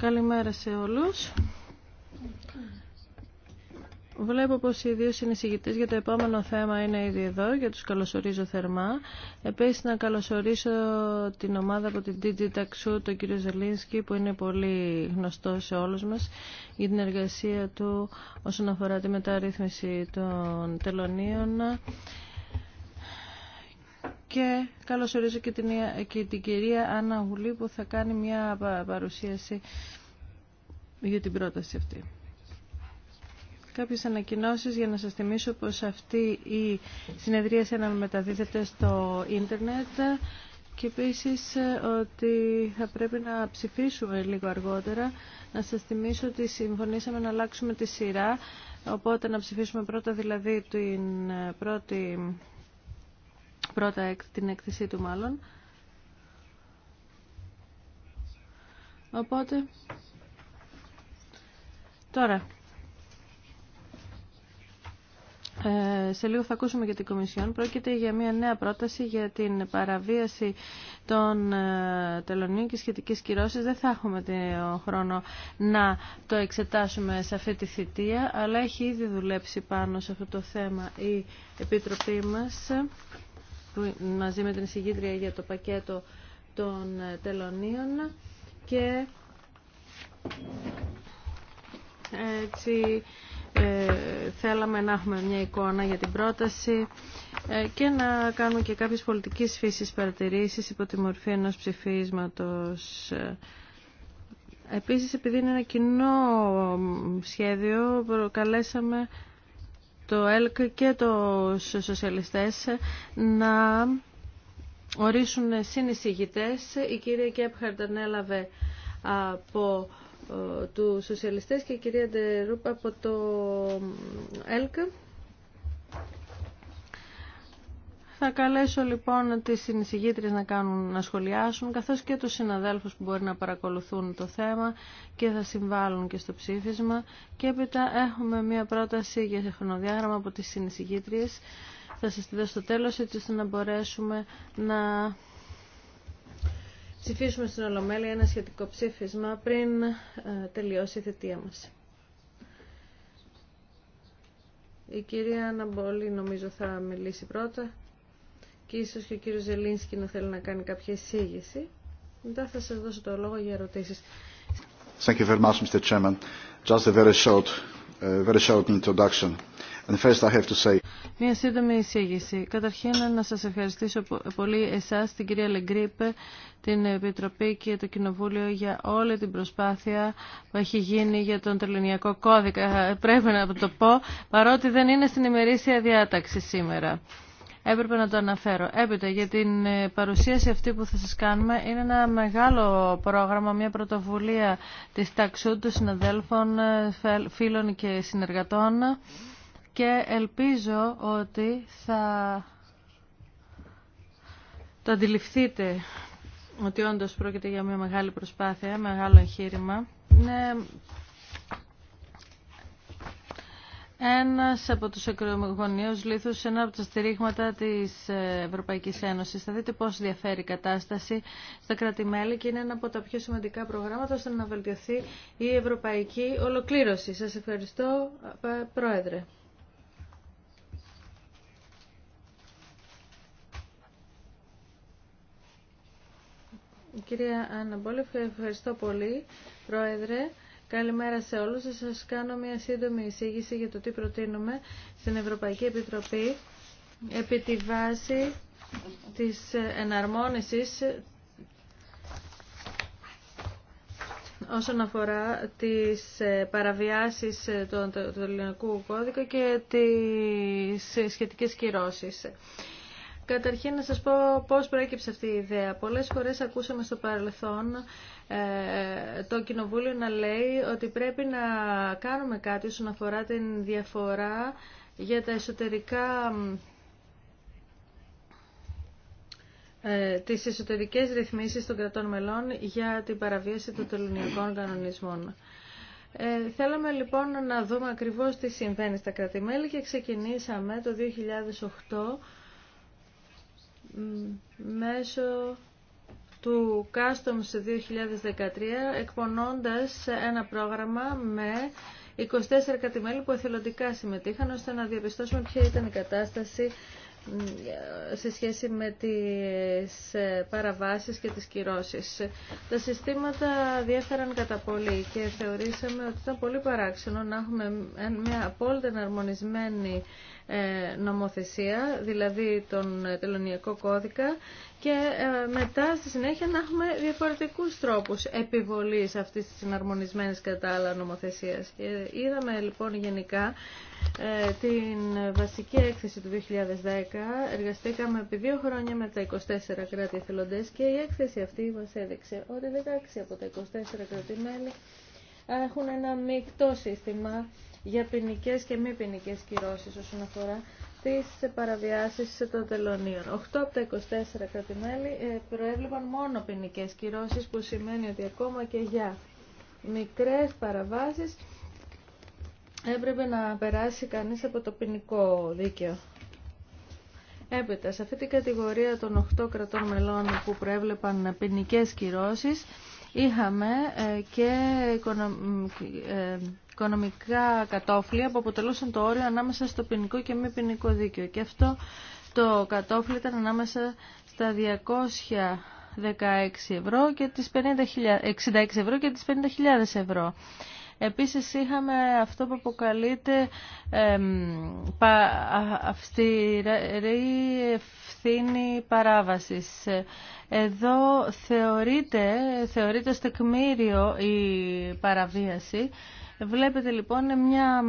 Καλημέρα σε όλους. Βλέπω πως οι δύο συνεισηγητές για το επόμενο θέμα είναι ήδη εδώ και τους καλωσορίζω θερμά. Επίσης να καλωσορίσω την ομάδα από την DG ταξού τον κύριο Ζελίνσκι, που είναι πολύ γνωστό σε όλους μας για την εργασία του όσον αφορά τη μεταρρύθμιση των τελωνίων και καλωσορίζω και την, και την κυρία Άννα Γουλή που θα κάνει μια παρουσίαση για την πρόταση αυτή. Κάποιες ανακοινώσεις για να σας θυμίσω πως αυτή η συνεδρία συνεδρίαση μεταδίδεται στο ίντερνετ και επίσης ε, ότι θα πρέπει να ψηφίσουμε λίγο αργότερα. Να σας θυμίσω ότι συμφωνήσαμε να αλλάξουμε τη σειρά, οπότε να ψηφίσουμε πρώτα δηλαδή την ε, πρώτη πρώτα την έκθεσή του μάλλον. Οπότε, τώρα, ε, σε λίγο θα ακούσουμε για την Κομισιόν. Πρόκειται για μια νέα πρόταση για την παραβίαση των ε, τελωνίων και σχετικής κυρώσεις. Δεν θα έχουμε τον χρόνο να το εξετάσουμε σε αυτή τη θητεία, αλλά έχει ήδη δουλέψει πάνω σε αυτό το θέμα η Επιτροπή μας μαζί με την εισηγήτρια για το πακέτο των ε, τελωνίων και έτσι ε, θέλαμε να έχουμε μια εικόνα για την πρόταση ε, και να κάνουμε και κάποιες πολιτικής φύσης παρατηρήσεις υπό τη μορφή ενός ψηφίσματος. Επίσης, επειδή είναι ένα κοινό σχέδιο, προκαλέσαμε το ΕΛΚ και τους σοσιαλιστές να ορίσουν συνεισηγητές. Η κυρία Κέπχαρντ ανέλαβε από ε, του σοσιαλιστές και η κυρία Ντερούπ από το ε, ΕΛΚ. Θα καλέσω λοιπόν τις συνεισηγητρίες να, κάνουν, να σχολιάσουν, καθώς και τους συναδέλφους που μπορεί να παρακολουθούν το θέμα και θα συμβάλλουν και στο ψήφισμα. Και έπειτα έχουμε μία πρόταση για χρονοδιάγραμμα από τις συνεισηγήτριες. Θα σας τη δώσω στο τέλος, έτσι ώστε να μπορέσουμε να ψηφίσουμε στην Ολομέλεια ένα σχετικό ψήφισμα πριν ε, τελειώσει η θετία μας. Η κυρία Αναμπολή νομίζω θα μιλήσει πρώτα και ίσως και ο κύριος Ζελίνσκι να θέλει να κάνει κάποια εισήγηση. Μετά θα σας δώσω το λόγο για ερωτήσεις. Thank you very much, Mr. Chairman. Just a very short, uh, very short introduction. And first I have to say... Μια σύντομη εισήγηση. Καταρχήν να σας ευχαριστήσω πολύ εσάς, την κυρία Λεγκρίπ, την Επιτροπή και το Κοινοβούλιο για όλη την προσπάθεια που έχει γίνει για τον τελωνιακό κώδικα. Πρέπει να το πω, παρότι δεν είναι στην ημερήσια διάταξη σήμερα. Έπρεπε να το αναφέρω. Έπειτα, για την ε, παρουσίαση αυτή που θα σας κάνουμε, είναι ένα μεγάλο πρόγραμμα, μια πρωτοβουλία της ταξού των συναδέλφων, ε, φίλων και συνεργατών και ελπίζω ότι θα το αντιληφθείτε ότι όντως πρόκειται για μια μεγάλη προσπάθεια, μεγάλο εγχείρημα. Είναι ένας από τους ακρογωνίους λήθου ένα από τα στηρίγματα της Ευρωπαϊκής Ένωσης. Θα δείτε πώς διαφέρει η κατάσταση στα κράτη-μέλη και είναι ένα από τα πιο σημαντικά προγράμματα ώστε να βελτιωθεί η ευρωπαϊκή ολοκλήρωση. Σας ευχαριστώ, Πρόεδρε. Κυρία Αναμπόλευ, ευχαριστώ πολύ, Πρόεδρε. Καλημέρα σε όλους. Θα σας κάνω μια σύντομη εισήγηση για το τι προτείνουμε στην Ευρωπαϊκή Επιτροπή επί τη βάση της εναρμόνισης όσον αφορά τις παραβιάσεις του ελληνικού κώδικα και τις σχετικές κυρώσεις. Καταρχήν να σας πω πώς προέκυψε αυτή η ιδέα. Πολλές φορές ακούσαμε στο παρελθόν ε, το Κοινοβούλιο να λέει ότι πρέπει να κάνουμε κάτι όσον αφορά την διαφορά για τα εσωτερικά ε, τις εσωτερικές ρυθμίσεις των κρατών μελών για την παραβίαση των τελωνιακών κανονισμών. Ε, θέλαμε λοιπόν να δούμε ακριβώς τι συμβαίνει στα κρατημέλη και ξεκινήσαμε το 2008 μέσω του Customs 2013 εκπονώντας ένα πρόγραμμα με 24 κατημέλη που εθελοντικά συμμετείχαν ώστε να διαπιστώσουμε ποια ήταν η κατάσταση σε σχέση με τις ε, παραβάσεις και τις κυρώσεις. Τα συστήματα διέφεραν κατά πολύ και θεωρήσαμε ότι ήταν πολύ παράξενο να έχουμε ε, μια απόλυτα εναρμονισμένη ε, νομοθεσία, δηλαδή ε, τον τελωνιακό κώδικα και ε, μετά στη συνέχεια να έχουμε διαφορετικούς τρόπους επιβολής αυτής της συναρμονισμένης κατά άλλα νομοθεσίας. Είδαμε λοιπόν γενικά την βασική έκθεση του 2010, εργαστήκαμε επί δύο χρόνια με τα 24 κράτη εθελοντές και η έκθεση αυτή μας έδειξε ότι 16 από τα 24 κράτη μέλη έχουν ένα μεικτό σύστημα για ποινικέ και μη ποινικέ κυρώσει όσον αφορά τι παραβιάσει των τελωνίων. 8 από τα 24 κράτη-μέλη ε, προέβλεπαν μόνο ποινικέ κυρώσει, που σημαίνει ότι ακόμα και για μικρέ παραβάσει έπρεπε να περάσει κανείς από το ποινικό δίκαιο. Έπειτα, σε αυτή την κατηγορία των 8 κρατών μελών που προέβλεπαν ποινικέ κυρώσει, είχαμε ε, και ε, οικονομικά κατόφλια που αποτελούσαν το όριο ανάμεσα στο ποινικό και μη ποινικό δίκαιο. Και αυτό το κατόφλι ήταν ανάμεσα στα 216 ευρώ και τις 50 66 ευρώ και τις 50.000 ευρώ. Επίσης είχαμε αυτό που αποκαλείται αυστηρή ευθύνη παράβασης. Εδώ θεωρείται, θεωρείται στεκμήριο η παραβίαση Βλέπετε λοιπόν μια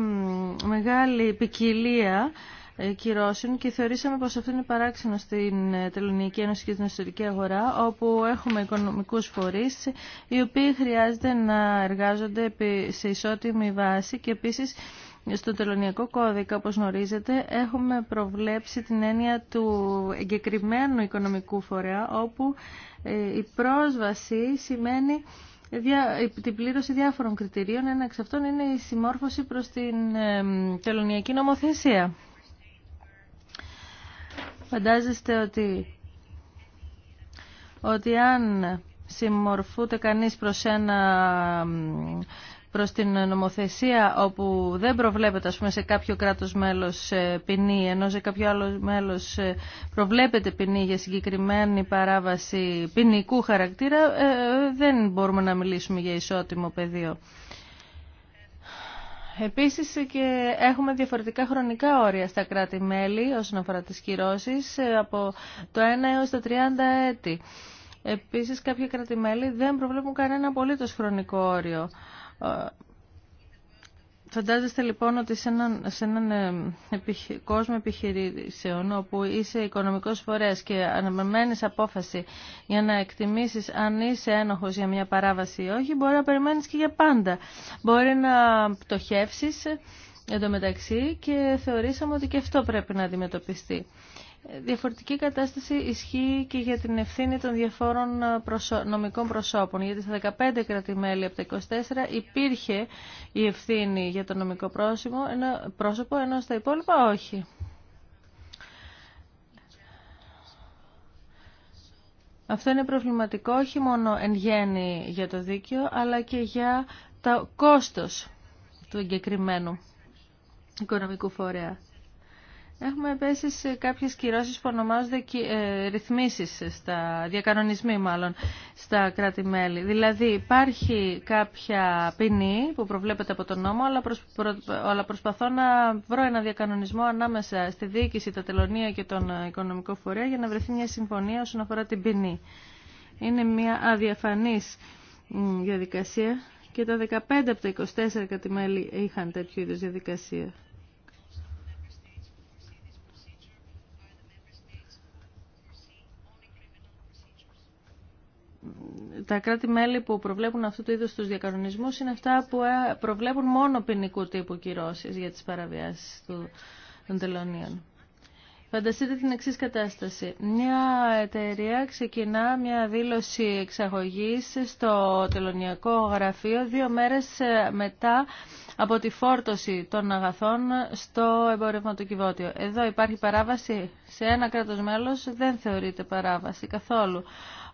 μεγάλη ποικιλία ε, κυρώσεων και θεωρήσαμε πως αυτό είναι παράξενο στην ε, Τελωνιακή Ένωση και την εσωτερική αγορά όπου έχουμε οικονομικούς φορείς οι οποίοι χρειάζεται να εργάζονται σε ισότιμη βάση και επίσης στο τελωνιακό κώδικα, όπως γνωρίζετε, έχουμε προβλέψει την έννοια του εγκεκριμένου οικονομικού φορέα, όπου ε, η πρόσβαση σημαίνει την πλήρωση διάφορων κριτηρίων. Ένα εξ αυτών είναι η συμμόρφωση προς την τελωνιακή νομοθεσία. Φαντάζεστε ότι, ότι αν συμμορφούνται κανείς προς ένα προς την νομοθεσία όπου δεν προβλέπεται ας πούμε, σε κάποιο κράτος μέλος ε, ποινή ενώ σε κάποιο άλλο μέλος ε, προβλέπεται ποινή για συγκεκριμένη παράβαση ποινικού χαρακτήρα ε, δεν μπορούμε να μιλήσουμε για ισότιμο πεδίο. Επίσης και έχουμε διαφορετικά χρονικά όρια στα κράτη-μέλη όσον αφορά τις κυρώσεις από το 1 έως το 30 έτη. Επίσης κάποια κράτη-μέλη δεν προβλέπουν κανένα απολύτως χρονικό όριο. Φαντάζεστε λοιπόν ότι σε έναν, σε έναν ε, κόσμο επιχειρήσεων όπου είσαι οικονομικός φορέας και αναμένεις απόφαση για να εκτιμήσεις αν είσαι ένοχος για μια παράβαση ή όχι, μπορεί να περιμένεις και για πάντα. Μπορεί να πτωχεύσεις εντωμεταξύ και θεωρήσαμε ότι και αυτό πρέπει να αντιμετωπιστεί. Διαφορετική κατάσταση ισχύει και για την ευθύνη των διαφόρων ε, νομικών προσώπων, γιατί στα 15 κρατημέλη από τα 24 υπήρχε η ευθύνη για το νομικό πρόσωπο, ενώ, πρόσωπο, ενώ στα υπόλοιπα όχι. Αυτό είναι προβληματικό όχι μόνο εν γέννη για το δίκαιο, αλλά και για το κόστος του εγκεκριμένου οικονομικού φορέα. Έχουμε επίση κάποιε κυρώσει που ονομάζονται ε, ρυθμίσεις, στα διακανονισμοί μάλλον, στα κράτη-μέλη. Δηλαδή υπάρχει κάποια ποινή που προβλέπεται από τον νόμο, αλλά, προσπαθώ να βρω ένα διακανονισμό ανάμεσα στη διοίκηση, τα τελωνία και τον οικονομικό φορέα για να βρεθεί μια συμφωνία όσον αφορά την ποινή. Είναι μια αδιαφανή διαδικασία και τα 15 από τα 24 κράτη-μέλη είχαν τέτοιου είδου διαδικασία. Τα κράτη-μέλη που προβλέπουν αυτού του είδου του διακανονισμούς είναι αυτά που ε, προβλέπουν μόνο ποινικού τύπου κυρώσει για τις παραβιάσει των τελωνίων. Φανταστείτε την εξή κατάσταση. Μια εταιρεία ξεκινά μια δήλωση εξαγωγή στο τελωνιακό γραφείο δύο μέρες ε, μετά από τη φόρτωση των αγαθών στο εμπορευματοκιβώτιο. Εδώ υπάρχει παράβαση. Σε ένα κράτος μέλος δεν θεωρείται παράβαση καθόλου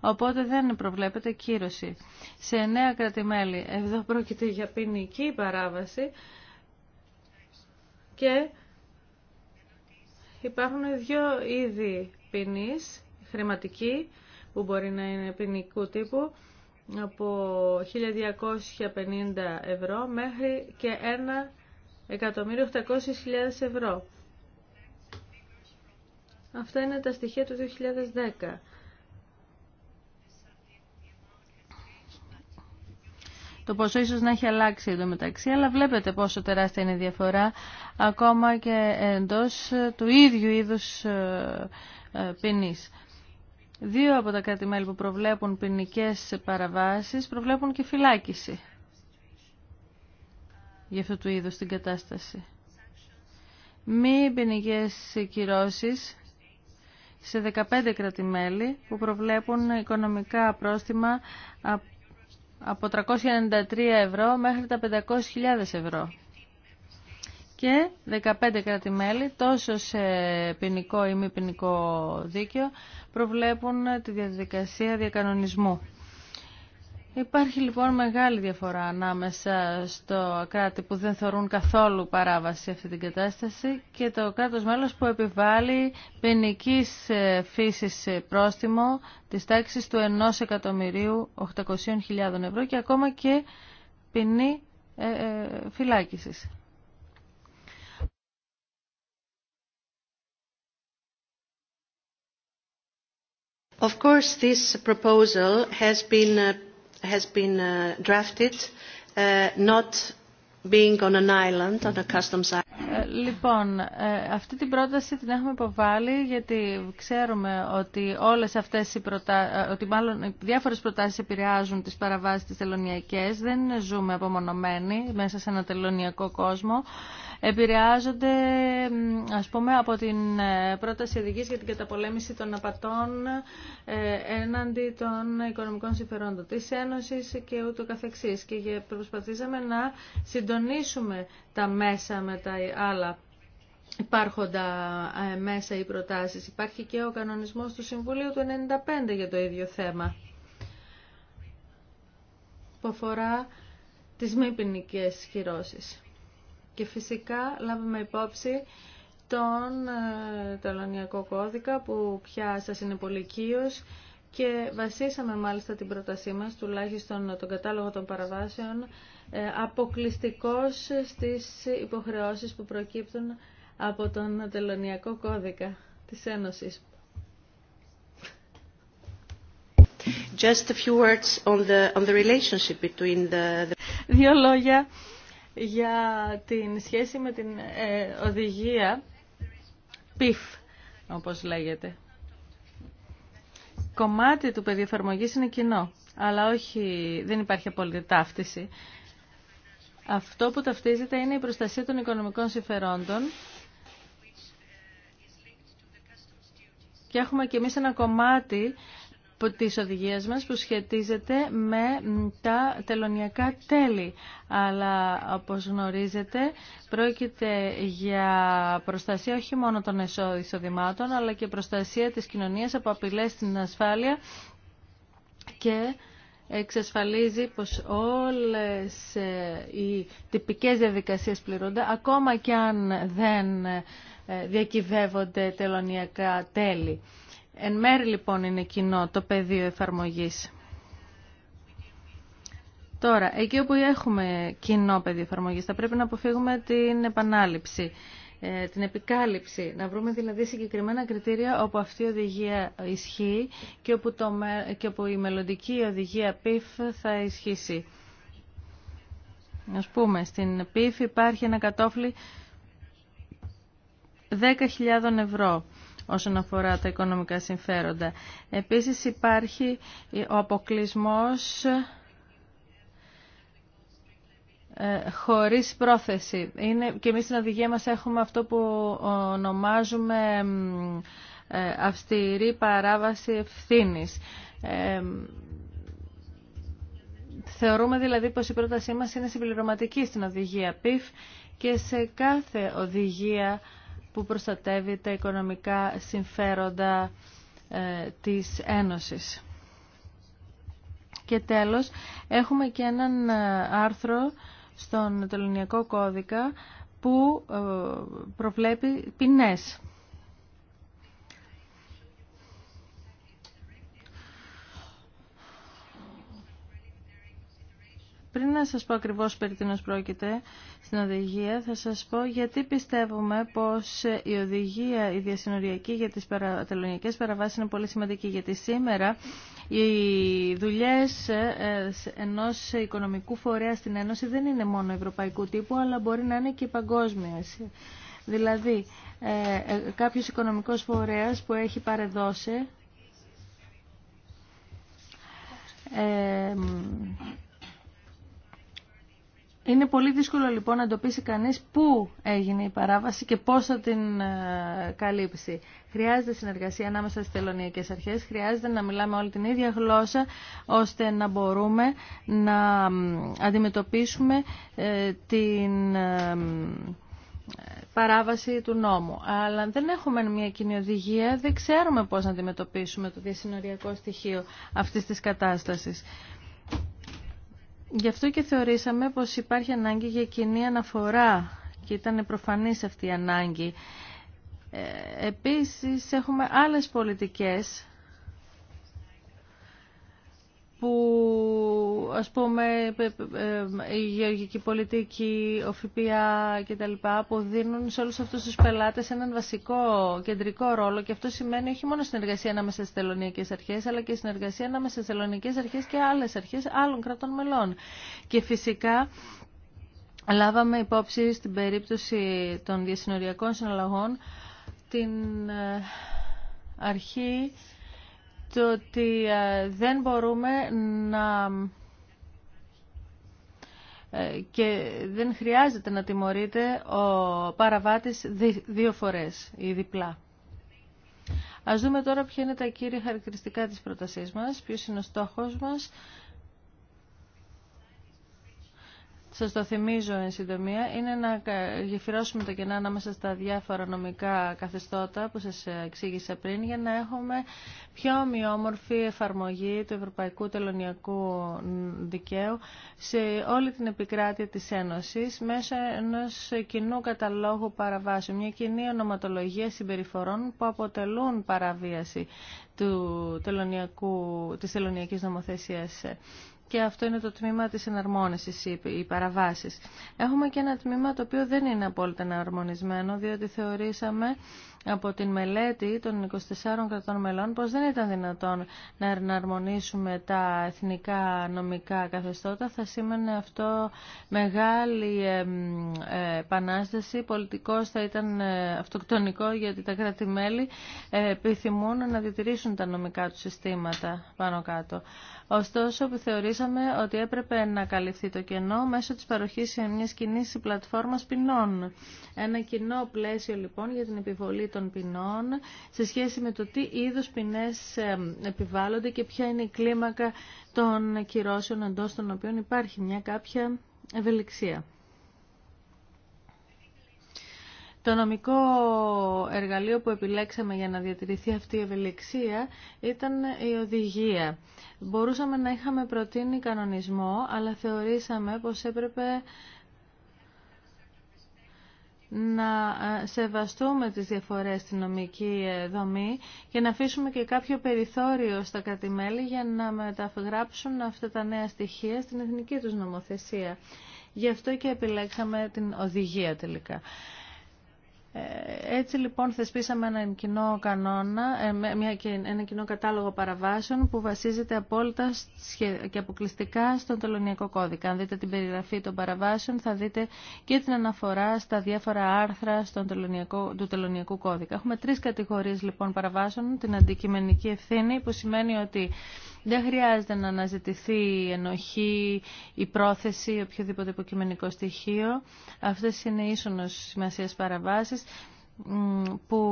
οπότε δεν προβλέπεται κύρωση. Σε νέα κρατημέλη, εδώ πρόκειται για ποινική παράβαση και υπάρχουν δύο είδη ποινής, χρηματική, που μπορεί να είναι ποινικού τύπου, από 1.250 ευρώ μέχρι και 1.800.000 ευρώ. Αυτά είναι τα στοιχεία του 2010. Το ποσό ίσως να έχει αλλάξει μεταξύ, αλλά βλέπετε πόσο τεράστια είναι η διαφορά ακόμα και εντός του ίδιου είδους ε, ε, ποινής. Δύο από τα κράτη-μέλη που προβλέπουν ποινικέ παραβάσεις προβλέπουν και φυλάκιση για αυτού του είδους την κατάσταση. Μη ποινικέ κυρώσει σε 15 κράτη-μέλη που προβλέπουν οικονομικά πρόστιμα από 393 ευρώ μέχρι τα 500.000 ευρώ και 15 κράτη-μέλη τόσο σε ποινικό ή μη ποινικό δίκαιο προβλέπουν τη διαδικασία διακανονισμού. Υπάρχει λοιπόν μεγάλη διαφορά ανάμεσα στο κράτη που δεν θεωρούν καθόλου παράβαση αυτή την κατάσταση και το κράτος μέλος που επιβάλλει ποινική φύσης πρόστιμο της τάξης του 1.800.000 εκατομμυρίου 800.000 ευρώ και ακόμα και ποινή ε, ε, φυλάκισης. Of course, this proposal has been uh, has been uh, drafted, uh, not being on an island, on a customs island. Ε, λοιπόν, ε, αυτή την πρόταση την έχουμε υποβάλει γιατί ξέρουμε ότι όλες αυτές οι ε, μάλλον οι διάφορες προτάσεις επηρεάζουν τις παραβάσεις τις τελωνιακές. Δεν ζούμε απομονωμένοι μέσα σε ένα τελωνιακό κόσμο επηρεάζονται ας πούμε από την ε, πρόταση ειδική για την καταπολέμηση των απατών ε, έναντι των οικονομικών συμφερόντων της Ένωσης και ούτω καθεξής. Και προσπαθήσαμε να συντονίσουμε τα μέσα με τα άλλα υπάρχοντα ε, μέσα ή προτάσεις. Υπάρχει και ο κανονισμός του Συμβουλίου του 95 για το ίδιο θέμα που αφορά τις μη ποινικές και φυσικά λάβουμε υπόψη τον ε, τελωνιακό κώδικα που πια σας είναι πολυκείος και βασίσαμε μάλιστα την πρότασή μας, τουλάχιστον τον κατάλογο των παραβάσεων, ε, αποκλειστικώς στις υποχρεώσεις που προκύπτουν από τον τελωνιακό κώδικα της Ένωσης. Just a few words on the, on the relationship between the... Δύο λόγια για την σχέση με την ε, οδηγία PIF, όπως λέγεται. Κομμάτι του παιδιοφαρμογής είναι κοινό, αλλά όχι, δεν υπάρχει απόλυτη ταύτιση. Αυτό που ταυτίζεται είναι η προστασία των οικονομικών συμφερόντων και έχουμε και εμείς ένα κομμάτι της οδηγίας μας που σχετίζεται με τα τελωνιακά τέλη. Αλλά όπως γνωρίζετε πρόκειται για προστασία όχι μόνο των εισοδημάτων αλλά και προστασία της κοινωνίας από απειλές στην ασφάλεια και εξασφαλίζει πως όλες ε, οι τυπικές διαδικασίες πληρούνται ακόμα και αν δεν ε, διακυβεύονται τελωνιακά τέλη. Εν μέρη λοιπόν είναι κοινό το πεδίο εφαρμογής. Τώρα, εκεί όπου έχουμε κοινό πεδίο εφαρμογής θα πρέπει να αποφύγουμε την επανάληψη, ε, την επικάλυψη. Να βρούμε δηλαδή συγκεκριμένα κριτήρια όπου αυτή η οδηγία ισχύει και όπου, και η μελλοντική οδηγία PIF θα ισχύσει. Ας πούμε, στην PIF υπάρχει ένα κατόφλι 10.000 ευρώ όσον αφορά τα οικονομικά συμφέροντα. Επίσης υπάρχει ο αποκλεισμός ε, χωρίς πρόθεση. Είναι, και εμείς στην οδηγία μας έχουμε αυτό που ονομάζουμε ε, αυστηρή παράβαση ευθύνης. Ε, θεωρούμε δηλαδή πως η πρότασή μας είναι συμπληρωματική στην οδηγία PIF και σε κάθε οδηγία που προστατεύει τα οικονομικά συμφέροντα ε, της Ένωσης. Και τέλος, έχουμε και έναν ε, άρθρο στον Τελωνιακό Κώδικα που ε, προβλέπει ποινές. Πριν να σας πω ακριβώς περί τίνος πρόκειται στην οδηγία, θα σας πω γιατί πιστεύουμε πως η οδηγία, η διασυνοριακή για τις παρα... τελωνιακές παραβάσεις είναι πολύ σημαντική, γιατί σήμερα οι δουλειές ε, ε, ενός οικονομικού φορέα στην Ένωση δεν είναι μόνο ευρωπαϊκού τύπου, αλλά μπορεί να είναι και παγκόσμια. Δηλαδή, ε, ε, κάποιος οικονομικός φορέας που έχει παρεδώσει ε, είναι πολύ δύσκολο λοιπόν να εντοπίσει κανείς πού έγινε η παράβαση και πώς θα την ε, καλύψει. Χρειάζεται συνεργασία ανάμεσα στις τελωνιακές αρχές, χρειάζεται να μιλάμε όλη την ίδια γλώσσα, ώστε να μπορούμε να αντιμετωπίσουμε ε, την ε, παράβαση του νόμου. Αλλά δεν έχουμε μια κοινή οδηγία, δεν ξέρουμε πώς να αντιμετωπίσουμε το διασυνοριακό στοιχείο αυτής της κατάστασης. Γι' αυτό και θεωρήσαμε πως υπάρχει ανάγκη για κοινή αναφορά και ήταν προφανής αυτή η ανάγκη. Ε, επίσης έχουμε άλλες πολιτικές που ας πούμε ε, ε, ε, η γεωργική πολιτική, ο ΦΠΑ κτλ. που δίνουν σε όλους αυτούς τους πελάτες έναν βασικό κεντρικό ρόλο και αυτό σημαίνει όχι μόνο συνεργασία ανάμεσα στις θελωνιακές αρχές αλλά και συνεργασία ανάμεσα στις θελωνιακές αρχές και άλλες αρχές άλλων κρατών μελών. Και φυσικά λάβαμε υπόψη στην περίπτωση των διασυνοριακών συναλλαγών την αρχή το ότι ε, δεν μπορούμε να ε, και δεν χρειάζεται να τιμωρείται ο παραβάτης δύο φορές ή διπλά. Ας δούμε τώρα ποια είναι τα κύρια χαρακτηριστικά της πρότασής μας, ποιος είναι ο στόχος μας σας το θυμίζω εν συντομία, είναι να γεφυρώσουμε τα κενά ανάμεσα στα διάφορα νομικά καθεστώτα που σας εξήγησα πριν για να έχουμε πιο ομοιόμορφη εφαρμογή του Ευρωπαϊκού Τελωνιακού Δικαίου σε όλη την επικράτεια της Ένωσης μέσω ενός κοινού καταλόγου παραβάσεων, μια κοινή ονοματολογία συμπεριφορών που αποτελούν παραβίαση του τελωνιακή της νομοθεσίας και αυτό είναι το τμήμα της εναρμόνισης, οι παραβάσεις. Έχουμε και ένα τμήμα το οποίο δεν είναι απόλυτα εναρμονισμένο, διότι θεωρήσαμε από την μελέτη των 24 κρατών μελών πως δεν ήταν δυνατόν να εναρμονίσουμε τα εθνικά νομικά καθεστώτα. Θα σήμαινε αυτό μεγάλη ε, επανάσταση. Πολιτικός θα ήταν ε, αυτοκτονικό γιατί τα κράτη-μέλη ε, επιθυμούν να διατηρήσουν τα νομικά του συστήματα πάνω κάτω. Ωστόσο, θεωρήσαμε ότι έπρεπε να καλυφθεί το κενό μέσω της παροχής μιας κοινή πλατφόρμας ποινών. Ένα κοινό πλαίσιο λοιπόν για την επιβολή των ποινών σε σχέση με το τι είδους ποινές ε, επιβάλλονται και ποια είναι η κλίμακα των κυρώσεων εντός των οποίων υπάρχει μια κάποια ευελιξία. Το νομικό εργαλείο που επιλέξαμε για να διατηρηθεί αυτή η ευελιξία ήταν η οδηγία. Μπορούσαμε να είχαμε προτείνει κανονισμό, αλλά θεωρήσαμε πως έπρεπε να ε, σεβαστούμε τις διαφορές στην νομική ε, δομή και να αφήσουμε και κάποιο περιθώριο στα κρατημέλη για να μεταγράψουν αυτά τα νέα στοιχεία στην εθνική τους νομοθεσία. Γι' αυτό και επιλέξαμε την οδηγία τελικά. Ε, έτσι λοιπόν θεσπίσαμε έναν κοινό κανόνα, ε, ένα κοινό κατάλογο παραβάσεων που βασίζεται απόλυτα και αποκλειστικά στον τελωνιακό κώδικα. Αν δείτε την περιγραφή των παραβάσεων θα δείτε και την αναφορά στα διάφορα άρθρα στον τελωνιακό, του τελωνιακού κώδικα. Έχουμε τρεις κατηγορίες λοιπόν παραβάσεων, την αντικειμενική ευθύνη που σημαίνει ότι δεν χρειάζεται να αναζητηθεί η ενοχή, η πρόθεση, οποιοδήποτε υποκειμενικό στοιχείο. Αυτές είναι ίσονος σημασίας παραβάσεις που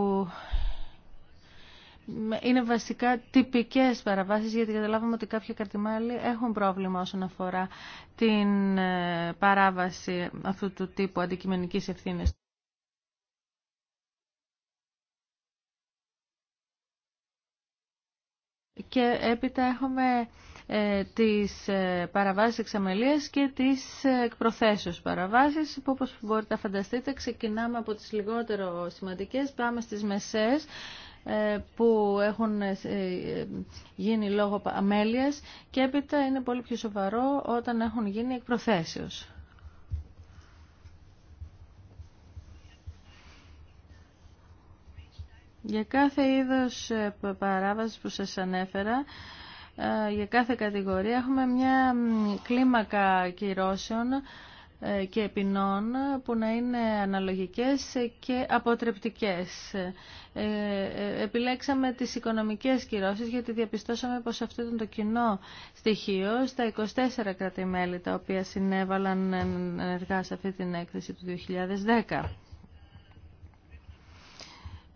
είναι βασικά τυπικές παραβάσεις γιατί καταλάβαμε ότι κάποια καρτιμάλη έχουν πρόβλημα όσον αφορά την ε, παράβαση αυτού του τύπου αντικειμενικής ευθύνης. και έπειτα έχουμε ε, τις ε, παραβάσεις εξαμελίας και τις ε, εκπροθέσεως παραβάσεις που όπως μπορείτε να φανταστείτε ξεκινάμε από τις λιγότερο σημαντικές, πάμε στις μεσές που έχουν γίνει λόγω αμέλειας και έπειτα είναι πολύ πιο σοβαρό όταν έχουν γίνει εκπροθέσεως. Για κάθε είδος ε, παράβαση που σας ανέφερα, ε, για κάθε κατηγορία έχουμε μια κλίμακα κυρώσεων ε, και επινών που να είναι αναλογικές και αποτρεπτικές. Επιλέξαμε τις οικονομικές κυρώσεις γιατί διαπιστώσαμε πως αυτό ήταν το κοινό στοιχείο στα 24 κράτη-μέλη τα οποία συνέβαλαν ενεργά σε αυτή την έκθεση του 2010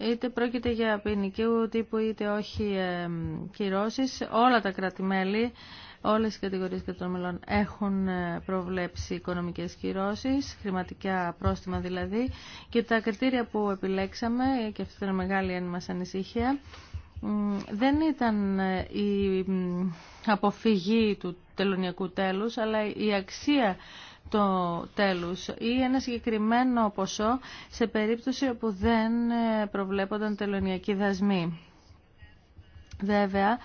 είτε πρόκειται για ποινικού τύπου είτε όχι ε, κυρώσεις, όλα τα κράτη-μέλη, όλες οι κατηγορίες κρατών μελών έχουν ε, προβλέψει οικονομικές κυρώσεις, χρηματικά πρόστιμα δηλαδή, και τα κριτήρια που επιλέξαμε, ε, και αυτή ήταν μεγάλη μας ανησυχία, δεν ήταν ε, η αποφυγή του τελωνιακού τέλους, αλλά η αξία το τέλους ή ένα συγκεκριμένο ποσό σε περίπτωση όπου δεν ε, προβλέπονταν τελωνιακοί δασμοί. Βέβαια,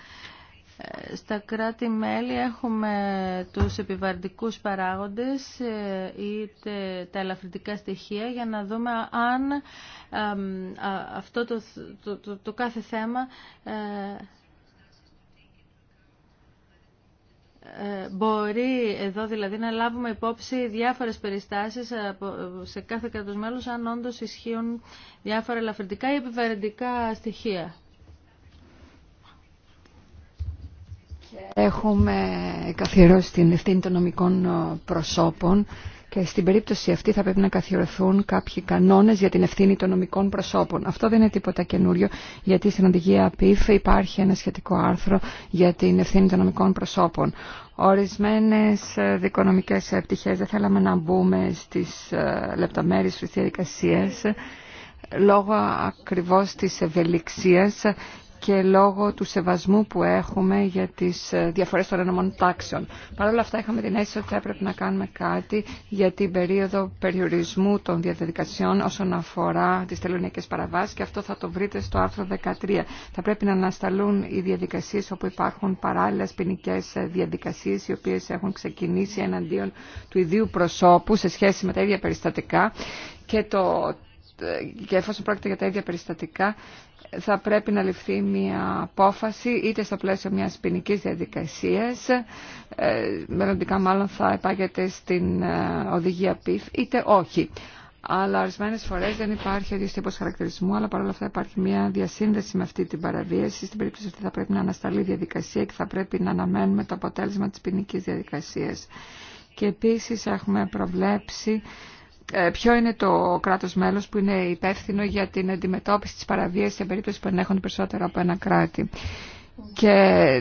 ε, στα κράτη-μέλη έχουμε τους επιβαρυντικούς παράγοντες ε, είτε τα ελαφρυντικά στοιχεία για να δούμε αν αυτό το, το, το κάθε θέμα Ε, μπορεί εδώ δηλαδή να λάβουμε υπόψη διάφορες περιστάσεις σε κάθε κράτος μέλος αν όντως ισχύουν διάφορα ελαφρυντικά ή επιβαρυντικά στοιχεία. Έχουμε καθιερώσει την ευθύνη των νομικών προσώπων και στην περίπτωση αυτή θα πρέπει να καθιερωθούν κάποιοι κανόνε για την ευθύνη των νομικών προσώπων. Αυτό δεν είναι τίποτα καινούριο, γιατί στην οδηγία ΠΙΦ υπάρχει ένα σχετικό άρθρο για την ευθύνη των νομικών προσώπων. Ορισμένε δικονομικέ πτυχέ δεν θέλαμε να μπούμε στι ε, λεπτομέρειε τη διαδικασία λόγω ακριβώς της ευελιξίας και λόγω του σεβασμού που έχουμε για τις ε, διαφορές των ενωμών τάξεων. Παρ' όλα αυτά είχαμε την αίσθηση ότι θα έπρεπε να κάνουμε κάτι για την περίοδο περιορισμού των διαδικασιών όσον αφορά τις τελωνιακές παραβάσεις και αυτό θα το βρείτε στο άρθρο 13. Θα πρέπει να ανασταλούν οι διαδικασίες όπου υπάρχουν παράλληλες ποινικέ ε, διαδικασίες οι οποίες έχουν ξεκινήσει εναντίον του ιδίου προσώπου σε σχέση με τα ίδια περιστατικά και το και εφόσον πρόκειται για τα ίδια περιστατικά, θα πρέπει να ληφθεί μια απόφαση είτε στο πλαίσιο μια ποινική διαδικασία, ε, μελλοντικά μάλλον θα επάγεται στην ε, οδηγία PIF, είτε όχι. Αλλά ορισμένε φορέ δεν υπάρχει ο ίδιο τύπο χαρακτηρισμού, αλλά παρόλα αυτά υπάρχει μια διασύνδεση με αυτή την παραβίαση. Στην περίπτωση αυτή θα πρέπει να ανασταλεί η διαδικασία και θα πρέπει να αναμένουμε το αποτέλεσμα τη ποινική διαδικασία. Και επίση έχουμε προβλέψει ε, ποιο είναι το κράτος μέλος που είναι υπεύθυνο για την αντιμετώπιση της παραβίας σε περίπτωση που ενέχονται περισσότερα από ένα κράτη. Και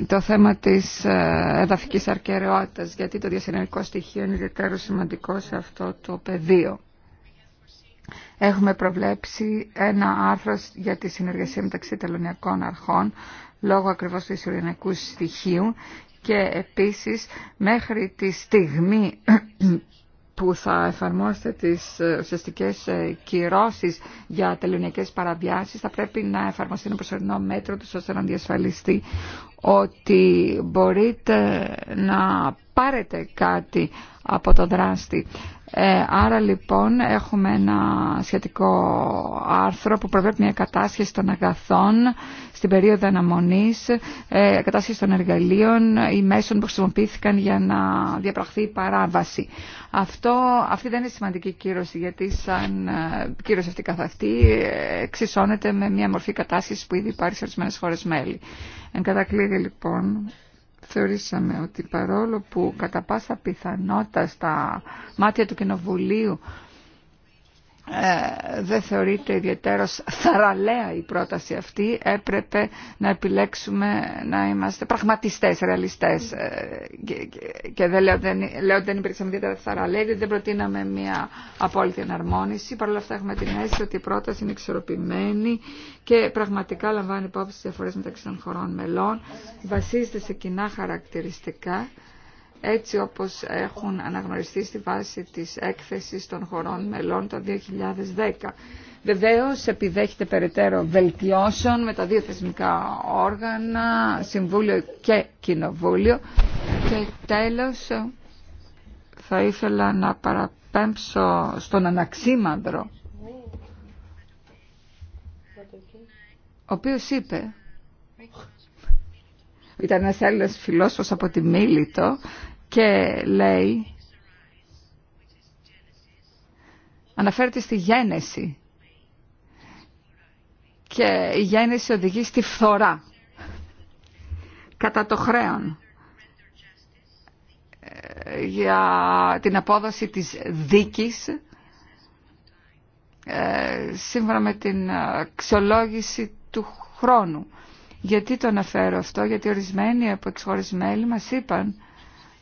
το θέμα της ε, εδαφικής αρκαιρεότητας, γιατί το διασυνερικό στοιχείο είναι ιδιαίτερο σημαντικό σε αυτό το πεδίο. Έχουμε προβλέψει ένα άρθρο για τη συνεργασία μεταξύ τελωνιακών αρχών, λόγω ακριβώς του ισορυνικού στοιχείου και επίσης μέχρι τη στιγμή που θα εφαρμόσετε τις ε, ουσιαστικές ε, κυρώσεις για τελειωνιακές παραβιάσεις θα πρέπει να εφαρμοστεί ένα προσωρινό μέτρο του ώστε να διασφαλιστεί ότι μπορείτε να πάρετε κάτι από το δράστη. Ε, άρα λοιπόν έχουμε ένα σχετικό άρθρο που προβλέπει μια κατάσχεση των αγαθών στην περίοδο αναμονής, ε, κατάσχεση των εργαλείων ή μέσων που χρησιμοποιήθηκαν για να διαπραχθεί η παράβαση. Αυτό, αυτή δεν είναι σημαντική κύρωση, γιατί σαν ε, κύρωση αυτή καθ' αυτή ε, εξισώνεται με μια μορφή κατάσχεση που ήδη υπάρχει σε ορισμένε χώρε μέλη. Εν κατακλείδη λοιπόν, θεωρήσαμε ότι παρόλο που κατά πάσα πιθανότητα στα μάτια του Κοινοβουλίου ε, δεν θεωρείται ιδιαίτερος θαραλέα η πρόταση αυτή. Έπρεπε να επιλέξουμε να είμαστε πραγματιστές, ρεαλιστές. Ε, και, δεν λέω, δεν, ότι δεν υπήρξαμε ιδιαίτερα θαραλέα, δεν προτείναμε μια απόλυτη εναρμόνιση. Παρ' όλα αυτά έχουμε την αίσθηση ότι η πρόταση είναι εξορροπημένη και πραγματικά λαμβάνει υπόψη τις διαφορές μεταξύ των χωρών μελών. Βασίζεται σε κοινά χαρακτηριστικά έτσι όπως έχουν αναγνωριστεί στη βάση της έκθεσης των χωρών μελών το 2010. Βεβαίως επιδέχεται περαιτέρω βελτιώσεων με τα δύο θεσμικά όργανα, Συμβούλιο και Κοινοβούλιο. Και τέλος θα ήθελα να παραπέμψω στον Αναξίμαντρο, ο οποίος είπε ήταν ένας Έλληνας φιλόσοφος από τη Μίλητο και λέει αναφέρεται στη γένεση και η γένεση οδηγεί στη φθορά κατά το χρέον ε, για την απόδοση της δίκης ε, σύμφωνα με την αξιολόγηση του χρόνου. Γιατί το αναφέρω αυτό, γιατί ορισμένοι από εξχωρισμένοι μας είπαν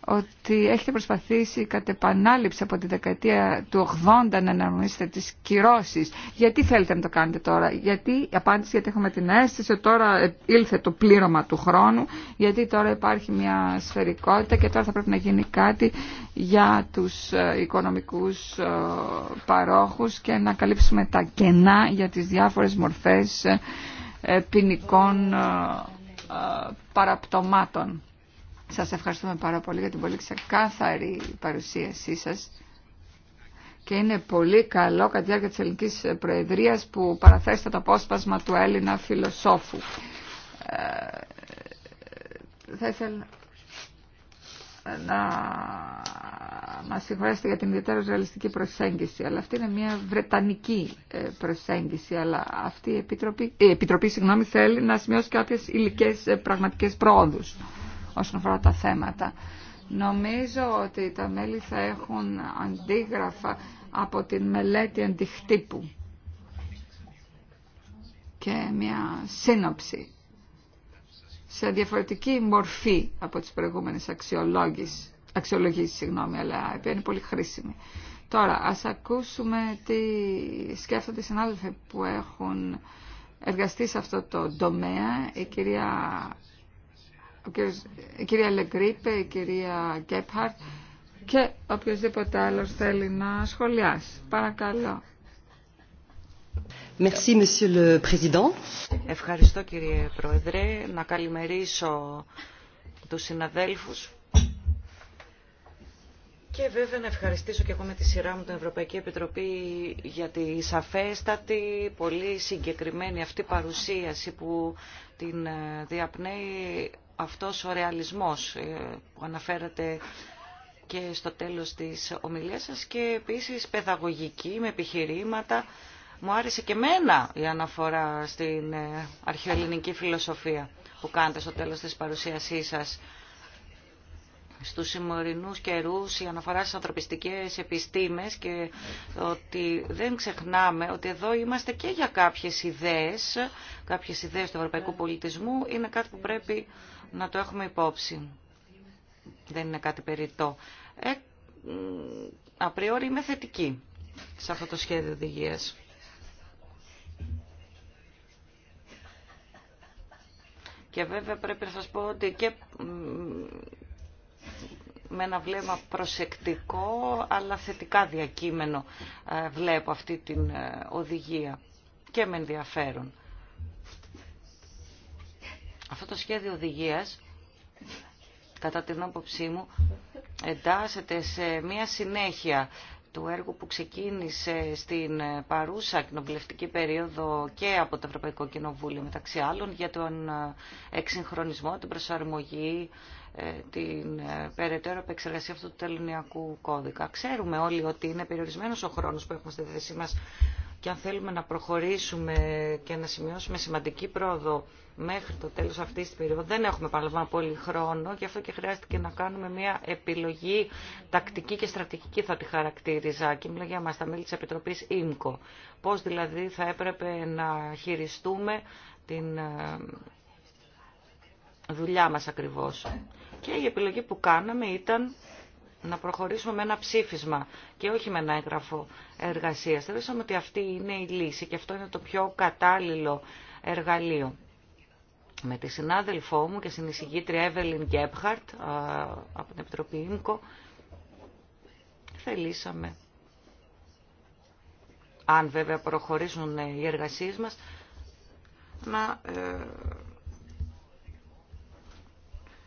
ότι έχετε προσπαθήσει κατ' επανάληψη από τη δεκαετία του 80 να αναγνωρίσετε τις κυρώσεις. Γιατί θέλετε να το κάνετε τώρα, γιατί η απάντηση γιατί έχουμε την αίσθηση ότι τώρα ήλθε το πλήρωμα του χρόνου, γιατί τώρα υπάρχει μια σφαιρικότητα και τώρα θα πρέπει να γίνει κάτι για τους ε, οικονομικούς ε, παρόχους και να καλύψουμε τα κενά για τις διάφορες μορφές ε, ποινικών παραπτωμάτων. Σας ευχαριστούμε πάρα πολύ για την πολύ ξεκάθαρη παρουσίασή σας και είναι πολύ καλό κατά τη διάρκεια της ελληνικής προεδρίας που παραθέσετε το απόσπασμα του Έλληνα φιλοσόφου. Ε, θα ήθελα να μας συγχωρέσετε για την ιδιαίτερα ρεαλιστική προσέγγιση, αλλά αυτή είναι μια βρετανική ε, προσέγγιση, αλλά αυτή η Επιτροπή, Επιτροπή συγγνώμη, θέλει να σημειώσει κάποιες υλικές ε, πραγματικές πρόοδους όσον αφορά τα θέματα. Νομίζω ότι τα μέλη θα έχουν αντίγραφα από την μελέτη αντιχτύπου και μια σύνοψη σε διαφορετική μορφή από τις προηγούμενες αξιολόγεις, αξιολογήσεις, συγγνώμη, αλλά είναι πολύ χρήσιμη. Τώρα, ας ακούσουμε τι σκέφτονται οι συνάδελφοι που έχουν εργαστεί σε αυτό το τομέα. Η κυρία η κυρία Λεγκρίπε, η κυρία Κέπχαρτ και οποιοδήποτε άλλος θέλει να σχολιάσει. Παρακαλώ. Ευχαριστώ κύριε Πρόεδρε. Να καλημερίσω τους συναδέλφους και βέβαια να ευχαριστήσω και εγώ με τη σειρά μου την Ευρωπαϊκή Επιτροπή για τη σαφέστατη, πολύ συγκεκριμένη αυτή παρουσίαση που την ε, διαπνέει αυτός ο ρεαλισμός ε, που αναφέρατε και στο τέλος της ομιλίας σας και επίσης παιδαγωγική με επιχειρήματα. Μου άρεσε και μένα η αναφορά στην ε, αρχαιοελληνική φιλοσοφία που κάνετε στο τέλος της παρουσίασής σας στους σημερινούς καιρούς η αναφορά στις ανθρωπιστικές επιστήμες και ότι δεν ξεχνάμε ότι εδώ είμαστε και για κάποιες ιδέες, κάποιες ιδέες του ευρωπαϊκού πολιτισμού, είναι κάτι που πρέπει να το έχουμε υπόψη. Δεν είναι κάτι περιττό. Ε, απριόρι είμαι θετική σε αυτό το σχέδιο οδηγίας. Και βέβαια πρέπει να σας πω ότι και με ένα βλέμμα προσεκτικό αλλά θετικά διακείμενο ε, βλέπω αυτή την ε, οδηγία και με ενδιαφέρον. Αυτό το σχέδιο οδηγίας, κατά την άποψή μου, εντάσσεται σε μία συνέχεια του έργου που ξεκίνησε στην ε, παρούσα κοινοβουλευτική περίοδο και από το Ευρωπαϊκό Κοινοβούλιο μεταξύ άλλων για τον εξυγχρονισμό, την προσαρμογή ε, την ε, περαιτέρω επεξεργασία αυτού του τελωνιακού κώδικα. Ξέρουμε όλοι ότι είναι περιορισμένος ο χρόνος που έχουμε στη θέση μας και αν θέλουμε να προχωρήσουμε και να σημειώσουμε σημαντική πρόοδο μέχρι το τέλος αυτής της περίοδου δεν έχουμε παραλαμβάνω πολύ χρόνο γι' αυτό και χρειάστηκε να κάνουμε μια επιλογή τακτική και στρατηγική θα τη χαρακτήριζα και μιλώ για μας τα μέλη της Επιτροπής ΙΜΚΟ πώς δηλαδή θα έπρεπε να χειριστούμε την ε, δουλειά μας ακριβώς. Και η επιλογή που κάναμε ήταν να προχωρήσουμε με ένα ψήφισμα και όχι με ένα έγγραφο εργασίας. Θεωρήσαμε ότι αυτή είναι η λύση και αυτό είναι το πιο κατάλληλο εργαλείο. Με τη συνάδελφό μου και συνεισηγήτρια Εύελιν Γκέπχαρτ από την Επιτροπή ΙΜΚΟ θελήσαμε, αν βέβαια προχωρήσουν οι εργασίες μας, να ε,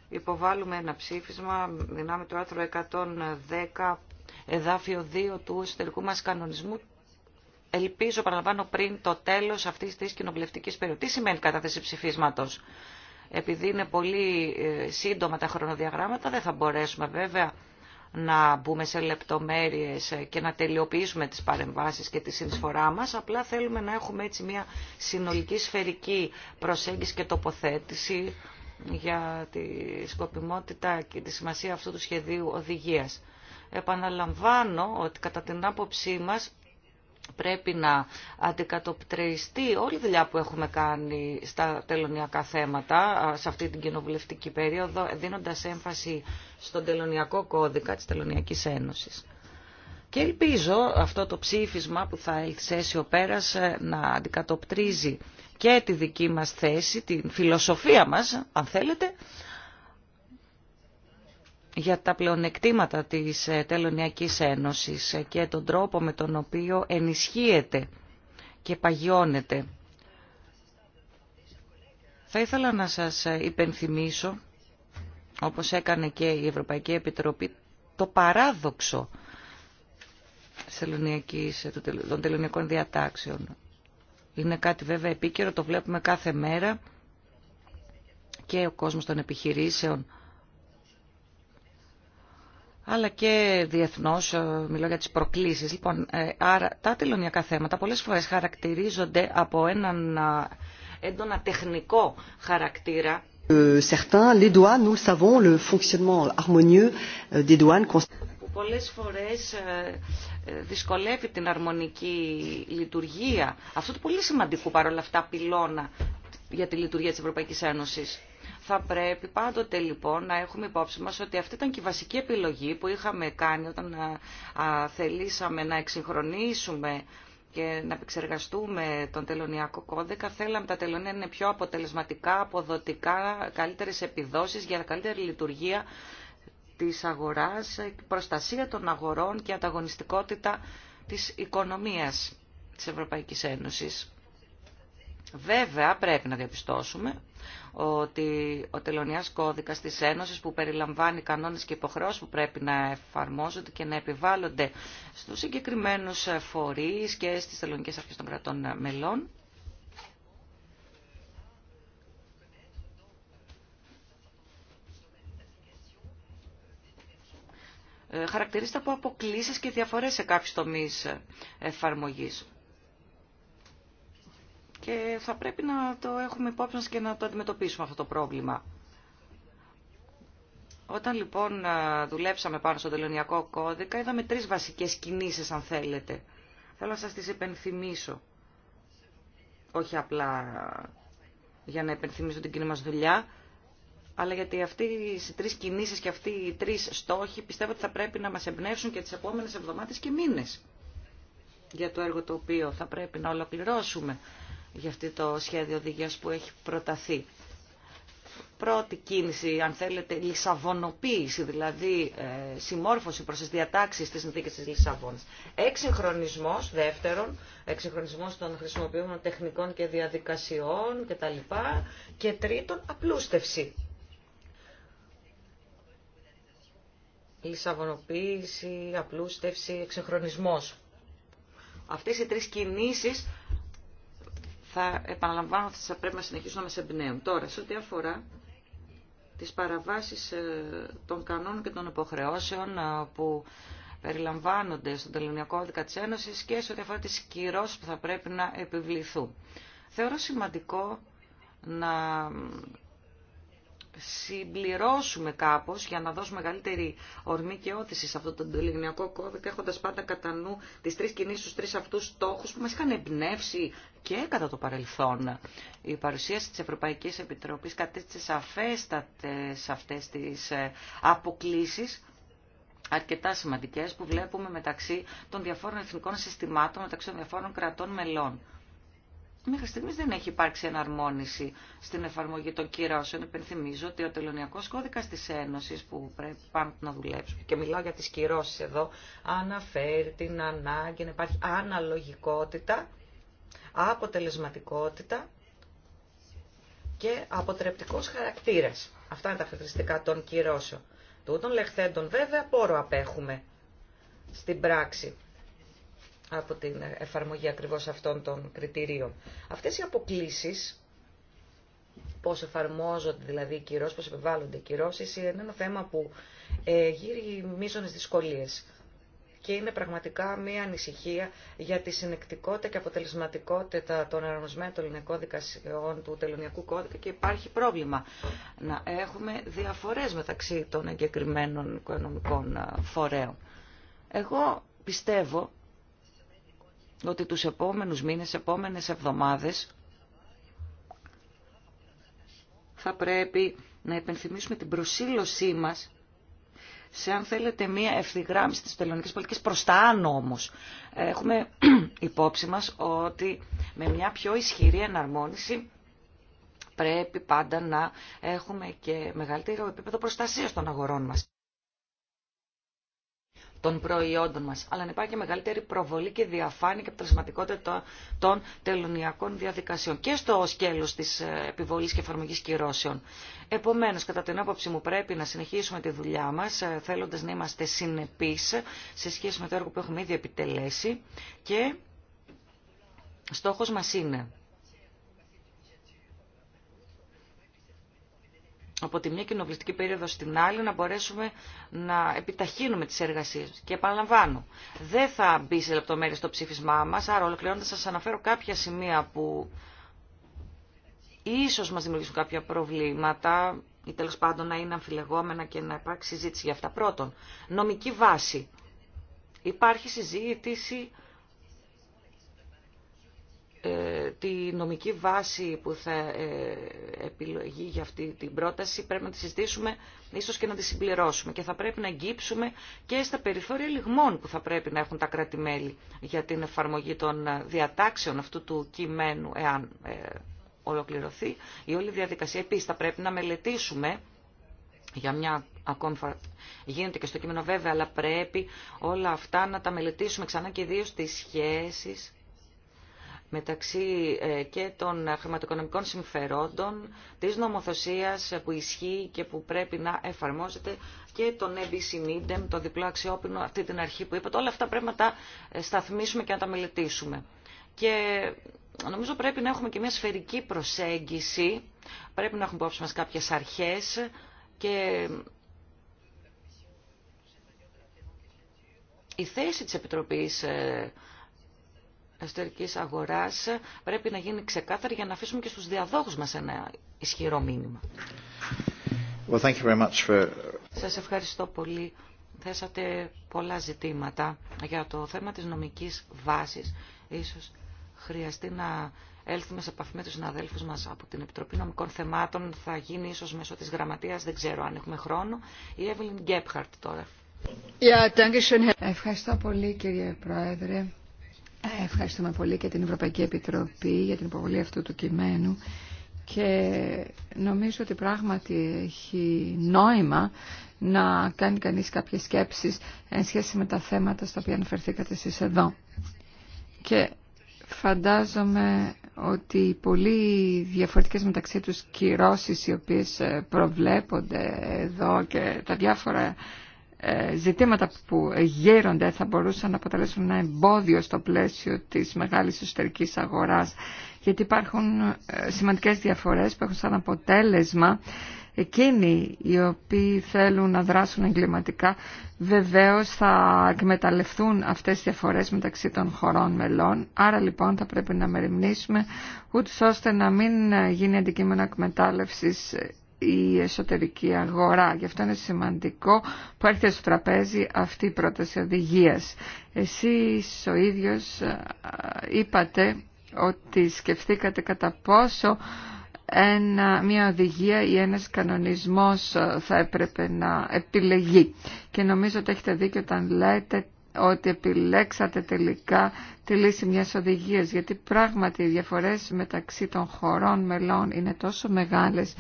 Υποβάλλουμε ένα ψήφισμα δυνάμει το άρθρο 110 εδάφιο 2 του εσωτερικού μας κανονισμού ελπίζω παραλαμβάνω πριν το τέλος αυτής της κοινοβουλευτικής περίοδου. Τι σημαίνει κατάθεση ψηφίσματος. Επειδή είναι πολύ ε, σύντομα τα χρονοδιαγράμματα δεν θα μπορέσουμε βέβαια να μπούμε σε λεπτομέρειες και να τελειοποιήσουμε τις παρεμβάσεις και τη συνεισφορά μας. Απλά θέλουμε να έχουμε έτσι μια συνολική σφαιρική προσέγγιση και τοποθέτηση για τη σκοπιμότητα και τη σημασία αυτού του σχεδίου οδηγίας. Επαναλαμβάνω ότι κατά την άποψή μας πρέπει να αντικατοπτριστεί όλη η δουλειά που έχουμε κάνει στα τελωνιακά θέματα σε αυτή την κοινοβουλευτική περίοδο, δίνοντας έμφαση στον τελωνιακό κώδικα της Τελωνιακής Ένωσης. Και ελπίζω αυτό το ψήφισμα που θα σε ο Πέρας ε, να αντικατοπτρίζει και τη δική μας θέση, τη φιλοσοφία μας, αν θέλετε, για τα πλεονεκτήματα της ε, Τελωνιακής Ένωσης ε, και τον τρόπο με τον οποίο ενισχύεται και παγιώνεται. Θα ήθελα να σας ε, υπενθυμίσω, όπως έκανε και η Ευρωπαϊκή Επιτροπή, το παράδοξο των τελωνιακών διατάξεων. Είναι κάτι βέβαια επίκαιρο, το βλέπουμε κάθε μέρα και ο κόσμος των επιχειρήσεων αλλά και διεθνώς, ε, μιλώ για τις προκλήσεις. Λοιπόν, ε, άρα τα τελωνιακά θέματα πολλές φορές χαρακτηρίζονται από έναν έντονα τεχνικό χαρακτήρα. Ε, certains, les douanes, nous savons, le fonctionnement harmonieux euh, des douanes. Πολλές φορές δυσκολεύει την αρμονική λειτουργία αυτού του πολύ σημαντικού παρόλα αυτά πυλώνα για τη λειτουργία της Ευρωπαϊκής Ένωσης. Θα πρέπει πάντοτε λοιπόν να έχουμε υπόψη μας ότι αυτή ήταν και η βασική επιλογή που είχαμε κάνει όταν θελήσαμε να εξυγχρονίσουμε και να επεξεργαστούμε τον τελωνιακό κώδικα. Θέλαμε τα τελωνία να είναι πιο αποτελεσματικά, αποδοτικά, καλύτερες επιδόσεις για καλύτερη λειτουργία της αγοράς, προστασία των αγορών και ανταγωνιστικότητα της οικονομίας της Ευρωπαϊκής Ένωσης. Βέβαια πρέπει να διαπιστώσουμε ότι ο τελωνιάς κώδικας της Ένωσης που περιλαμβάνει κανόνες και υποχρεώσεις που πρέπει να εφαρμόζονται και να επιβάλλονται στους συγκεκριμένους φορείς και στις τελωνικές αρχές των κρατών μελών Ε, χαρακτηρίζεται από αποκλήσεις και διαφορές σε κάποιους τομείς εφαρμογής. Και θα πρέπει να το έχουμε υπόψη μας και να το αντιμετωπίσουμε αυτό το πρόβλημα. Όταν λοιπόν ε, δουλέψαμε πάνω στον τελωνιακό κώδικα, είδαμε τρεις βασικές κινήσεις, αν θέλετε. Θέλω να σας τις υπενθυμίσω. Όχι απλά για να επενθυμίσω την κοινή μας δουλειά, αλλά γιατί αυτοί οι τρεις κινήσεις και αυτοί οι τρεις στόχοι πιστεύω ότι θα πρέπει να μας εμπνεύσουν και τις επόμενες εβδομάδες και μήνες για το έργο το οποίο θα πρέπει να ολοκληρώσουμε για αυτό το σχέδιο οδηγίας που έχει προταθεί. Πρώτη κίνηση, αν θέλετε, λισαβονοποίηση, δηλαδή ε, συμμόρφωση προς τις διατάξεις της συνθήκης της Λισαβόνη. Εξυγχρονισμός, δεύτερον, εξυγχρονισμός των χρησιμοποιούμενων τεχνικών και διαδικασιών κτλ. Και, και τρίτον, απλούστευση. λισαβονοποίηση, απλούστευση, εξεχρονισμός. Αυτές οι τρεις κινήσεις θα επαναλαμβάνω ότι θα πρέπει να συνεχίσουν να μας εμπνέουν. Τώρα, σε ό,τι αφορά τις παραβάσεις ε, των κανόνων και των υποχρεώσεων ε, που περιλαμβάνονται στον Τελωνιακό Κώδικα της Ένωσης και σε ό,τι αφορά τις κυρώσεις που θα πρέπει να επιβληθούν. Θεωρώ σημαντικό να συμπληρώσουμε κάπως για να δώσουμε μεγαλύτερη ορμή και όθηση σε αυτό το λιγνιακό κώδικα έχοντας πάντα κατά νου τις τρεις κινήσεις, τους τρεις αυτούς στόχους που μας είχαν εμπνεύσει και κατά το παρελθόν. Η παρουσίαση της Ευρωπαϊκής Επιτροπής κατέστησε σαφέστατες αυτές τις ε, αποκλήσεις αρκετά σημαντικές που βλέπουμε μεταξύ των διαφόρων εθνικών συστημάτων, μεταξύ των διαφόρων κρατών μελών. Μέχρι στιγμή δεν έχει υπάρξει εναρμόνιση στην εφαρμογή των κυρώσεων. Επενθυμίζω ότι ο τελωνιακό κώδικα τη Ένωση που πρέπει πάνω να δουλέψουμε, και μιλάω για τι κυρώσει εδώ, αναφέρει την ανάγκη να υπάρχει αναλογικότητα, αποτελεσματικότητα και αποτρεπτικό χαρακτήρα. Αυτά είναι τα χαρακτηριστικά των κυρώσεων. Τούτων λεχθέντων βέβαια πόρο απέχουμε στην πράξη από την εφαρμογή ακριβώς αυτών των κριτηρίων. Αυτές οι αποκλήσεις, πώς εφαρμόζονται δηλαδή οι κυρώσεις, πώς επιβάλλονται οι κυρώσεις, είναι ένα θέμα που ε, γύρει δυσκολίες και είναι πραγματικά μια ανησυχία για τη συνεκτικότητα και αποτελεσματικότητα των των ελληνικών δικασιών του Τελωνιακού Κώδικα και υπάρχει πρόβλημα να έχουμε διαφορές μεταξύ των εγκεκριμένων οικονομικών ε, φορέων. Εγώ πιστεύω ότι τους επόμενους μήνες, επόμενες εβδομάδες θα πρέπει να υπενθυμίσουμε την προσήλωσή μας σε αν θέλετε μία ευθυγράμμιση της τελωνικής πολιτικής προς τα άνω όμως. Έχουμε υπόψη μας ότι με μια πιο ισχυρή εναρμόνιση πρέπει πάντα να έχουμε και μεγαλύτερο επίπεδο προστασίας των αγορών μας των προϊόντων μας, αλλά να υπάρχει και μεγαλύτερη προβολή και διαφάνεια και αποτελεσματικότητα των τελωνιακών διαδικασιών και στο σκέλος της ε, επιβολής και εφαρμογής κυρώσεων. Επομένως, κατά την άποψη μου πρέπει να συνεχίσουμε τη δουλειά μας, ε, θέλοντας να είμαστε συνεπείς σε σχέση με το έργο που έχουμε ήδη επιτελέσει και στόχος μας είναι από τη μια κοινοβουλευτική περίοδο στην άλλη να μπορέσουμε να επιταχύνουμε τις εργασίες. Και επαναλαμβάνω, δεν θα μπει σε λεπτομέρειες το ψήφισμά μας, άρα ολοκληρώνοντας σας αναφέρω κάποια σημεία που ίσως μας δημιουργήσουν κάποια προβλήματα ή τέλο πάντων να είναι αμφιλεγόμενα και να υπάρξει συζήτηση για αυτά. Πρώτον, νομική βάση. Υπάρχει συζήτηση ε, τη νομική βάση που θα ε, επιλογεί για αυτή την πρόταση πρέπει να τη συζητήσουμε ίσως και να τη συμπληρώσουμε και θα πρέπει να εγγύψουμε και στα περιθώρια λιγμών που θα πρέπει να έχουν τα κράτη-μέλη για την εφαρμογή των διατάξεων αυτού του κειμένου εάν ε, ολοκληρωθεί η όλη διαδικασία. Επίσης θα πρέπει να μελετήσουμε για μια ακόμη φορά γίνεται και στο κείμενο βέβαια αλλά πρέπει όλα αυτά να τα μελετήσουμε ξανά και ιδίω στις σχέσεις μεταξύ ε, και των χρηματοοικονομικών συμφερόντων, της νομοθεσίας που ισχύει και που πρέπει να εφαρμόζεται και τον EBC Nidem, το διπλό αξιόπινο, αυτή την αρχή που είπατε. Όλα αυτά πρέπει να τα ε, σταθμίσουμε και να τα μελετήσουμε. Και νομίζω πρέπει να έχουμε και μια σφαιρική προσέγγιση, πρέπει να έχουμε υπόψη μας κάποιες αρχές και ε, η θέση της Επιτροπής εσωτερικής αγοράς πρέπει να γίνει ξεκάθαρη για να αφήσουμε και στους διαδόχους μας ένα ισχυρό μήνυμα. Well, thank you very much for... Σας ευχαριστώ πολύ. Θέσατε πολλά ζητήματα για το θέμα της νομικής βάσης. Ίσως χρειαστεί να έλθουμε σε επαφή με τους συναδέλφους μας από την Επιτροπή Νομικών Θεμάτων. Θα γίνει ίσως μέσω της γραμματείας, δεν ξέρω αν έχουμε χρόνο. Η Εύλιν Γκέπχαρτ τώρα. Yeah, Ευχαριστώ πολύ κύριε Πρόεδρε. Ε, ευχαριστούμε πολύ και την Ευρωπαϊκή Επιτροπή για την υποβολή αυτού του κειμένου και νομίζω ότι πράγματι έχει νόημα να κάνει κανείς κάποιες σκέψεις εν σχέση με τα θέματα στα οποία αναφερθήκατε εσείς εδώ. Και φαντάζομαι ότι οι πολύ διαφορετικές μεταξύ τους κυρώσεις οι οποίες ε, προβλέπονται εδώ και τα διάφορα ε, ζητήματα που γέρονται θα μπορούσαν να αποτελέσουν ένα εμπόδιο στο πλαίσιο της μεγάλης εσωτερικής αγοράς γιατί υπάρχουν ε, σημαντικές διαφορές που έχουν σαν αποτέλεσμα εκείνοι οι οποίοι θέλουν να δράσουν εγκληματικά βεβαίως θα εκμεταλλευτούν αυτές τις διαφορές μεταξύ των χωρών μελών. Άρα λοιπόν θα πρέπει να μεριμνήσουμε ούτως ώστε να μην γίνει αντικείμενο εκμετάλλευσης η εσωτερική αγορά. Γι' αυτό είναι σημαντικό που έρχεται στο τραπέζι αυτή η πρόταση οδηγία. Εσείς ο ίδιος είπατε ότι σκεφτήκατε κατά πόσο ένα, μια οδηγία ή ένας κανονισμός θα έπρεπε να επιλεγεί. Και νομίζω ότι έχετε δίκιο όταν λέτε ότι επιλέξατε τελικά τη λύση μιας οδηγίας, γιατί πράγματι οι διαφορές μεταξύ των χωρών μελών είναι τόσο μεγάλες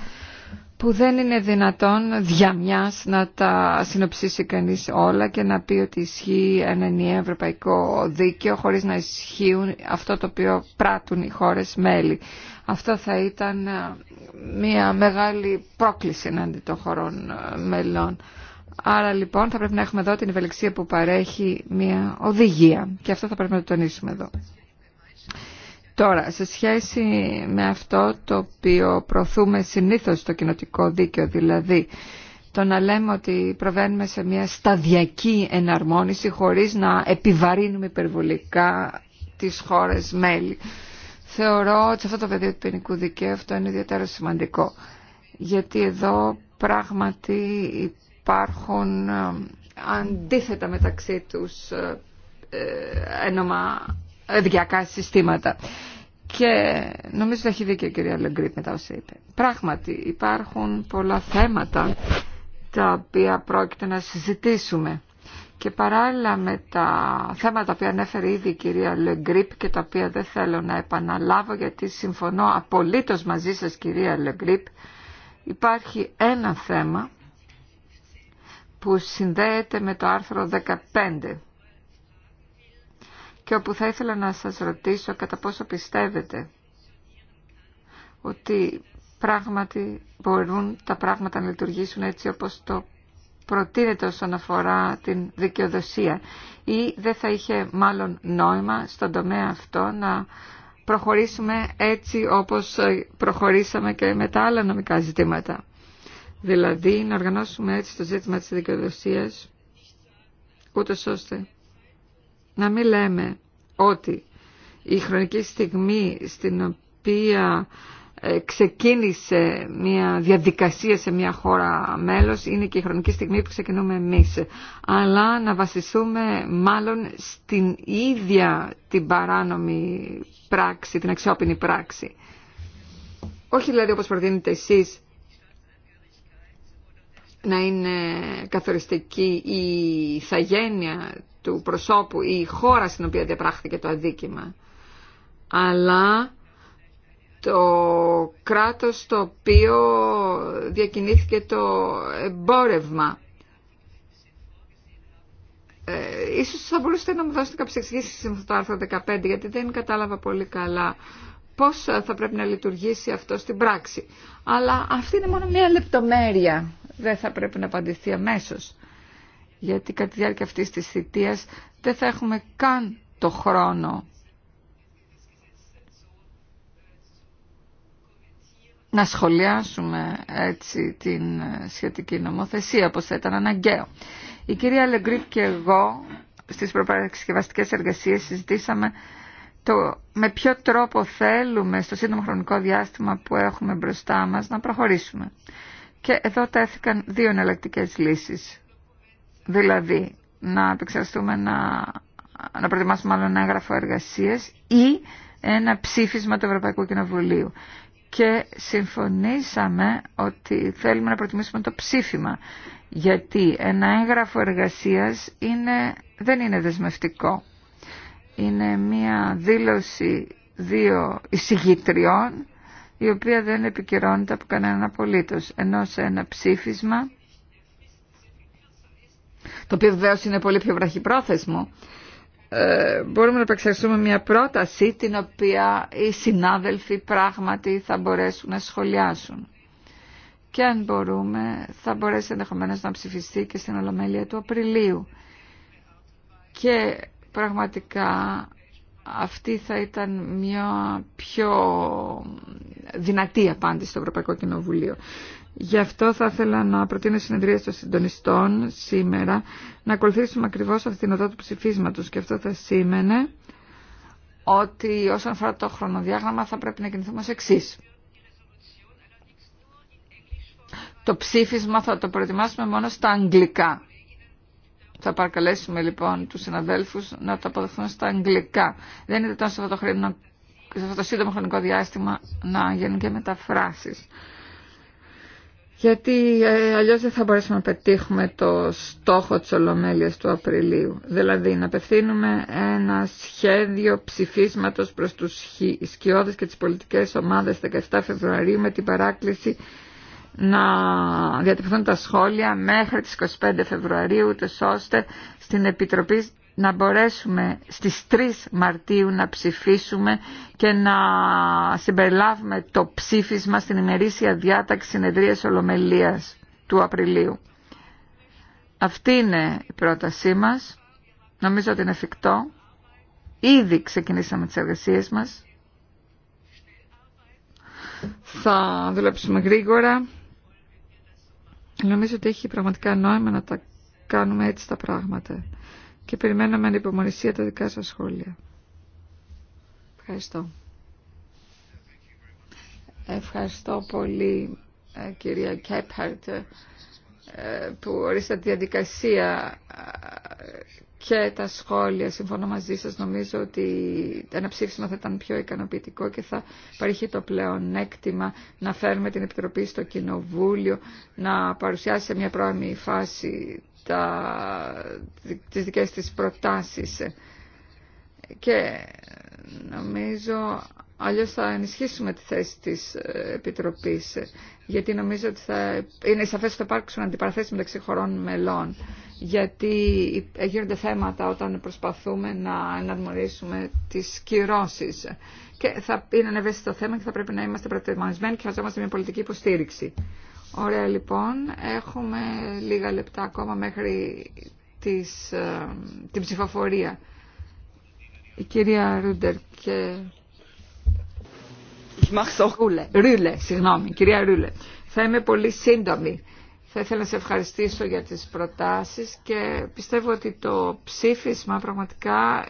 που δεν είναι δυνατόν διαμιάς να τα συνοψίσει κανείς όλα και να πει ότι ισχύει ένα νέο ευρωπαϊκό δίκαιο χωρίς να ισχύουν αυτό το οποίο πράττουν οι χώρες μέλη. Αυτό θα ήταν ε, μια μεγάλη πρόκληση εναντί των χωρών ε, μελών. Άρα λοιπόν θα πρέπει να έχουμε εδώ την ευελιξία που παρέχει μια οδηγία και αυτό θα πρέπει να το τονίσουμε εδώ. Τώρα, σε σχέση με αυτό το οποίο προωθούμε συνήθως στο κοινοτικό δίκαιο, δηλαδή το να λέμε ότι προβαίνουμε σε μια σταδιακή εναρμόνιση χωρίς να επιβαρύνουμε υπερβολικά τις χώρες μέλη. Θεωρώ ότι σε αυτό το πεδίο του ποινικού δικαίου αυτό είναι ιδιαίτερα σημαντικό. Γιατί εδώ πράγματι υπάρχουν ε, αντίθετα μεταξύ τους ε, ε, ένομα ενδιακά συστήματα. Και νομίζω ότι έχει δίκιο η κυρία Λεγκρυπ μετά όσα είπε. Πράγματι υπάρχουν πολλά θέματα τα οποία πρόκειται να συζητήσουμε. Και παράλληλα με τα θέματα που ανέφερε ήδη η κυρία Λεγκρίπ και τα οποία δεν θέλω να επαναλάβω γιατί συμφωνώ απολύτως μαζί σας κυρία Λεγκρίπ, υπάρχει ένα θέμα που συνδέεται με το άρθρο 15 και όπου θα ήθελα να σας ρωτήσω κατά πόσο πιστεύετε ότι πράγματι μπορούν τα πράγματα να λειτουργήσουν έτσι όπως το προτείνεται όσον αφορά την δικαιοδοσία ή δεν θα είχε μάλλον νόημα στον τομέα αυτό να προχωρήσουμε έτσι όπως προχωρήσαμε και με τα άλλα νομικά ζητήματα. Δηλαδή να οργανώσουμε έτσι το ζήτημα της δικαιοδοσίας ούτως ώστε να μην λέμε ότι η χρονική στιγμή στην οποία ε, ξεκίνησε μια διαδικασία σε μια χώρα μέλος είναι και η χρονική στιγμή που ξεκινούμε εμείς αλλά να βασιστούμε μάλλον στην ίδια την παράνομη πράξη, την αξιόπινη πράξη όχι δηλαδή όπως προτείνετε εσείς να είναι καθοριστική η θαγένεια του προσώπου ή η χώρα στην οποία διαπράχθηκε το αδίκημα, αλλά το κράτος το οποίο διακινήθηκε το εμπόρευμα. Ε, ίσως θα μπορούσατε να μου δώσετε κάποιες εξηγήσεις σε αυτό το άρθρο 15, γιατί δεν κατάλαβα πολύ καλά πώς θα πρέπει να λειτουργήσει αυτό στην πράξη. Αλλά αυτή είναι μόνο μια λεπτομέρεια. Δεν θα πρέπει να απαντηθεί αμέσως γιατί κατά τη διάρκεια αυτής της θητείας δεν θα έχουμε καν το χρόνο να σχολιάσουμε έτσι την σχετική νομοθεσία, όπω θα ήταν αναγκαίο. Η κυρία Λεγκρίπ και εγώ στις προπαρασκευαστικές εργασίες συζητήσαμε το με ποιο τρόπο θέλουμε στο σύντομο χρονικό διάστημα που έχουμε μπροστά μας να προχωρήσουμε. Και εδώ τέθηκαν δύο εναλλακτικέ λύσεις. Δηλαδή, να επεξεργαστούμε να, να προετοιμάσουμε μάλλον ένα έγγραφο εργασίας ή ένα ψήφισμα του Ευρωπαϊκού Κοινοβουλίου. Και συμφωνήσαμε ότι θέλουμε να προτιμήσουμε το ψήφιμα, γιατί ένα έγγραφο εργασίας είναι, δεν είναι δεσμευτικό. Είναι μία δήλωση δύο εισηγητριών, η ενα ψηφισμα του ευρωπαικου κοινοβουλιου και συμφωνησαμε οτι θελουμε να προτιμησουμε το ψήφισμα γιατι ενα εγγραφο εργασιας ειναι δεν επικυρώνεται από κανέναν απολύτως, ενώ σε ένα ψήφισμα το οποίο βεβαίω είναι πολύ πιο βραχυπρόθεσμο. Ε, μπορούμε να επεξεργαστούμε μια πρόταση την οποία οι συνάδελφοι πράγματι θα μπορέσουν να σχολιάσουν. Και αν μπορούμε θα μπορέσει ενδεχομένω να ψηφιστεί και στην Ολομέλεια του Απριλίου. Και πραγματικά αυτή θα ήταν μια πιο δυνατή απάντηση στο Ευρωπαϊκό Κοινοβουλίο. Γι' αυτό θα ήθελα να προτείνω συνεδρίες των συντονιστών σήμερα να ακολουθήσουμε ακριβώς αυτήν την οδό του ψηφίσματος και αυτό θα σήμαινε ότι όσον αφορά το χρονοδιάγραμμα θα πρέπει να κινηθούμε ως εξή. Το ψήφισμα θα το προετοιμάσουμε μόνο στα αγγλικά. Θα παρακαλέσουμε λοιπόν τους συναδέλφους να το αποδεχθούν στα αγγλικά. Δεν είναι τόσο το, σύντομο χρονικό διάστημα να γίνουν και μεταφράσεις γιατί ε, αλλιώς δεν θα μπορέσουμε να πετύχουμε το στόχο της Ολομέλειας του Απριλίου. Δηλαδή να απευθύνουμε ένα σχέδιο ψηφίσματος προς τους σκιώδες και τις πολιτικές ομάδες 17 Φεβρουαρίου με την παράκληση να διατυπωθούν τα σχόλια μέχρι τις 25 Φεβρουαρίου, ώστε στην Επιτροπή να μπορέσουμε στις 3 Μαρτίου να ψηφίσουμε και να συμπεριλάβουμε το ψήφισμα στην ημερήσια διάταξη συνεδρίας Ολομελίας του Απριλίου. Αυτή είναι η πρότασή μας. Νομίζω ότι είναι εφικτό. Ήδη ξεκινήσαμε τις εργασίες μας. Θα δουλέψουμε γρήγορα. Νομίζω ότι έχει πραγματικά νόημα να τα κάνουμε έτσι τα πράγματα και περιμένω με ανυπομονησία τα δικά σας σχόλια. Ευχαριστώ. Ευχαριστώ πολύ ε, κυρία Κέπχαρτ ε, που ορίσατε τη διαδικασία ε, και τα σχόλια. Συμφωνώ μαζί σας. Νομίζω ότι ένα ψήφισμα θα ήταν πιο ικανοποιητικό και θα υπάρχει το πλεονέκτημα να φέρουμε την Επιτροπή στο Κοινοβούλιο, να παρουσιάσει σε μια πρώιμη φάση τα, τις δικές της προτάσεις και νομίζω αλλιώς θα ενισχύσουμε τη θέση της ε, Επιτροπής γιατί νομίζω ότι θα, είναι σαφές ότι θα υπάρξουν αντιπαραθέσεις μεταξύ χωρών μελών γιατί γίνονται θέματα όταν προσπαθούμε να εναρμονίσουμε τις κυρώσεις και θα είναι ευαίσθητο θέμα και θα πρέπει να είμαστε προετοιμασμένοι και χρειαζόμαστε μια πολιτική υποστήριξη. Ωραία λοιπόν, έχουμε λίγα λεπτά ακόμα μέχρι ε, την ψηφοφορία. Η κυρία Ρούντερ και... Ρούλε, συγγνώμη, κυρία Ρούλε. Θα είμαι πολύ σύντομη. Θα ήθελα να σε ευχαριστήσω για τις προτάσεις και πιστεύω ότι το ψήφισμα πραγματικά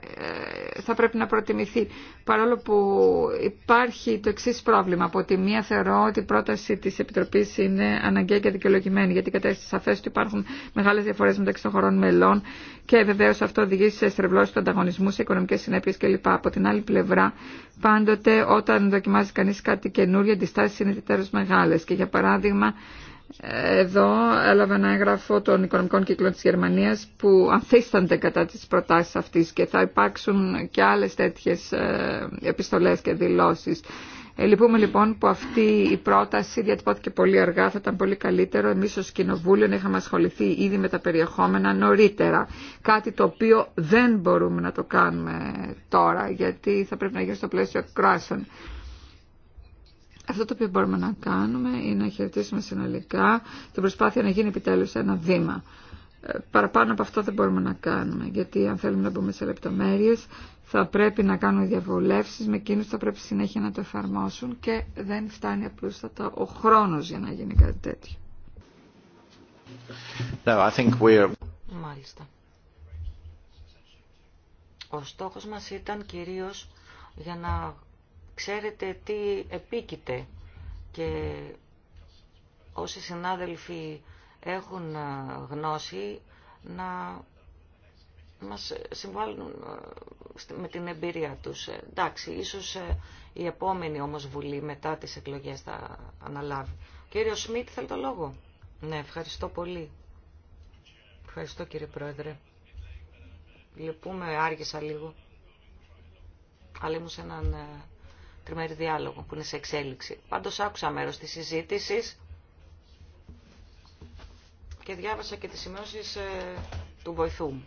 ε, θα πρέπει να προτιμηθεί. Παρόλο που υπάρχει το εξή πρόβλημα. Από τη μία θεωρώ ότι η πρόταση της Επιτροπής είναι αναγκαία και δικαιολογημένη γιατί κατέστησε σαφές ότι υπάρχουν μεγάλες διαφορές μεταξύ των χωρών μελών και βεβαίω αυτό οδηγεί σε στρεβλώσει του ανταγωνισμού, σε οικονομικέ συνέπειε κλπ. Από την άλλη πλευρά, πάντοτε όταν δοκιμάζει κανεί κάτι καινούργιο, αντιστάσει είναι ιδιαίτερω μεγάλε. Και για παράδειγμα, εδώ έλαβα ένα έγγραφο των οικονομικών κύκλων της Γερμανίας που ανθίστανται κατά τις προτάσεις αυτής και θα υπάρξουν και άλλες τέτοιες ε, επιστολές και δηλώσεις. Ε, λυπούμε λοιπόν που αυτή η πρόταση διατυπώθηκε πολύ αργά, θα ήταν πολύ καλύτερο εμείς ως Κοινοβούλιο να είχαμε ασχοληθεί ήδη με τα περιεχόμενα νωρίτερα. Κάτι το οποίο δεν μπορούμε να το κάνουμε τώρα γιατί θα πρέπει να γίνει στο πλαίσιο εκκράσεων. Αυτό το οποίο μπορούμε να κάνουμε είναι να χαιρετήσουμε συνολικά την προσπάθεια να γίνει επιτέλους ένα βήμα. Ε, παραπάνω από αυτό δεν μπορούμε να κάνουμε, γιατί αν θέλουμε να μπούμε σε λεπτομέρειες θα πρέπει να κάνουμε διαβολεύσεις με εκείνους θα πρέπει συνέχεια να το εφαρμόσουν και δεν φτάνει απλούστατα ο χρόνος για να γίνει κάτι τέτοιο. I think Ο στόχος μας ήταν κυρίως για να ξέρετε τι επίκειται και όσοι συνάδελφοι έχουν ε, γνώση να μας συμβάλλουν ε, με την εμπειρία τους. Ε, εντάξει, ίσως η επόμενη όμως Βουλή μετά τις εκλογές θα αναλάβει. Κύριο Σμιτ, θέλει το λόγο. Ναι, ευχαριστώ πολύ. Ευχαριστώ κύριε Πρόεδρε. Λυπούμε, άργησα λίγο. Αλλά ήμουν σε έναν τριμερή διάλογο που είναι σε εξέλιξη. Πάντως άκουσα μέρος τη συζήτηση και διάβασα και τις σημειώσεις ε, του βοηθού μου.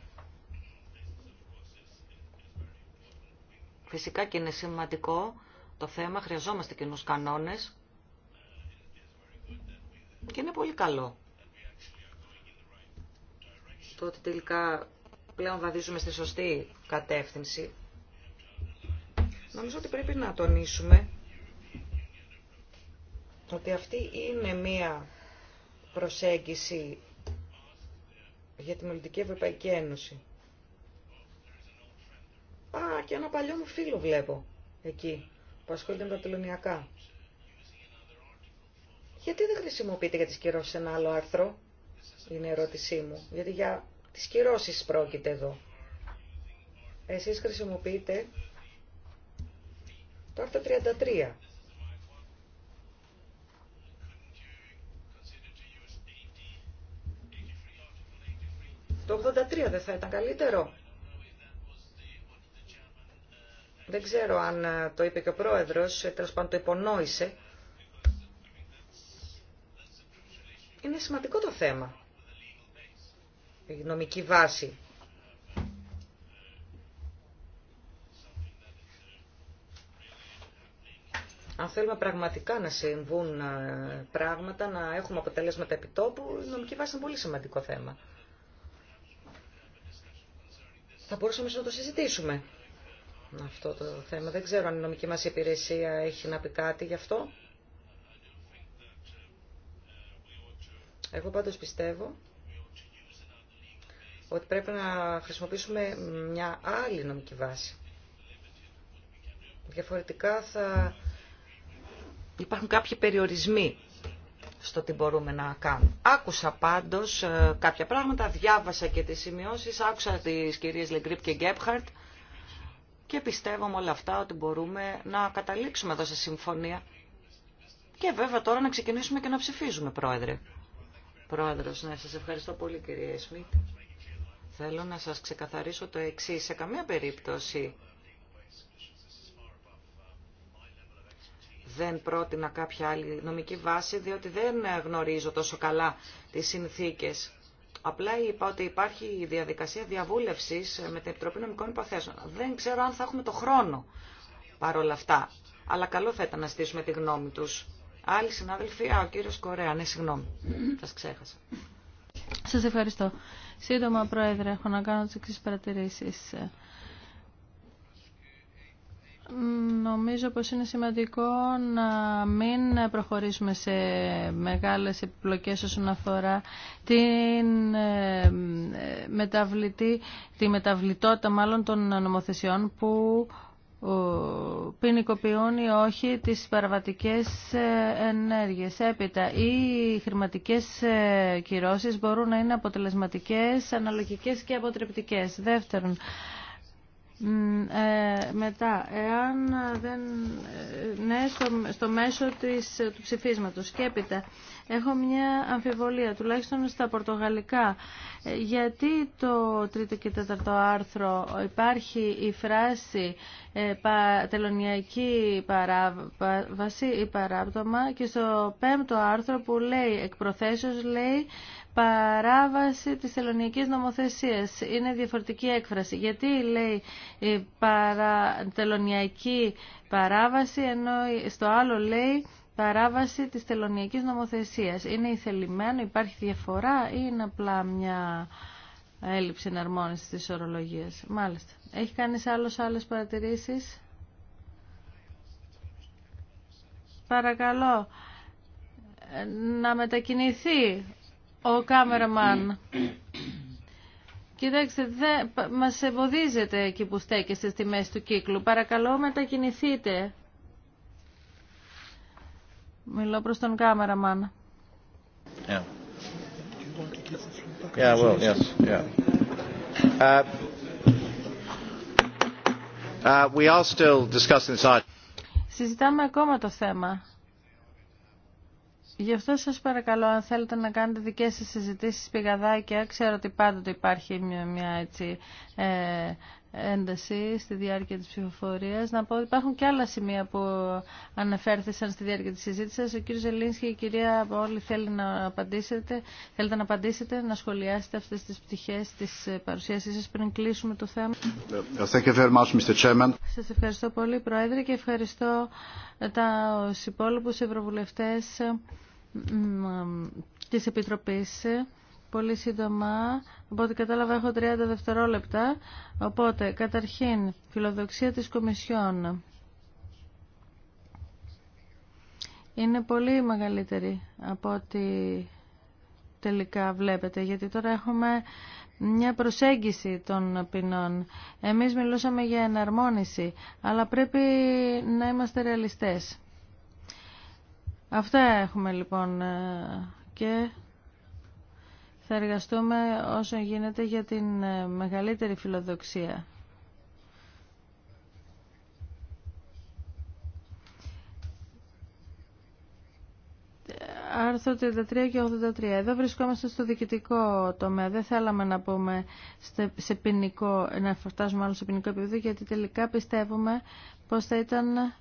Φυσικά και είναι σημαντικό το θέμα, χρειαζόμαστε κοινού κανόνες και είναι πολύ καλό. Το ότι τελικά πλέον βαδίζουμε στη σωστή κατεύθυνση Νομίζω ότι πρέπει να τονίσουμε ότι αυτή είναι μία προσέγγιση για τη Μολυντική Ευρωπαϊκή Ένωση. Α, και ένα παλιό μου φίλο βλέπω εκεί, που ασχολείται με τα τελωνιακά. Γιατί δεν χρησιμοποιείτε για τις κυρώσεις ένα άλλο άρθρο, είναι η ερώτησή μου. Γιατί για τις κυρώσεις πρόκειται εδώ. Εσείς χρησιμοποιείτε το 33. Το 83 δεν θα ήταν καλύτερο. Δεν ξέρω αν ε, το είπε και ο πρόεδρος, ε, τέλος πάντων το υπονόησε. Είναι σημαντικό το θέμα. Η νομική βάση Αν θέλουμε πραγματικά να συμβούν ε, πράγματα, να έχουμε αποτελέσματα επιτόπου, η νομική βάση είναι πολύ σημαντικό θέμα. Θα μπορούσαμε να το συζητήσουμε αυτό το θέμα. Δεν ξέρω αν η νομική μας υπηρεσία έχει να πει κάτι γι' αυτό. Εγώ πάντως πιστεύω ότι πρέπει να χρησιμοποιήσουμε μια άλλη νομική βάση. Διαφορετικά θα υπάρχουν κάποιοι περιορισμοί στο τι μπορούμε να κάνουμε. Άκουσα πάντως ε, κάποια πράγματα, διάβασα και τις σημειώσεις, άκουσα τις κυρίες Λεγκρίπ και Γκέπχαρτ και πιστεύω με όλα αυτά ότι μπορούμε να καταλήξουμε εδώ σε συμφωνία και βέβαια τώρα να ξεκινήσουμε και να ψηφίζουμε, Πρόεδρε. Πρόεδρος, να σας ευχαριστώ πολύ κυρία Σμιτ. Θέλω να σας ξεκαθαρίσω το εξής. Σε καμία περίπτωση δεν πρότεινα κάποια άλλη νομική βάση, διότι δεν γνωρίζω τόσο καλά τις συνθήκες. Απλά είπα ότι υπάρχει η διαδικασία διαβούλευσης με την Επιτροπή Νομικών Υποθέσεων. Δεν ξέρω αν θα έχουμε το χρόνο παρόλα αυτά. Αλλά καλό θα ήταν να στήσουμε τη γνώμη τους. Άλλοι συνάδελφοι, α, ο κύριος Κορέα, ναι, συγγνώμη, σας ξέχασα. Σας ευχαριστώ. Σύντομα, Πρόεδρε, έχω να κάνω τις εξής παρατηρήσεις. Νομίζω πως είναι σημαντικό να μην προχωρήσουμε σε μεγάλες επιπλοκές όσον αφορά την ε, ε, μεταβλητή, τη μεταβλητότητα μάλλον των νομοθεσιών που ποινικοποιούν ή όχι τις παραβατικές ε, ενέργειες. Έπειτα, οι χρηματικές κυρώσεις μπορούν να είναι αποτελεσματικές, αναλογικές και αποτρεπτικές. Δεύτερον, ε, μετά, εάν δεν... Ε, ναι, στο, στο μέσο της, του ψηφίσματος. Και έπειτα, έχω μια αμφιβολία, τουλάχιστον στα πορτογαλικά. Ε, γιατί το τρίτο και τέταρτο άρθρο υπάρχει η φράση πα, τελωνιακή παράβαση ή παράπτωμα και στο πέμπτο άρθρο που λέει εκ λέει παράβαση της τελωνιακής νομοθεσίας. Είναι διαφορετική έκφραση. Γιατί λέει η παρα... τελωνιακή παράβαση, ενώ στο άλλο λέει παράβαση της τελωνιακής νομοθεσίας. Είναι ηθελημένο, υπάρχει διαφορά ή είναι απλά μια έλλειψη εναρμόνιση της ορολογίας. Μάλιστα. Έχει κανείς άλλος άλλες παρατηρήσεις. Παρακαλώ να μετακινηθεί ο κάμεραμαν. Κοιτάξτε, δε, μας εμποδίζετε εκεί που στέκεστε στη μέση του κύκλου. Παρακαλώ μετακινηθείτε. Μιλώ προς τον κάμεραμαν. Yeah. Yeah, well, yes, yeah. Uh, uh, we are still discussing Συζητάμε ακόμα το θέμα. Γι' αυτό σας παρακαλώ αν θέλετε να κάνετε δικές σας συζητήσεις πηγαδάκια, ξέρω ότι πάντοτε υπάρχει μια, μια έτσι, ε, ένταση στη διάρκεια της ψηφοφορίας. Να πω ότι υπάρχουν και άλλα σημεία που αναφέρθησαν στη διάρκεια της συζήτησης. Ο κύριος Ζελίνσκη, και η κυρία όλοι θέλει να απαντήσετε, θέλετε να απαντήσετε, να σχολιάσετε αυτές τις πτυχές της παρουσίασής σας πριν κλείσουμε το θέμα. Thank Σας ευχαριστώ πολύ, Πρόεδρε, και ευχαριστώ ε, τα ε, υπόλοιπους ευρωβουλευτές της Επιτροπής. Πολύ σύντομα, οπότε κατάλαβα έχω 30 δευτερόλεπτα. Οπότε, καταρχήν, φιλοδοξία της Κομισιόν. Είναι πολύ μεγαλύτερη από ό,τι τελικά βλέπετε, γιατί τώρα έχουμε μια προσέγγιση των ποινών. Εμείς μιλούσαμε για εναρμόνιση, αλλά πρέπει να είμαστε ρεαλιστές. Αυτά έχουμε λοιπόν ε, και θα εργαστούμε όσο γίνεται για την ε, μεγαλύτερη φιλοδοξία. Άρθρο 33 και 83. Εδώ βρισκόμαστε στο διοικητικό τομέα. Δεν θέλαμε να πούμε σε ποινικό, να φτάσουμε άλλο σε ποινικό επίπεδο, γιατί τελικά πιστεύουμε πως θα ήταν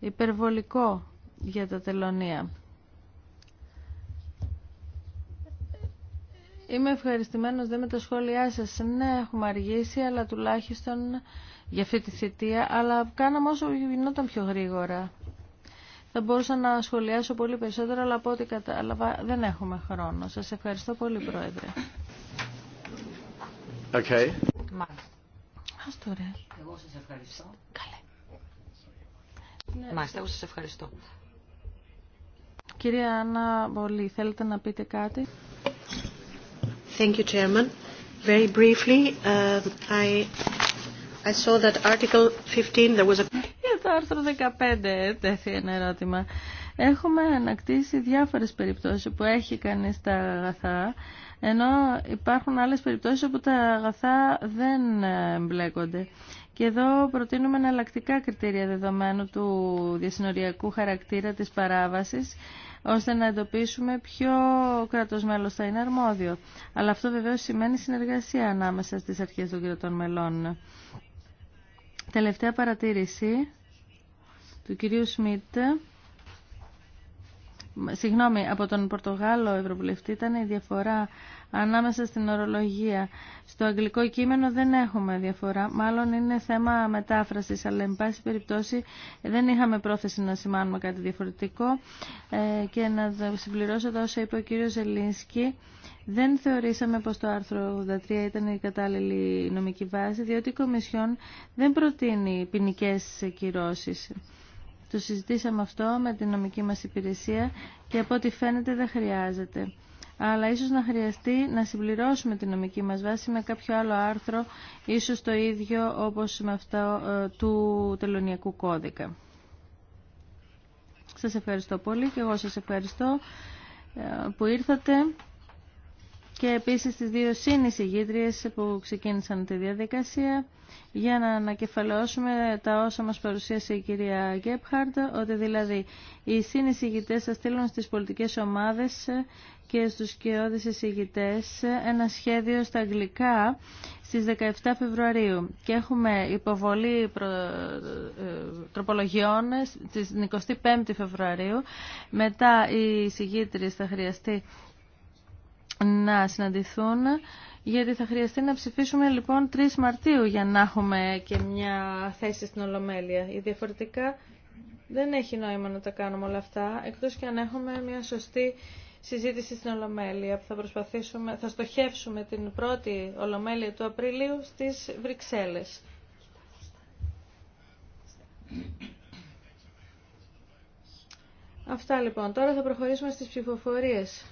υπερβολικό για τα τελωνία. Είμαι ευχαριστημένος δε με τα σχόλιά σας. Ναι, έχουμε αργήσει, αλλά τουλάχιστον για αυτή τη θητεία, αλλά κάναμε όσο γινόταν πιο γρήγορα. Θα μπορούσα να σχολιάσω πολύ περισσότερο, αλλά από ό,τι κατάλαβα δεν έχουμε χρόνο. Σας ευχαριστώ πολύ, Πρόεδρε. Okay. Εγώ σας ευχαριστώ. Καλέ. Μάλιστα, εγώ σας ευχαριστώ. Κυρία Άννα Μπολή, θέλετε να πείτε κάτι. Thank you, Very briefly, 15, uh, there was a... Για το άρθρο 15 ε, τέθη ένα ερώτημα. Έχουμε ανακτήσει διάφορες περιπτώσεις που έχει κανείς τα αγαθά, ενώ υπάρχουν άλλες περιπτώσεις όπου τα αγαθά δεν ε, μπλέκονται. Και εδώ προτείνουμε εναλλακτικά κριτήρια δεδομένου του διασυνοριακού χαρακτήρα της παράβασης, ώστε να εντοπίσουμε ποιο κράτος μέλος θα είναι αρμόδιο. Αλλά αυτό βεβαίως σημαίνει συνεργασία ανάμεσα στις αρχές των κρατών μελών. Τελευταία παρατήρηση του κυρίου Σμιτ. Συγγνώμη, από τον Πορτογάλο Ευρωβουλευτή ήταν η διαφορά ανάμεσα στην ορολογία. Στο αγγλικό κείμενο δεν έχουμε διαφορά, μάλλον είναι θέμα μετάφρασης, αλλά εν πάση περιπτώσει δεν είχαμε πρόθεση να σημάνουμε κάτι διαφορετικό ε, και να συμπληρώσω τα όσα είπε ο κύριος Ζελίνσκι. Δεν θεωρήσαμε πως το άρθρο 83 ήταν η κατάλληλη νομική βάση, διότι η Κομισιόν δεν προτείνει ποινικέ κυρώσεις. Το συζητήσαμε αυτό με την νομική μας υπηρεσία και από ό,τι φαίνεται δεν χρειάζεται αλλά ίσως να χρειαστεί να συμπληρώσουμε την νομική μας βάση με κάποιο άλλο άρθρο, ίσως το ίδιο όπως με αυτό ε, του τελωνιακού κώδικα. Σας ευχαριστώ πολύ και εγώ σας ευχαριστώ ε, που ήρθατε και επίσης τις δύο συνεισηγήτριες που ξεκίνησαν τη διαδικασία για να ανακεφαλαιώσουμε τα όσα μας παρουσίασε η κυρία Γκέπχαρντ, ότι δηλαδή οι συνεισηγητές θα στείλουν στις πολιτικές ομάδες και στους κοιόδες εισηγητές ένα σχέδιο στα αγγλικά στις 17 Φεβρουαρίου και έχουμε υποβολή ε, τροπολογιών στις 25 Φεβρουαρίου. Μετά οι εισηγήτριες θα χρειαστεί να συναντηθούν γιατί θα χρειαστεί να ψηφίσουμε λοιπόν 3 Μαρτίου για να έχουμε και μια θέση στην Ολομέλεια. Η διαφορετικά δεν έχει νόημα να τα κάνουμε όλα αυτά, εκτός και αν έχουμε μια σωστή συζήτηση στην Ολομέλεια που θα προσπαθήσουμε, θα στοχεύσουμε την πρώτη Ολομέλεια του Απριλίου στις Βρυξέλλες. Αυτά λοιπόν. Τώρα θα προχωρήσουμε στις ψηφοφορίες.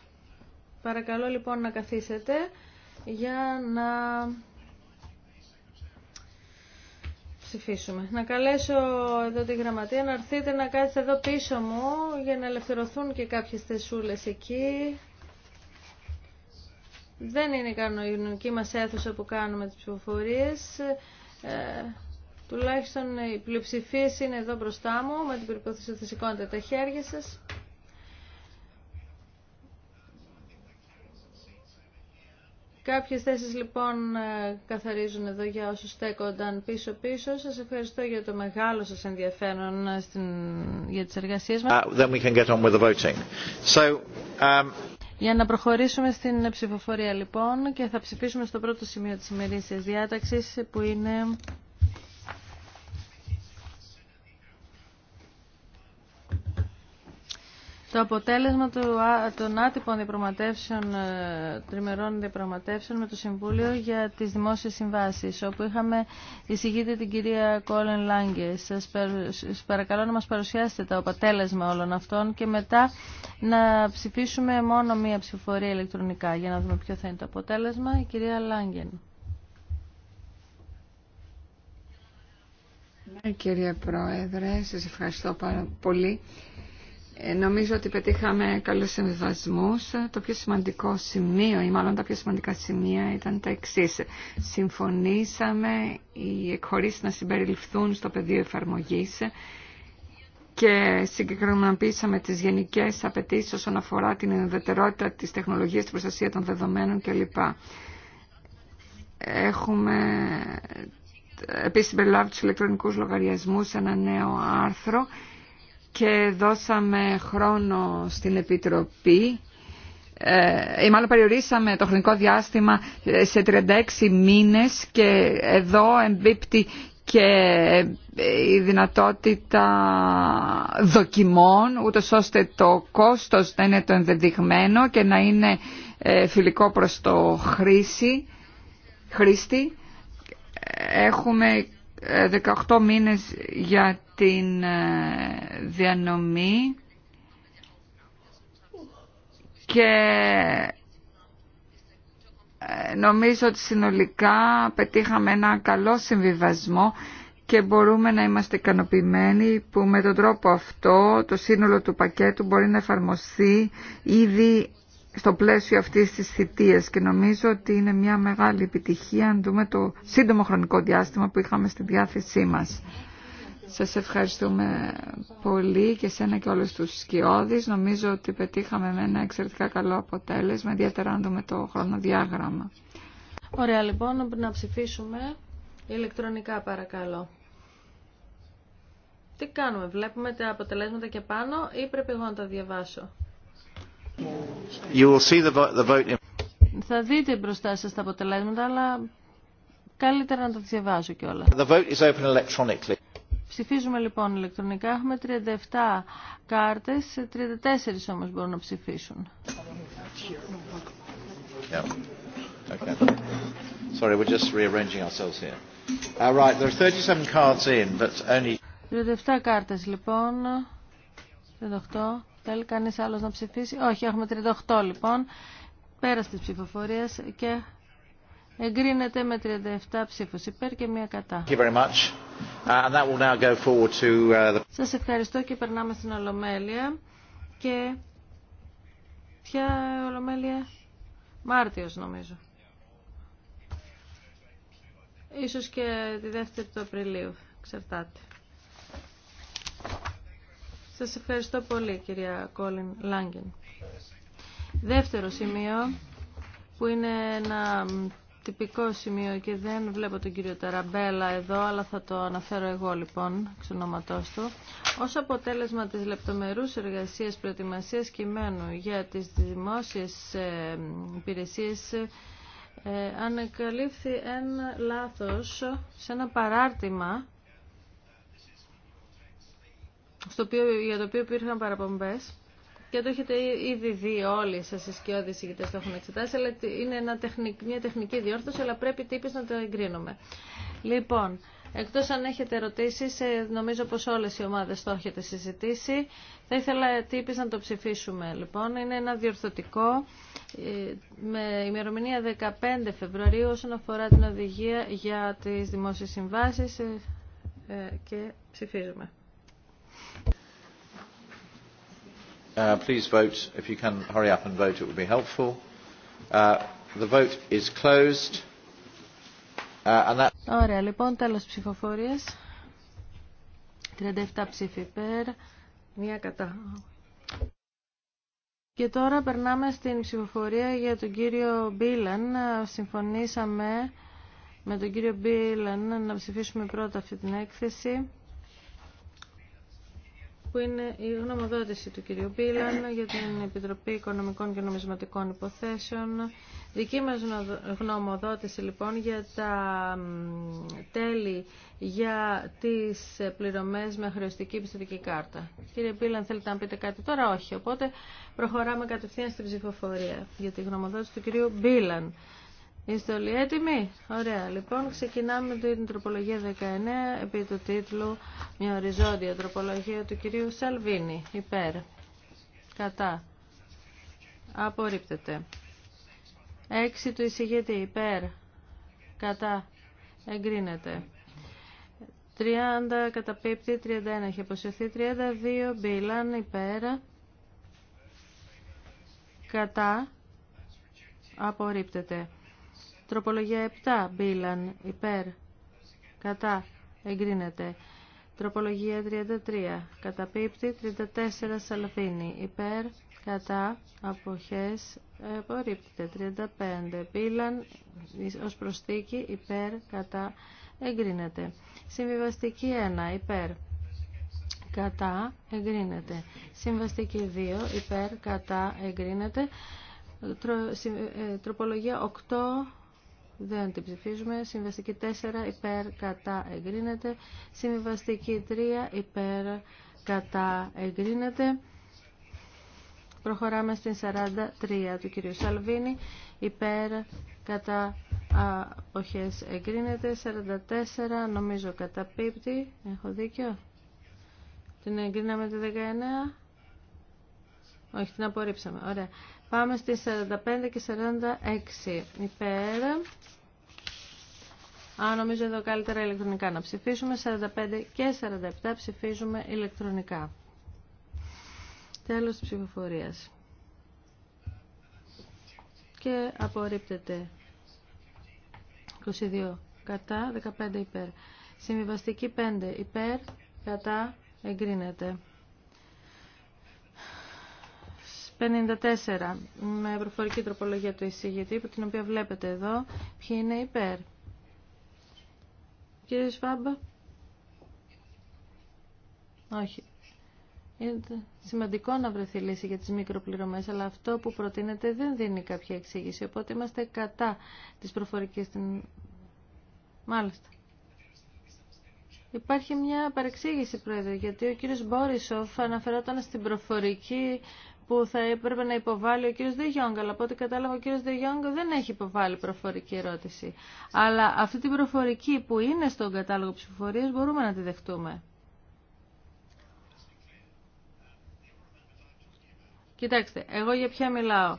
Παρακαλώ λοιπόν να καθίσετε για να ψηφίσουμε. Να καλέσω εδώ τη γραμματεία να έρθετε να κάτσετε εδώ πίσω μου για να ελευθερωθούν και κάποιες θεσούλες εκεί. Δεν είναι η κανονική μας αίθουσα που κάνουμε τις ψηφοφορίες. Ε, τουλάχιστον οι πλειοψηφίες είναι εδώ μπροστά μου με την ότι σηκώνετε τα χέρια σας. Κάποιες θέσεις λοιπόν ε, καθαρίζουν εδώ για όσους στέκονταν πίσω-πίσω. Σας ευχαριστώ για το μεγάλο σας ενδιαφέρον ε, στην... για τις εργασίες μας. Uh, then we can get on with the voting. So, um, Για να προχωρήσουμε στην ψηφοφορία λοιπόν και θα ψηφίσουμε στο πρώτο σημείο της ημερήσιας διάταξης που είναι... Το αποτέλεσμα των άτυπων διαπραγματεύσεων, ε, τριμερών διαπραγματεύσεων με το Συμβούλιο για τις δημόσιες συμβάσεις, όπου είχαμε εισηγείται την κυρία Κόλεν Λάγκε. Σας παρακαλώ να μας παρουσιάσετε το αποτέλεσμα όλων αυτών και μετά να ψηφίσουμε μόνο μία ψηφοφορία ηλεκτρονικά για να δούμε ποιο θα είναι το αποτέλεσμα. Η κυρία Λάγκεν. Ναι, κύριε Πρόεδρε, σας ευχαριστώ πάρα πολύ. Νομίζω ότι πετύχαμε καλούς συμβιβασμούς. Το πιο σημαντικό σημείο ή μάλλον τα πιο σημαντικά σημεία ήταν τα εξής. Συμφωνήσαμε οι εκχωρήσεις να συμπεριληφθούν στο πεδίο εφαρμογής και συγκεκριμενοποιήσαμε τις γενικές απαιτήσει όσον αφορά την ενδετερότητα της τεχνολογίας, την προστασία των δεδομένων κλπ. Έχουμε επίσης συμπεριλάβει τους ηλεκτρονικούς λογαριασμούς σε ένα νέο άρθρο και δώσαμε χρόνο στην Επιτροπή ε, μάλλον περιορίσαμε το χρονικό διάστημα ε, σε 36 μήνες και εδώ εμπίπτει και ε, η δυνατότητα δοκιμών ούτως ώστε το κόστος να είναι το ενδεδειγμένο και να είναι ε, φιλικό προς το χρήση, χρήστη. Έχουμε 18 μήνες για την ε, διανομή και ε, νομίζω ότι συνολικά πετύχαμε ένα καλό συμβιβασμό και μπορούμε να είμαστε ικανοποιημένοι που με τον τρόπο αυτό το σύνολο του πακέτου μπορεί να εφαρμοστεί ήδη στο πλαίσιο αυτής της θητείας και νομίζω ότι είναι μια μεγάλη επιτυχία αν δούμε το σύντομο χρονικό διάστημα που είχαμε στη διάθεσή μας. Σας ευχαριστούμε πολύ και σένα και όλους τους σκιώδεις. Νομίζω ότι πετύχαμε με ένα εξαιρετικά καλό αποτέλεσμα, ιδιαίτερα αν δούμε το χρονοδιάγραμμα. Ωραία λοιπόν, να ψηφίσουμε ηλεκτρονικά παρακαλώ. Τι κάνουμε, βλέπουμε τα αποτελέσματα και πάνω ή πρέπει εγώ να τα διαβάσω. Θα δείτε μπροστά σας τα αποτελέσματα, αλλά καλύτερα να τα διαβάζω κιόλα. The vote is open electronically. Ψηφίζουμε λοιπόν ηλεκτρονικά. Έχουμε 37 κάρτες, 34 όμως μπορούν να ψηφίσουν. Yeah. Sorry, we're just rearranging ourselves here. All uh, right, there are 37 cards in, but only... 37 κάρτες λοιπόν, 38. Θέλει κανείς άλλος να ψηφίσει. Όχι, έχουμε 38 λοιπόν. Πέρα τη ψηφοφορία και εγκρίνεται με 37 ψήφους υπέρ και μία κατά. Σας ευχαριστώ και περνάμε στην Ολομέλεια. Και ποια Ολομέλεια? Μάρτιος νομίζω. Ίσως και τη δεύτερη του Απριλίου. Εξαρτάται. Σας ευχαριστώ πολύ κυρία Κόλιν Λάγκεν. Δεύτερο σημείο που είναι ένα τυπικό σημείο και δεν βλέπω τον κύριο Ταραμπέλα εδώ, αλλά θα το αναφέρω εγώ λοιπόν, εξ του. Ως αποτέλεσμα της λεπτομερούς εργασίας προετοιμασίας κειμένου για τις δημόσιες ε, υπηρεσίες, ε, ανακαλύφθη ένα λάθος σε ένα παράρτημα στο οποίο, για το οποίο υπήρχαν παραπομπές και το έχετε ήδη δει όλοι σα οι σκιώδει ηγητέ το έχουν εξετάσει, αλλά είναι μια τεχνική διόρθωση, αλλά πρέπει τύπη να το εγκρίνουμε. Λοιπόν, εκτό αν έχετε ερωτήσει, ε, νομίζω πω όλε οι ομάδε το έχετε συζητήσει. Θα ήθελα τύπη να το ψηφίσουμε. Λοιπόν, είναι ένα διορθωτικό ε, με ημερομηνία 15 Φεβρουαρίου όσον αφορά την οδηγία για τι δημόσιε συμβάσει ε, και ψηφίζουμε. Uh, please vote. If you can hurry up and vote, it would be helpful. Uh, the vote is closed. Uh, Ωραία, λοιπόν, τέλος ψηφοφορίας. 37 ψήφοι υπέρ, μία κατά. Και τώρα περνάμε στην ψηφοφορία για τον κύριο Μπίλαν. Συμφωνήσαμε με τον κύριο Μπίλαν να ψηφίσουμε πρώτα αυτή την έκθεση που είναι η γνωμοδότηση του κυρίου Πίλαν για την Επιτροπή Οικονομικών και Νομισματικών Υποθέσεων. Δική μας γνωμοδότηση λοιπόν για τα τέλη για τις πληρωμές με χρεωστική πιστοτική κάρτα. Κύριε Πίλαν θέλετε να πείτε κάτι τώρα, όχι. Οπότε προχωράμε κατευθείαν στην ψηφοφορία για τη γνωμοδότηση του κυρίου Μπίλαν. Είστε όλοι έτοιμοι. Ωραία. Λοιπόν, ξεκινάμε την τροπολογία 19 επί του τίτλου Μια οριζόντια τροπολογία του κυρίου Σαλβίνη. Υπέρ. Κατά. Απορρίπτεται. Έξι του εισηγητή. Υπέρ. Κατά. Εγκρίνεται. 30 καταπίπτει. 31 έχει αποσυρθεί. 32 μπίλαν. Υπέρ. Κατά. Απορρίπτεται. Τροπολογία 7. μπήλαν, Υπέρ. Κατά. Εγκρίνεται. Τροπολογία 33. Καταπίπτει 34 σαλαφίνι, Υπέρ, κατά, αποχές, απορρίπτεται. 35. μπήλαν, ως προστίκη. Υπέρ, κατά, εγκρίνεται. Συμβιβαστική 1. Υπέρ, κατά, εγκρίνεται. Συμβαστική 2. Υπέρ, κατά, εγκρίνεται. Ε, τροπολογία 8 δεν την ψηφίζουμε. Συμβαστική 4 υπέρ κατά εγκρίνεται. Συμβαστική 3 υπέρ κατά εγκρίνεται. Προχωράμε στην 43 του κυρίου Σαλβίνη. Υπέρ κατά αποχές εγκρίνεται. 44 νομίζω καταπίπτει. Έχω δίκιο. Την εγκρίναμε τη 19. Όχι, την απορρίψαμε. Ωραία. Πάμε στις 45 και 46. Υπέρ. Α, νομίζω εδώ καλύτερα ηλεκτρονικά να ψηφίσουμε. 45 και 47 ψηφίζουμε ηλεκτρονικά. Τέλος της ψηφοφορίας. Και απορρίπτεται 22 κατά, 15 υπέρ. Συμβιβαστική 5 υπέρ, κατά, εγκρίνεται. 54 με προφορική τροπολογία του εισηγητή, την οποία βλέπετε εδώ. Ποιοι είναι υπέρ. Κύριε Σφάμπα. Όχι. Είναι σημαντικό να βρεθεί λύση για τις μικροπληρωμές, αλλά αυτό που προτείνεται δεν δίνει κάποια εξήγηση, οπότε είμαστε κατά της προφορικής. Μάλιστα. Υπάρχει μια παρεξήγηση, Πρόεδρε, γιατί ο κύριος Μπόρισοφ αναφερόταν στην προφορική που θα έπρεπε να υποβάλει ο κύριος Δε Γιόγκ, αλλά από ό,τι κατάλαβα ο κύριος Δε Γιόγκ δεν έχει υποβάλει προφορική ερώτηση. Αλλά αυτή την προφορική που είναι στον κατάλογο ψηφοφορίας μπορούμε να τη δεχτούμε. Κοιτάξτε, εγώ για ποια μιλάω.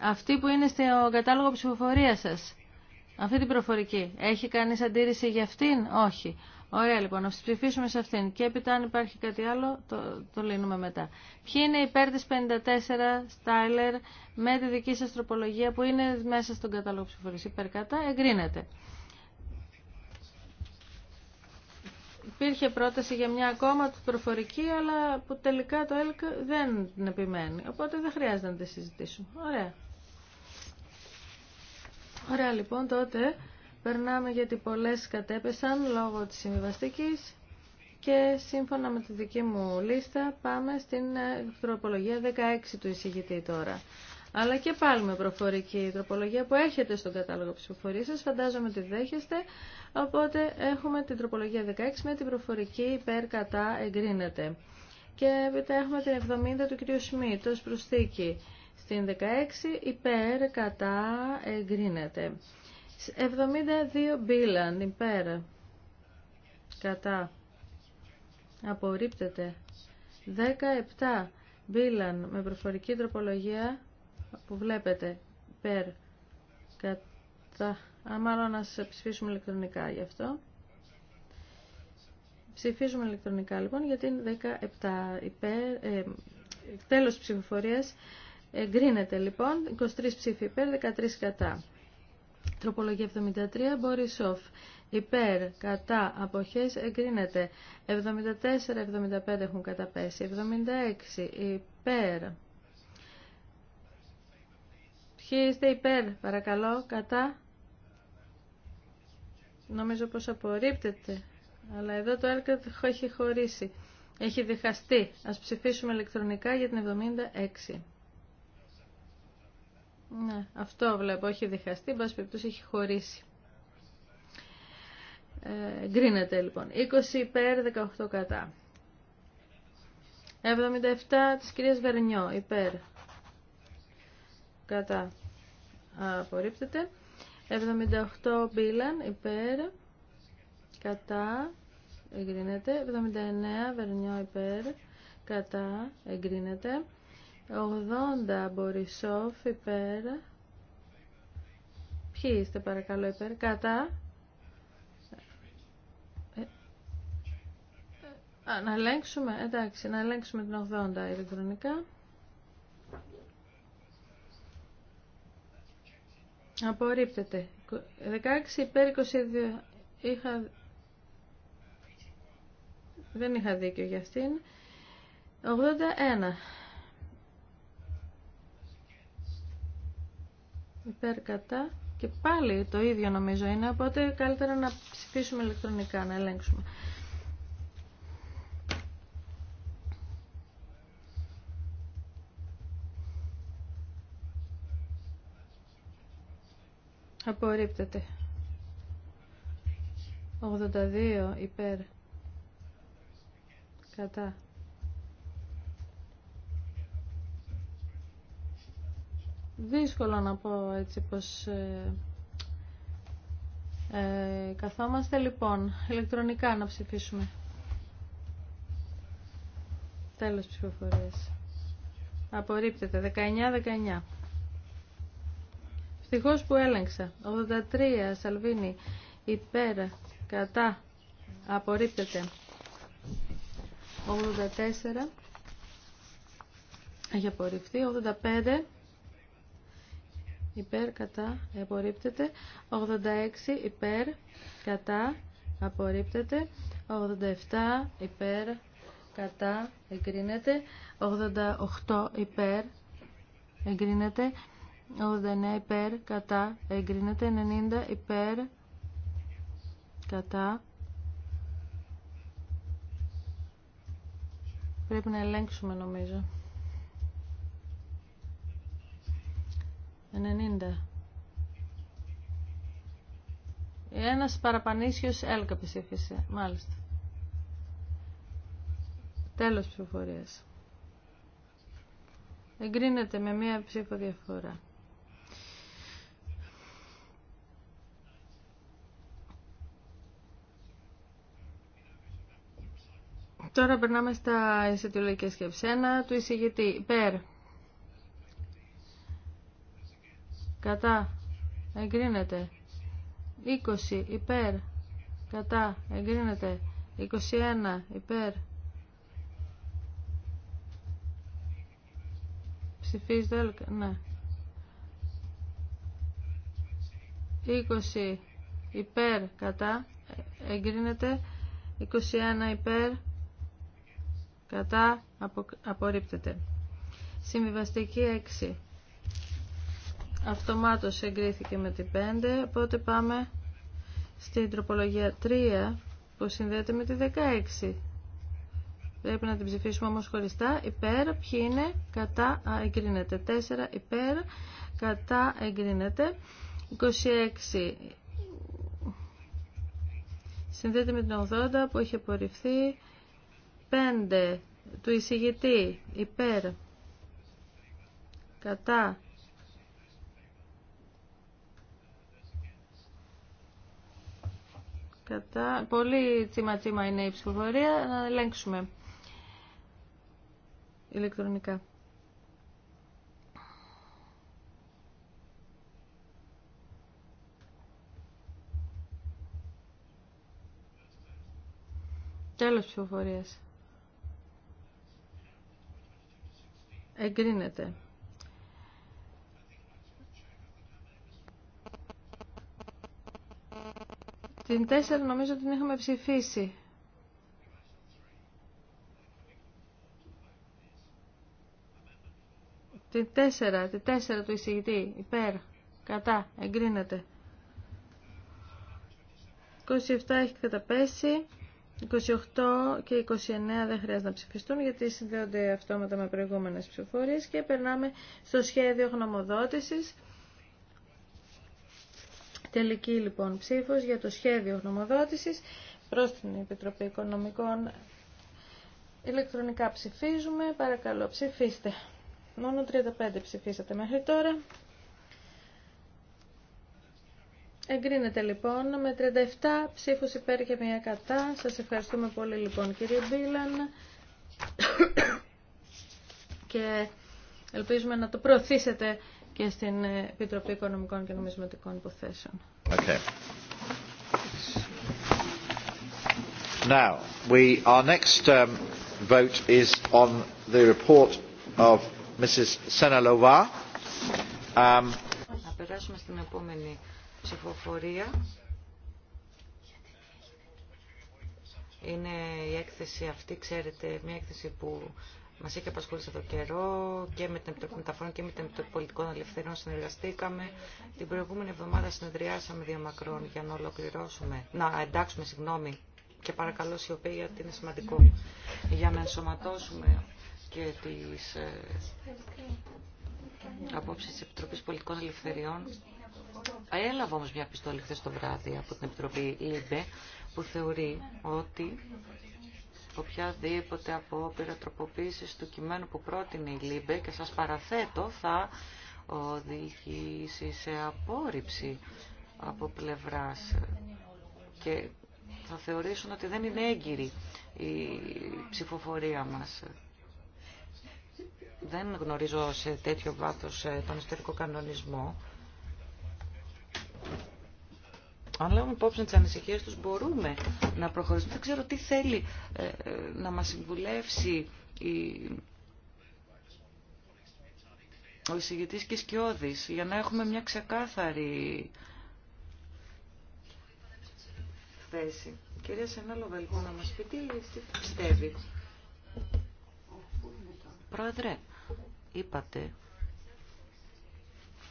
Αυτή που είναι στον κατάλογο ψηφοφορία σας, αυτή την προφορική, έχει κανείς αντίρρηση για αυτήν, όχι. Ωραία λοιπόν, να ψηφίσουμε σε αυτήν και έπειτα αν υπάρχει κάτι άλλο το, το λύνουμε μετά. Ποιοι είναι υπέρ της 54 Στάιλερ, με τη δική σας τροπολογία που είναι μέσα στον κατάλογο ψηφορής υπέρ κατά, εγκρίνεται. Υπήρχε πρόταση για μια ακόμα προφορική, αλλά που τελικά το ΕΛΚ δεν την επιμένει. Οπότε δεν χρειάζεται να τη συζητήσουμε. Ωραία. Ωραία λοιπόν τότε. Περνάμε γιατί πολλές κατέπεσαν λόγω της συμβιβαστική και σύμφωνα με τη δική μου λίστα πάμε στην ε, τροπολογία 16 του εισηγητή τώρα. Αλλά και πάλι με προφορική τροπολογία που έχετε στον κατάλογο ψηφοφορίας σας, φαντάζομαι ότι δέχεστε, οπότε έχουμε την τροπολογία 16 με την προφορική υπέρ κατά εγκρίνεται. Και έπειτα έχουμε την 70 του κ. Σμίτ ως προσθήκη. Στην 16 υπέρ κατά εγκρίνεται. 72 μπίλαν υπέρ. Κατά. Απορρίπτεται. 17 μπίλαν με προφορική τροπολογία που βλέπετε. Υπέρ. Κατά. Α, μάλλον να ψηφίσουμε ηλεκτρονικά γι' αυτό. Ψηφίζουμε ηλεκτρονικά λοιπόν γιατί είναι 17 υπέρ. Ε, τέλος ψηφοφορίας. Εγκρίνεται λοιπόν 23 ψήφοι υπέρ, 13 κατά. Τροπολογία 73, Μπορισόφ. Υπέρ, κατά, αποχές, εγκρίνεται. 74, 75 έχουν καταπέσει. 76, υπέρ. Ποιοι είστε υπέρ, παρακαλώ, κατά. Νομίζω πως απορρίπτεται. Αλλά εδώ το έλκα έχει χωρίσει. Έχει διχαστεί. Ας ψηφίσουμε ηλεκτρονικά για την 76. Ναι, αυτό βλέπω. Έχει διχαστεί, εν πάση έχει χωρίσει. Ε, λοιπόν. 20 υπέρ, 18 κατά. 77 της κυρίας Βερνιό, υπέρ. Κατά. Απορρίπτεται. 78 Μπίλαν, υπέρ. Κατά. Εγκρίνεται. 79 Βερνιό, υπέρ. Κατά. Εγκρίνεται. 80 Μπορισόφ υπέρ. Ποιοι είστε παρακαλώ υπέρ. Κατά. Ε, να ελέγξουμε. Εντάξει, να ελέγξουμε την 80 ηλεκτρονικά. Απορρίπτεται. 16 υπέρ 22. Είχα... Δεν είχα δίκιο για αυτήν. 81. υπέρ κατά και πάλι το ίδιο νομίζω είναι, οπότε καλύτερα να ψηφίσουμε ηλεκτρονικά, να ελέγξουμε. Απορρίπτεται. 82 υπέρ. Κατά. δύσκολο να πω έτσι πως ε, ε, καθόμαστε λοιπόν ηλεκτρονικά να ψηφίσουμε τέλος ψηφοφορίας απορρίπτεται 19-19 Ευτυχώς που έλεγξα 83 Σαλβίνη υπέρ κατά απορρίπτεται 84 έχει απορριφθεί 85 υπέρ κατά απορρίπτεται 86 υπέρ κατά απορρίπτεται 87 υπέρ κατά εγκρίνεται 88 υπέρ εγκρίνεται 89 υπέρ κατά εγκρίνεται 90 υπέρ κατά πρέπει να ελέγξουμε νομίζω 90. Ένας παραπανήσιος έλκα ψήφισε. Μάλιστα. Τέλος ψηφοφορίας. Εγκρίνεται με μία ψήφο διαφορά. Τώρα περνάμε στα εισιτιολογικές σκέψη. Ένα του εισηγητή. Περ. κατά εγκρίνεται 20 υπέρ κατά εγκρίνεται 21 υπέρ ψηφίζει ναι 20 υπέρ κατά εγκρίνεται 21 υπέρ κατά απορρίπτεται συμβιβαστική 6 Αυτομάτως εγκρίθηκε με την 5, οπότε πάμε στην τροπολογία 3 που συνδέεται με τη 16. Πρέπει να την ψηφίσουμε όμως χωριστά. Υπέρ, ποιοι είναι, κατά, εγκρίνεται. 4 υπέρ, κατά, εγκρίνεται. 26 συνδέεται με την 80 που έχει απορριφθεί. 5 του εισηγητή, υπέρ, κατά, Κατά. Πολύ τσίμα τσίμα είναι η ψηφοφορία. Να ελέγξουμε ηλεκτρονικά. Τέλος ψηφοφορίας. Εγκρίνεται. Την 4 νομίζω την είχαμε ψηφίσει. Την 4, την 4 του εισηγητή, υπέρ, κατά, εγκρίνεται. 27 έχει καταπέσει. 28 και 29 δεν χρειάζεται να ψηφιστούν γιατί συνδέονται αυτόματα με προηγούμενες ψηφοφορίες και περνάμε στο σχέδιο γνωμοδότησης. Τελική λοιπόν ψήφος για το σχέδιο γνωμοδότησης προς την Επιτροπή Οικονομικών. Ηλεκτρονικά ψηφίζουμε. Παρακαλώ ψηφίστε. Μόνο 35 ψηφίσατε μέχρι τώρα. Εγκρίνεται λοιπόν με 37 ψήφους υπέρ και μία κατά. Σας ευχαριστούμε πολύ λοιπόν κύριε Μπίλαν και ελπίζουμε να το προωθήσετε και στην Επιτροπή Οικονομικών και Νομισματικών Υποθέσεων. Okay. Now, we, our next um, vote is on the report of Mrs. Senalova. Um, να περάσουμε στην επόμενη ψηφοφορία. Είναι η έκθεση αυτή, ξέρετε, μια έκθεση που Μα έχει απασχολήσει εδώ καιρό και με την Επιτροπή Μεταφορών και με την Επιτροπή Πολιτικών Ελευθερών συνεργαστήκαμε. Την προηγούμενη εβδομάδα συνεδριάσαμε μακρόν για να ολοκληρώσουμε, να εντάξουμε, συγγνώμη, και παρακαλώ σιωπή γιατί είναι σημαντικό, για να ενσωματώσουμε και τι απόψει απόψεις Επιτροπή Επιτροπής Πολιτικών Ελευθεριών. Έλαβα όμω μια επιστολή χθε το βράδυ από την Επιτροπή ΛΥΜΠΕ που θεωρεί ότι οποιαδήποτε απόπειρα τροποποίησης του κειμένου που πρότεινε η ΛΥΜΠΕ και σας παραθέτω θα οδηγήσει σε απόρριψη από πλευράς και θα θεωρήσουν ότι δεν είναι έγκυρη η ψηφοφορία μας. Δεν γνωρίζω σε τέτοιο βάθος τον ιστορικό κανονισμό αν λάβουμε υπόψη τι ανησυχίε του, μπορούμε να προχωρήσουμε. Δεν ξέρω τι θέλει ε, ε, να μα συμβουλεύσει η... ο εισηγητή και σκιώδη για να έχουμε μια ξεκάθαρη θέση. Κυρία Σενάλο Βελκού, να μας πει τι, τι πιστεύει. Πρόεδρε, είπατε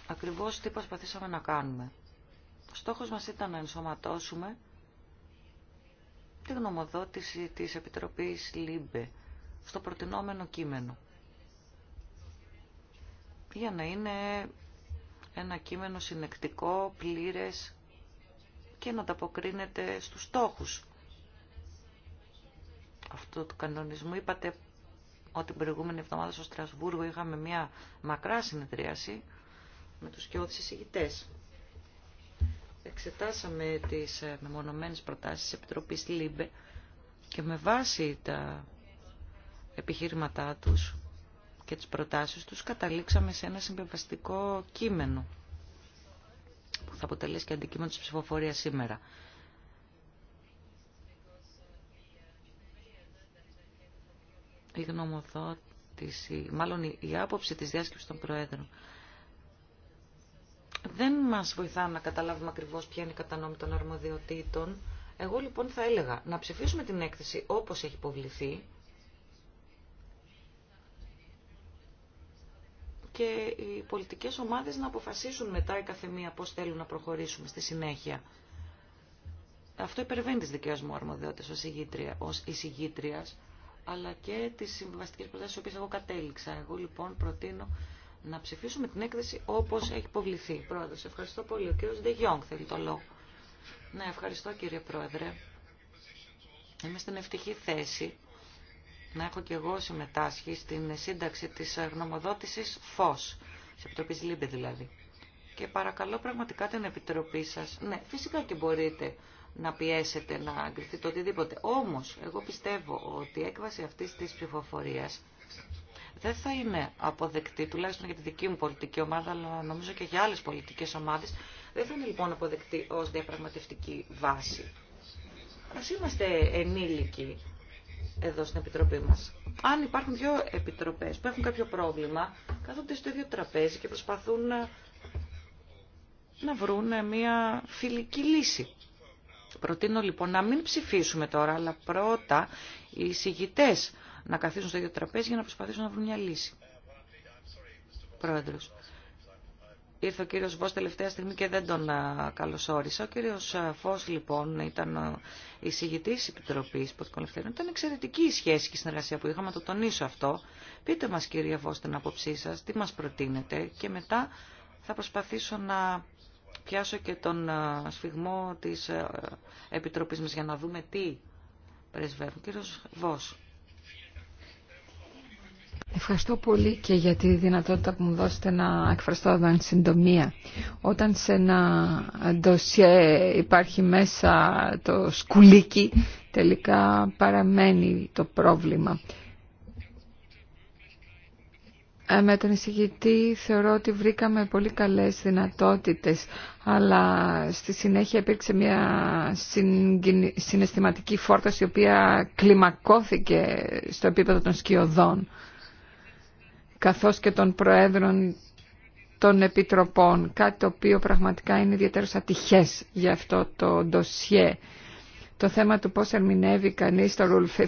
ακριβώς τι προσπαθήσαμε να κάνουμε. Ο στόχος μας ήταν να ενσωματώσουμε τη γνωμοδότηση της Επιτροπής ΛΥΜΠΕ στο προτινόμενο κείμενο. Για να είναι ένα κείμενο συνεκτικό, πλήρες και να ανταποκρίνεται στους στόχους αυτού του κανονισμού. Είπατε ότι την προηγούμενη εβδομάδα στο Στρασβούργο είχαμε μια μακρά συνεδρίαση με τους κοιότητες εισηγητές εξετάσαμε τις ε, μεμονωμένες προτάσεις της Επιτροπής ΛΥΜΠΕ και με βάση τα επιχείρηματά τους και τις προτάσεις τους καταλήξαμε σε ένα συμπεριβαστικό κείμενο που θα αποτελέσει και αντικείμενο της ψηφοφορίας σήμερα. Η γνωμοδότηση, μάλλον η άποψη της διάσκεψης των Προέδρων δεν μας βοηθά να καταλάβουμε ακριβώς ποια είναι η κατανόμη των αρμοδιοτήτων. Εγώ λοιπόν θα έλεγα να ψηφίσουμε την έκθεση όπως έχει υποβληθεί και οι πολιτικές ομάδες να αποφασίσουν μετά η καθεμία πώς θέλουν να προχωρήσουμε στη συνέχεια. Αυτό υπερβαίνει τις δικές μου αρμοδιότητες ως, ως εισηγήτριας, αλλά και τις συμβαστικές προτάσεις στις οποίες εγώ κατέληξα. Εγώ λοιπόν προτείνω να ψηφίσουμε την έκθεση όπως έχει υποβληθεί. Πρόεδρος, ευχαριστώ πολύ. Ο κύριος Ντεγιόγκ θέλει το λόγο. Ναι, ευχαριστώ κύριε Πρόεδρε. Είμαι στην ευτυχή θέση να έχω και εγώ συμμετάσχει στην σύνταξη της γνωμοδότησης ΦΟΣ, της Επιτροπής ΛΥΜΠΕ δηλαδή. Και παρακαλώ πραγματικά την Επιτροπή σας, ναι, φυσικά και μπορείτε να πιέσετε, να αγκριθείτε οτιδήποτε. Όμως, εγώ πιστεύω ότι η έκβαση αυτή της ψηφοφορία δεν θα είναι αποδεκτή, τουλάχιστον για τη δική μου πολιτική ομάδα, αλλά νομίζω και για άλλες πολιτικές ομάδες, δεν θα είναι λοιπόν αποδεκτή ως διαπραγματευτική βάση. Ας είμαστε ενήλικοι εδώ στην Επιτροπή μας. Αν υπάρχουν δύο επιτροπές που έχουν κάποιο πρόβλημα, κάθονται στο ίδιο τραπέζι και προσπαθούν να, βρουν μια φιλική λύση. Προτείνω λοιπόν να μην ψηφίσουμε τώρα, αλλά πρώτα οι συγητές να καθίσουν στο ίδιο τραπέζι για να προσπαθήσουν να βρουν μια λύση. Πρόεδρος. Ήρθε ο κύριος Βος τελευταία στιγμή και δεν τον καλωσόρισα. Ο κύριος Φως λοιπόν ήταν εισηγητής Επιτροπής Πολιτικών Ελευθερίων. Ήταν εξαιρετική η σχέση και η συνεργασία που είχαμε, το τονίσω αυτό. Πείτε μας κύριε Βος την άποψή σας, τι μας προτείνετε και μετά θα προσπαθήσω να πιάσω και τον σφιγμό της Επιτροπής μας για να δούμε τι πρεσβεύουν. Κύριος Βος. Ευχαριστώ πολύ και για τη δυνατότητα που μου δώσετε να εκφραστώ εδώ εν συντομία. Όταν σε ένα ντοσιέ υπάρχει μέσα το σκουλίκι, τελικά παραμένει το πρόβλημα. Ε, με τον εισηγητή θεωρώ ότι βρήκαμε πολύ καλές δυνατότητες, αλλά στη συνέχεια υπήρξε μια συναισθηματική φόρταση, η οποία κλιμακώθηκε στο επίπεδο των σκιωδών καθώς και των Προέδρων των Επιτροπών, κάτι το οποίο πραγματικά είναι ιδιαίτερο ατυχές για αυτό το ντοσιέ. Το θέμα του πώς ερμηνεύει κανείς το Rule 50,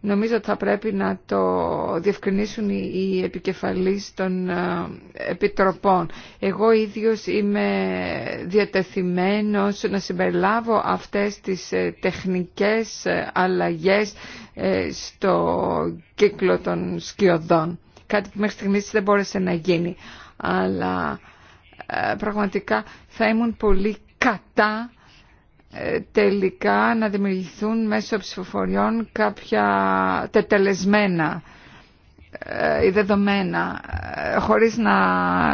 νομίζω ότι θα πρέπει να το διευκρινίσουν οι επικεφαλείς των ε, επιτροπών. Εγώ ίδιος είμαι διατεθειμένος να συμπεριλάβω αυτές τις ε, τεχνικές ε, αλλαγές στο κύκλο των σκιωδών κάτι που μέχρι στιγμής δεν μπόρεσε να γίνει. Αλλά ε, πραγματικά θα ήμουν πολύ κατά ε, τελικά να δημιουργηθούν μέσω ψηφοφοριών κάποια τετελεσμένα ε, ή δεδομένα χωρίς να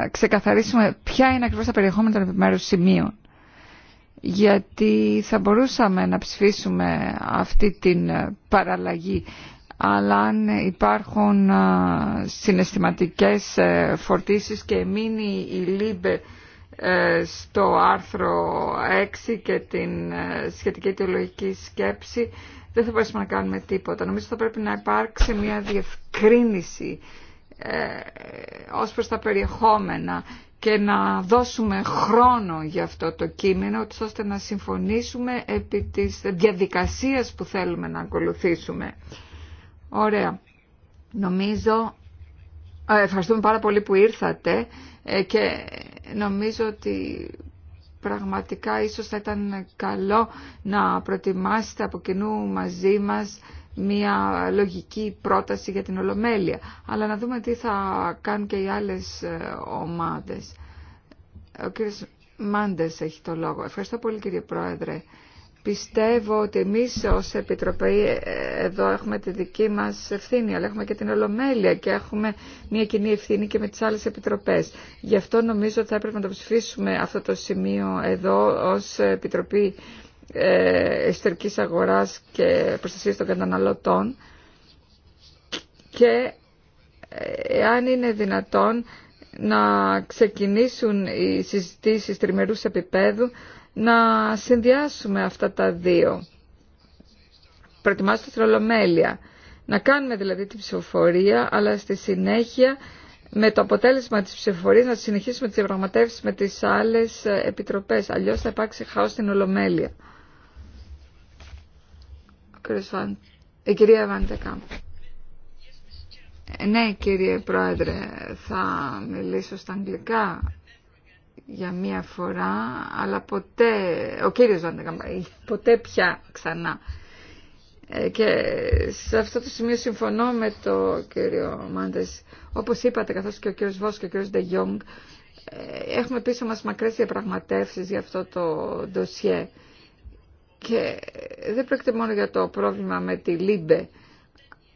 ξεκαθαρίσουμε ποια είναι ακριβώς τα περιεχόμενα των επιμέρους σημείων γιατί θα μπορούσαμε να ψηφίσουμε αυτή την παραλλαγή αλλά αν υπάρχουν συναισθηματικές ε, φορτίσεις και μείνει η ΛΥΜΠΕ ε, στο άρθρο 6 και την ε, σχετική αιτιολογική σκέψη, δεν θα μπορέσουμε να κάνουμε τίποτα. Νομίζω θα πρέπει να υπάρξει μια διευκρίνηση ως προς τα περιεχόμενα και να δώσουμε χρόνο για αυτό το κείμενο ώστε να συμφωνήσουμε επί της διαδικασίας που θέλουμε να ακολουθήσουμε. Ωραία. Νομίζω... Ε, ευχαριστούμε πάρα πολύ που ήρθατε ε, και νομίζω ότι πραγματικά ίσως θα ήταν καλό να προετοιμάσετε από κοινού μαζί μας μια λογική πρόταση για την Ολομέλεια. Αλλά να δούμε τι θα κάνουν και οι άλλες ε, ομάδες. Ο κύριος Μάντες έχει το λόγο. Ευχαριστώ πολύ κύριε Πρόεδρε. Πιστεύω ότι εμείς ως Επιτροπή ε, εδώ έχουμε τη δική μας ευθύνη, αλλά έχουμε και την Ολομέλεια και έχουμε μια κοινή ευθύνη και με τις άλλες Επιτροπές. Γι' αυτό νομίζω ότι θα έπρεπε να το ψηφίσουμε αυτό το σημείο εδώ ως Επιτροπή ε, Εσωτερικής Αγοράς και Προστασίας των Καταναλωτών και ε, εάν είναι δυνατόν να ξεκινήσουν οι συζητήσεις τριμερούς επίπεδου να συνδυάσουμε αυτά τα δύο. Προετοιμάστε την θρολομέλεια. Να κάνουμε δηλαδή την ψηφοφορία, αλλά στη συνέχεια με το αποτέλεσμα της ψηφοφορίας να συνεχίσουμε τις διαπραγματεύσεις με τις άλλες ε, επιτροπές. Αλλιώς θα υπάρξει χάος στην Ολομέλεια. Η ε, κυρία Βαντεκάμπ. Ε, ναι, κύριε Πρόεδρε, θα μιλήσω στα αγγλικά για μία φορά, αλλά ποτέ, ο κύριος ποτέ πια ξανά. Ε, και σε αυτό το σημείο συμφωνώ με το κύριο Μάντες. Όπως είπατε, καθώς και ο κύριος Βος και ο κύριος Ντε ε, έχουμε πίσω μας μακρές διαπραγματεύσεις για αυτό το ντοσιέ. Και δεν πρόκειται μόνο για το πρόβλημα με τη Λίμπε,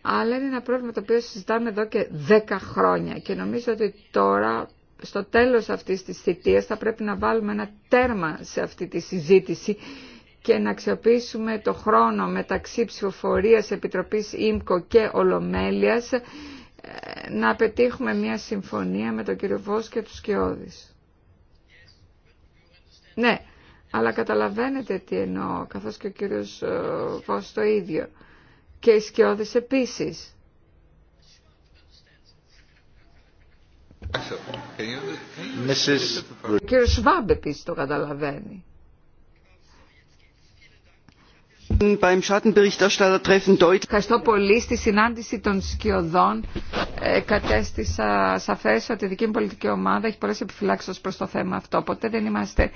αλλά είναι ένα πρόβλημα το οποίο συζητάμε εδώ και δέκα χρόνια και νομίζω ότι τώρα στο τέλος αυτής της θητείας θα πρέπει να βάλουμε ένα τέρμα σε αυτή τη συζήτηση και να αξιοποιήσουμε το χρόνο μεταξύ ψηφοφορίας Επιτροπής ΙΜΚΟ και Ολομέλειας ε, να πετύχουμε μια συμφωνία με τον κύριο Βός και τους Σκιώδης. Ναι, αλλά καταλαβαίνετε τι εννοώ, καθώς και ο κύριος ε, Βός το ίδιο. Και οι Σκιώδης επίσης. Ο Σβάμπ επίσης το καταλαβαίνει. Ευχαριστώ πολύ. Στη συνάντηση των σκιωδών ε, κατέστησα σαφέ ότι η δική μου πολιτική ομάδα έχει πολλές επιφυλάξεις προ το θέμα αυτό. Ποτέ δεν είμαστε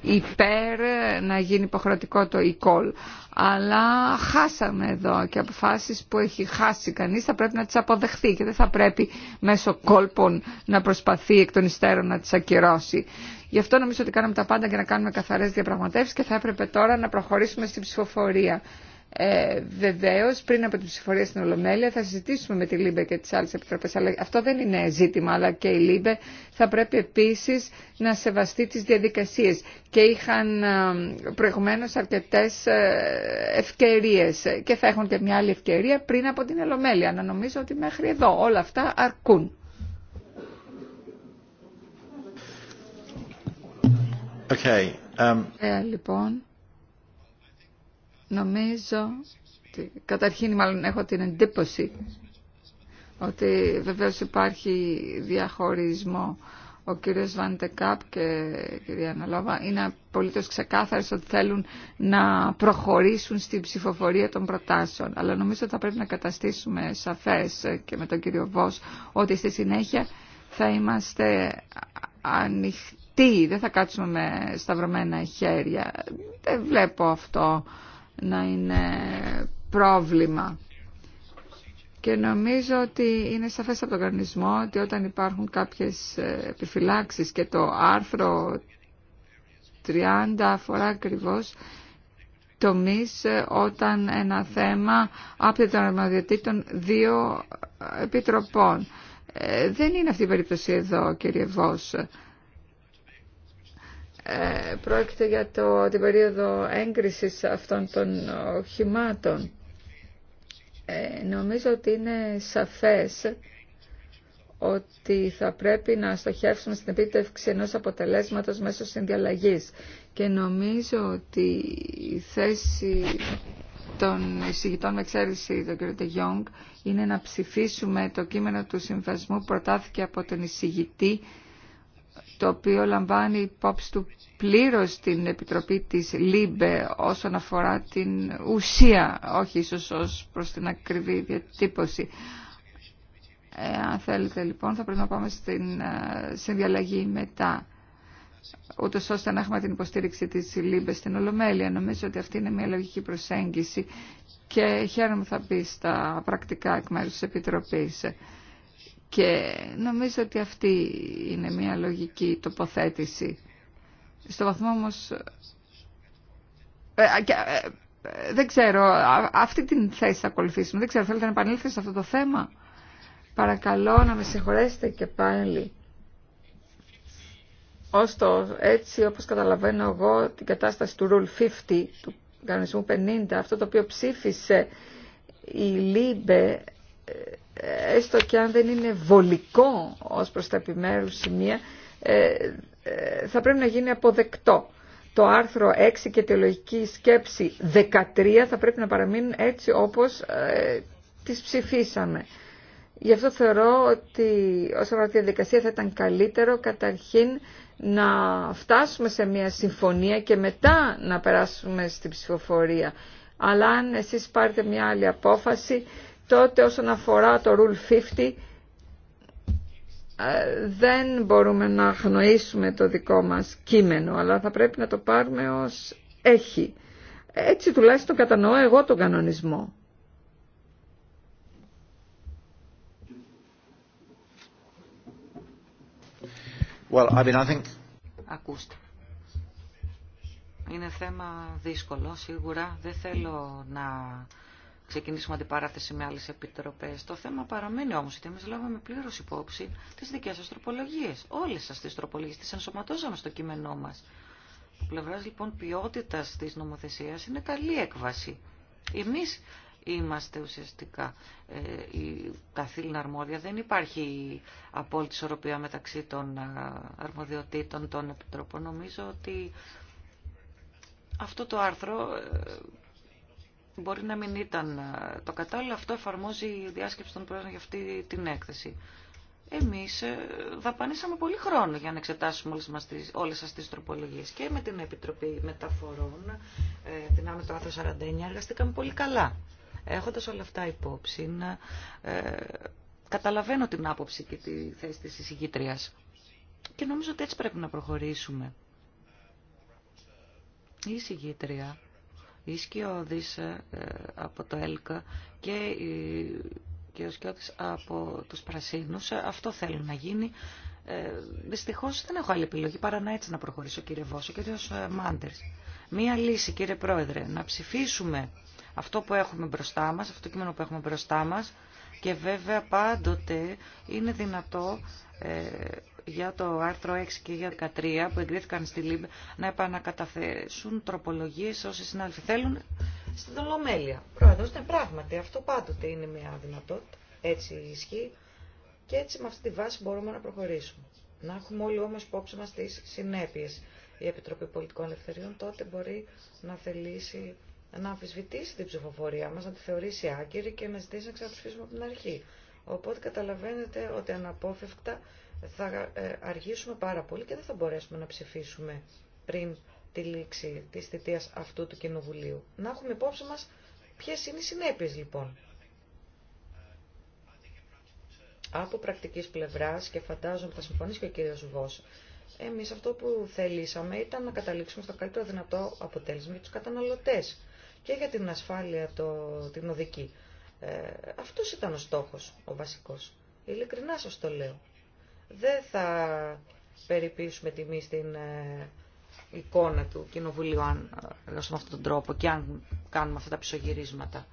υπέρ ε, να γίνει υποχρεωτικό το e-call. Αλλά χάσαμε εδώ και αποφάσει που έχει χάσει κανεί. θα πρέπει να τι αποδεχθεί και δεν θα πρέπει μέσω κόλπων να προσπαθεί εκ των υστέρων να τι ακυρώσει. Γι' αυτό νομίζω ότι κάναμε τα πάντα για να κάνουμε καθαρέ διαπραγματεύσει και θα έπρεπε τώρα να προχωρήσουμε στην ψηφοφορία. Ε, Βεβαίω, πριν από την ψηφοφορία στην Ολομέλεια, θα συζητήσουμε με τη ΛΥΜΠΕ και τι άλλε επιτροπέ. Αλλά αυτό δεν είναι ζήτημα, αλλά και η ΛΥΜΠΕ θα πρέπει επίση να σεβαστεί τι διαδικασίε. Και είχαν ε, προηγουμένω αρκετέ ε, ευκαιρίε και θα έχουν και μια άλλη ευκαιρία πριν από την Ολομέλεια. Να νομίζω ότι μέχρι εδώ όλα αυτά αρκούν. Um, ε, λοιπόν, νομίζω, ότι, καταρχήν μάλλον έχω την εντύπωση ότι βεβαίως υπάρχει διαχωρισμό. Ο κύριος Βαντεκάπ και η κυρία Αναλόβα είναι απολύτως ξεκάθαρες ότι θέλουν να προχωρήσουν στην ψηφοφορία των προτάσεων. Αλλά νομίζω ότι θα πρέπει να καταστήσουμε σαφές και με τον κύριο Βος ότι στη συνέχεια θα είμαστε ανοιχτοί δεν θα κάτσουμε με σταυρωμένα χέρια. Δεν βλέπω αυτό να είναι πρόβλημα. Και νομίζω ότι είναι σαφές από τον κανονισμό ότι όταν υπάρχουν κάποιες ε, επιφυλάξεις και το άρθρο 30 αφορά ακριβώς τομείς ε, όταν ένα θέμα άπτεται των αρμοδιοτήτων δύο ε, επιτροπών. Δεν είναι αυτή η περίπτωση εδώ, κύριε ε, πρόκειται για το, την περίοδο έγκρισης αυτών των οχημάτων. Ε, νομίζω ότι είναι σαφές ότι θα πρέπει να στοχεύσουμε στην επίτευξη ενός αποτελέσματος μέσω συνδιαλλαγής. Και νομίζω ότι η θέση των εισηγητών με εξαίρεση τον κ. Τεγιόγκ είναι να ψηφίσουμε το κείμενο του συμβασμού προτάθηκε από τον εισηγητή το οποίο λαμβάνει υπόψη του πλήρως την Επιτροπή της ΛΥΜΠΕ όσον αφορά την ουσία, όχι ίσως ως προς την ακριβή διατύπωση. Ε, αν θέλετε λοιπόν θα πρέπει να πάμε στην ε, συνδιαλλαγή μετά ούτω ώστε να έχουμε την υποστήριξη της ΛΥΜΠΕ στην Ολομέλεια. Νομίζω ότι αυτή είναι μια λογική προσέγγιση και χαίρομαι θα μπει στα πρακτικά εκ μέρου τη Επιτροπής. Και νομίζω ότι αυτή είναι μια λογική τοποθέτηση. Στο βαθμό όμως... Ε, ε, ε δεν ξέρω, αυτή την θέση θα ακολουθήσουμε. Δεν ξέρω, θέλετε να επανέλθετε σε αυτό το θέμα. Παρακαλώ να με συγχωρέσετε και πάλι. Ωστόσο, έτσι όπως καταλαβαίνω εγώ την κατάσταση του Rule 50, του κανονισμού 50, αυτό το οποίο ψήφισε η ΛΥΜΠΕ ε, έστω και αν δεν είναι βολικό ως προς τα επιμέρους σημεία, ε, ε, θα πρέπει να γίνει αποδεκτό. Το άρθρο 6 και τη λογική σκέψη 13 θα πρέπει να παραμείνουν έτσι όπως ε, τις ψηφίσαμε. Γι' αυτό θεωρώ ότι όσο αφορά τη διαδικασία θα ήταν καλύτερο καταρχήν να φτάσουμε σε μια συμφωνία και μετά να περάσουμε στην ψηφοφορία. Αλλά αν εσείς πάρετε μια άλλη απόφαση τότε όσον αφορά το Rule 50 ε, δεν μπορούμε να αγνοήσουμε το δικό μας κείμενο, αλλά θα πρέπει να το πάρουμε ως έχει. Έτσι τουλάχιστον κατανοώ εγώ τον κανονισμό. Well, I mean, I think... Ακούστε. Είναι θέμα δύσκολο, σίγουρα. Δεν θέλω να ξεκινήσουμε αντιπαράθεση με άλλες επιτροπές. Το θέμα παραμένει όμως ότι εμεί λάβαμε πλήρω υπόψη τις δικέ σα τροπολογίε. Όλες σα τις τροπολογίε τι ενσωματώσαμε στο κείμενό μας. Πλευράς λοιπόν ποιότητα τη νομοθεσία είναι καλή έκβαση. Εμείς είμαστε ουσιαστικά ε, η αρμόδια. Δεν υπάρχει απόλυτη ισορροπία μεταξύ των αρμοδιοτήτων των επιτροπών. Νομίζω ότι αυτό το άρθρο ε, Μπορεί να μην ήταν ε, το κατάλληλο, αυτό εφαρμόζει η διάσκεψη των πρόεδρων για αυτή την έκθεση. Εμείς ε, δαπανίσαμε πολύ χρόνο για να εξετάσουμε όλες, μας τις, όλες σας τις τροπολογίες και με την Επιτροπή Μεταφορών, ε, την άμεση του 49, εργαστήκαμε πολύ καλά. Έχοντας όλα αυτά υπόψη, ε, καταλαβαίνω την άποψη και τη θέση της εισηγήτριας. Και νομίζω ότι έτσι πρέπει να προχωρήσουμε. Η εισηγήτρια η Σκιώδης ε, από το ΕΛΚΑ και, και ο Σκιώδης από τους Πρασίνους. Ε, αυτό θέλουν να γίνει. Ε, Δυστυχώ δεν έχω άλλη επιλογή παρά να έτσι να προχωρήσω κύριε Βόσο, κύριο ε, Μάντερ. Μία λύση κύριε Πρόεδρε, να ψηφίσουμε αυτό που έχουμε μπροστά μας, αυτό το κείμενο που έχουμε μπροστά μας και βέβαια πάντοτε είναι δυνατό ε, για το άρθρο 6 και για 13 που εγκρίθηκαν στη ΛΥΜΠ να επανακαταθέσουν τροπολογίες όσοι συνάδελφοι θέλουν στην Ολομέλεια. Πρόεδρος, ναι πράγματι, αυτό πάντοτε είναι μια δυνατότητα, έτσι ισχύει και έτσι με αυτή τη βάση μπορούμε να προχωρήσουμε. Να έχουμε όλοι όμως υπόψη μας τις συνέπειες. Η Επιτροπή Πολιτικών Ελευθεριών τότε μπορεί να θελήσει να αμφισβητήσει την ψηφοφορία μας, να τη θεωρήσει άκυρη και να ζητήσει να ξαναψηφίσουμε από την αρχή. Οπότε καταλαβαίνετε ότι αναπόφευκτα θα ε, αργήσουμε πάρα πολύ και δεν θα μπορέσουμε να ψηφίσουμε πριν τη λήξη της θητείας αυτού του Κοινοβουλίου. Να έχουμε υπόψη μας ποιες είναι οι συνέπειες λοιπόν. Από πρακτικής πλευράς και φαντάζομαι θα συμφωνήσει και ο κύριος Βός, εμείς αυτό που θελήσαμε ήταν να καταλήξουμε στο καλύτερο δυνατό αποτέλεσμα για τους καταναλωτές και για την ασφάλεια το, την οδική. Ε, αυτός ήταν ο στόχος, ο βασικός. Ειλικρινά σας το λέω δεν θα περιποιήσουμε τιμή στην ε, εικόνα του Κοινοβουλίου αν εργαστούμε αυτόν τον τρόπο και αν κάνουμε αυτά τα πισωγυρίσματα.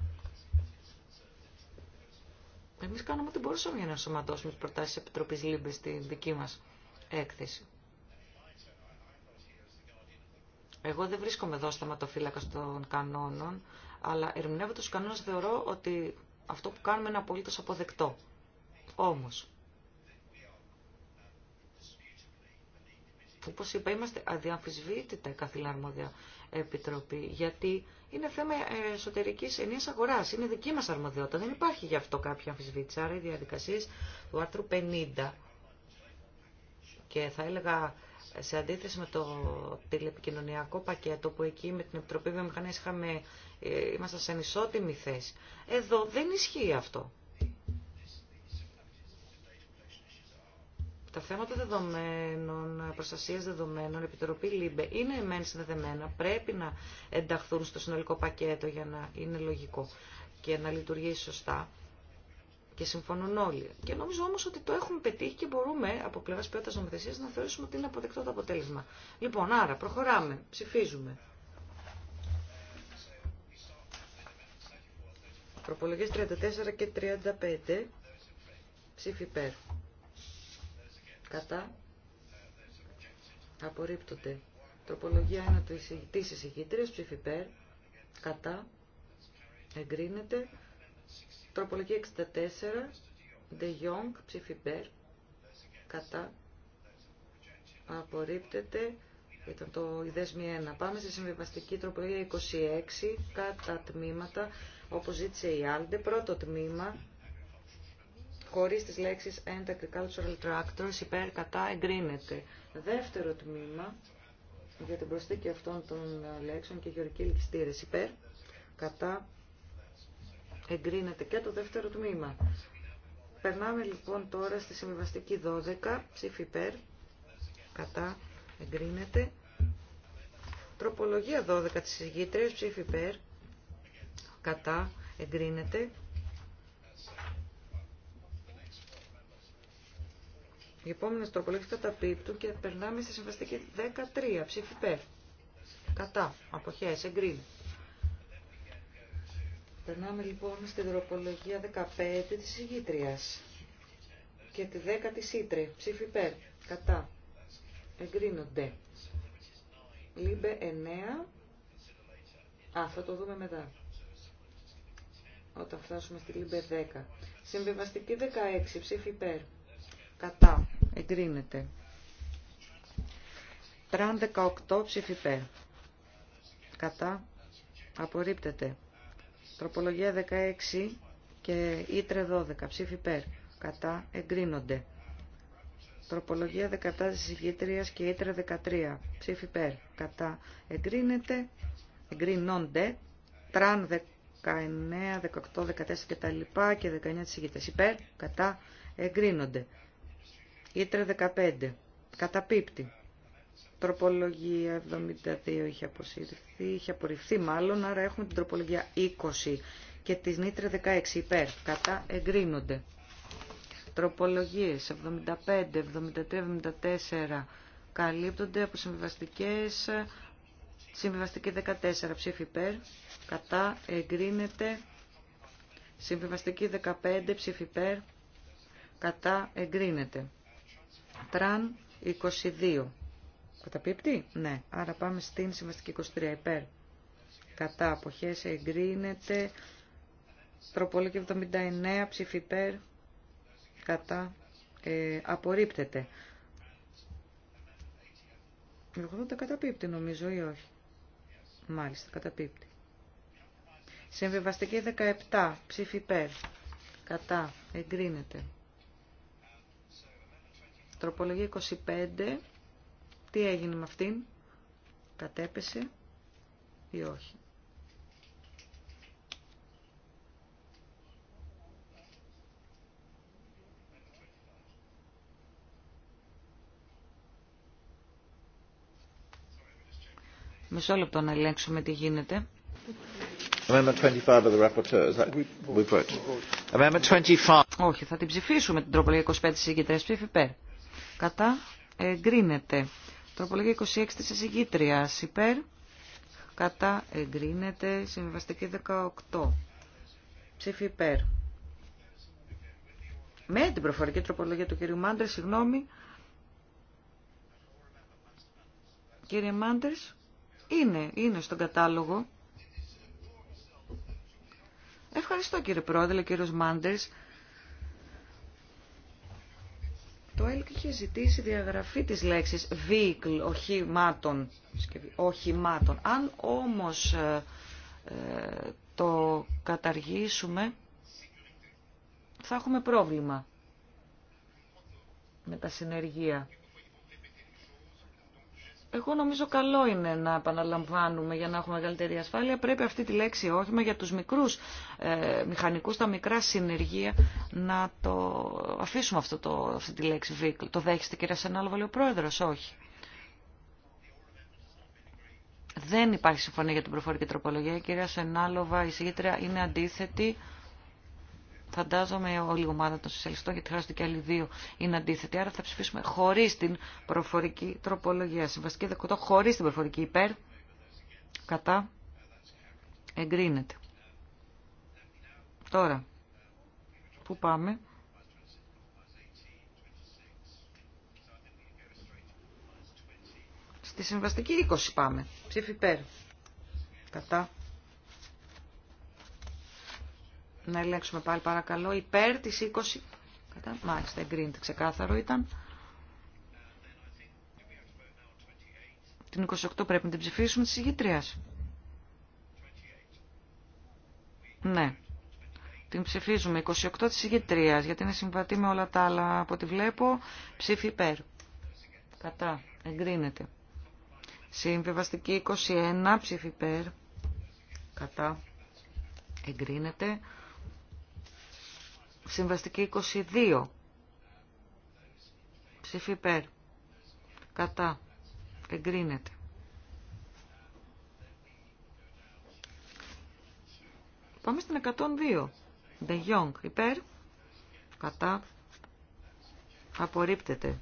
Εμείς κάνουμε ό,τι μπορούσαμε για να σωματώσουμε τις προτάσεις της Επιτροπής Λίμπε στην δική μας έκθεση. Εγώ δεν βρίσκομαι εδώ σταματοφύλακα των κανόνων, αλλά ερμηνεύοντας τους κανόνες θεωρώ ότι αυτό που κάνουμε είναι απολύτως αποδεκτό. Όμως, Όπως είπα, είμαστε αδιαμφισβήτητα η καθήλα αρμόδια επιτροπή, γιατί είναι θέμα εσωτερικής ενίας αγοράς, είναι δική μας αρμοδιότητα, δεν υπάρχει γι' αυτό κάποια αμφισβήτηση. Άρα οι διαδικασίες του άρθρου 50 και θα έλεγα σε αντίθεση με το τηλεπικοινωνιακό πακέτο που εκεί με την Επιτροπή Βιομηχανίας είχαμε, είμαστε σε ανισότιμη θέση. Εδώ δεν ισχύει αυτό. τα θέματα δεδομένων, προστασίας δεδομένων, επιτροπή ΛΥΜΠΕ, είναι εμένα συνδεδεμένα, πρέπει να ενταχθούν στο συνολικό πακέτο για να είναι λογικό και να λειτουργήσει σωστά. Και συμφωνούν όλοι. Και νομίζω όμω ότι το έχουμε πετύχει και μπορούμε από πλευρά ποιότητα νομοθεσία να θεωρήσουμε ότι είναι αποδεκτό το αποτέλεσμα. Λοιπόν, άρα προχωράμε, ψηφίζουμε. Προπολογές 34 και 35. Ψήφι υπέρ. Κατά. Απορρίπτονται. Τροπολογία 1 του της εισηγήτριας, ψήφι Κατά. Εγκρίνεται. Τροπολογία 64, De Jong, ψήφι Κατά. Απορρίπτεται. Ήταν το ιδέσμι 1. Πάμε στη συμβιβαστική τροπολογία 26, κατά τμήματα, όπως ζήτησε η Άλντε. Πρώτο τμήμα, Χωρί τις λέξει and agricultural tractors υπέρ κατά εγκρίνεται. Δεύτερο τμήμα για την προσθήκη αυτών των ε, λέξεων και γεωργική ελκυστήρες υπέρ κατά εγκρίνεται και το δεύτερο τμήμα. Περνάμε λοιπόν τώρα στη συμβιβαστική 12, ψήφι υπέρ, κατά, εγκρίνεται. Τροπολογία 12 της ηγήτριας, ψήφι υπέρ, κατά, εγκρίνεται. Οι επόμενε τροπολογίε καταπίπτουν και περνάμε στη συμβαστική 13. Ψήφι υπέρ. Κατά. Αποχέ. Εγκρίνει. Περνάμε λοιπόν στην τροπολογία 15 τη ηγήτρια. και τη 10 η Ήτρε. Ψήφι υπέρ. Κατά. Εγκρίνονται. Λίμπε 9. Α, θα το δούμε μετά. Όταν φτάσουμε στη Λίμπε 10. Συμβιβαστική 16. Ψήφι υπέρ. Κατά. Εγκρίνεται. Τραν 18 ψηφιπέ. Κατά. Απορρίπτεται. Τροπολογία 16 και Ήτρε 12 ψηφιπέ, Κατά. Εγκρίνονται. Τροπολογία 17 της και Ήτρε 13 ψήφι Κατά. Εγκρίνεται. Εγκρίνονται. Τραν 19, 18, 14 και τα λοιπά και 19 της υπέρ. Κατά. Εγκρίνονται. Ήτρε 15. Καταπίπτει. Τροπολογία 72 είχε αποσυρθεί, είχε απορριφθεί μάλλον, άρα έχουμε την τροπολογία 20 και την Ήτρε 16 υπέρ. Κατά εγκρίνονται. Τροπολογίες 75, 73, 74 καλύπτονται από συμβιβαστικές Συμβιβαστική 14 ψήφι υπέρ, κατά εγκρίνεται. Συμβιβαστική 15 ψήφι υπέρ, κατά εγκρίνεται. Τραν 22. Καταπίπτει. Ναι. Άρα πάμε στην συμβαστική 23. Υπέρ. Κατά αποχέ. εγκρίνεται. και 79. Ψήφι υπέρ. Κατά. Ε, απορρίπτεται. 80 καταπίπτει νομίζω ή όχι. Μάλιστα, καταπίπτει. Συμβιβαστική 17. Ψήφι υπέρ. Κατά. Εγκρίνεται. Τροπολογία 25. Τι έγινε με αυτήν. Κατέπεσε ή όχι. Μισό λεπτό να ελέγξουμε τι γίνεται. Όχι, θα την ψηφίσουμε την τροπολογία 25 της ψήφι ψήφιπε. Κατά. Εγκρίνεται. Τροπολογία 26 της εισηγήτριας. Υπέρ. Κατά. Εγκρίνεται. Συμβαστική 18. Ψήφι υπέρ. Με την προφορική τροπολογία του κυρίου Μάντερ, συγγνώμη. Κύριε Μάντερ, είναι, είναι στον κατάλογο. Ευχαριστώ κύριε Πρόεδρε, κύριος Μάντερς. Το ΕΛΚ είχε ζητήσει διαγραφή της λέξης vehicle, οχημάτων. οχημάτων. Αν όμως ε, ε, το καταργήσουμε, θα έχουμε πρόβλημα με τα συνεργεία. Εγώ νομίζω καλό είναι να επαναλαμβάνουμε για να έχουμε μεγαλύτερη ασφάλεια. Πρέπει αυτή τη λέξη μα για τους μικρούς ε, μηχανικούς, τα μικρά συνεργεία, να το αφήσουμε αυτό το, αυτή τη λέξη Το δέχεστε κυρία Σενάλοβα, λέει ο πρόεδρος, όχι. Δεν υπάρχει συμφωνία για την προφορική τροπολογία. Η κυρία Σενάλοβα, η συγγήτρια, είναι αντίθετη. Φαντάζομαι όλη η ομάδα των σοσιαλιστών, γιατί χρειάζονται και άλλοι δύο, είναι αντίθετη. Άρα θα ψηφίσουμε χωρί την προφορική τροπολογία. Συμβαστική δεκοτό χωρί την προφορική υπέρ. Κατά. Εγκρίνεται. Τώρα, πού πάμε. Στη συμβαστική 20 πάμε. Ψήφι υπέρ. Κατά. Να ελέγξουμε πάλι παρακαλώ. Υπέρ τη 20. Κατά. Μάλιστα, εγκρίνεται. Ξεκάθαρο ήταν. Την 28 πρέπει να την ψηφίσουμε τη ηγητρίας. Ναι. Την ψηφίζουμε. 28 της ηγητρίας, γιατί είναι συμβατή με όλα τα άλλα. Από ό,τι βλέπω, ψήφι υπέρ. Κατά. Εγκρίνεται. Συμβιβαστική 21, ψήφι υπέρ. Κατά. Εγκρίνεται. Συμβαστική 22. Ψήφι υπέρ. Κατά. Εγκρίνεται. Πάμε στην 102. De Jong. Υπέρ. Κατά. Απορρίπτεται.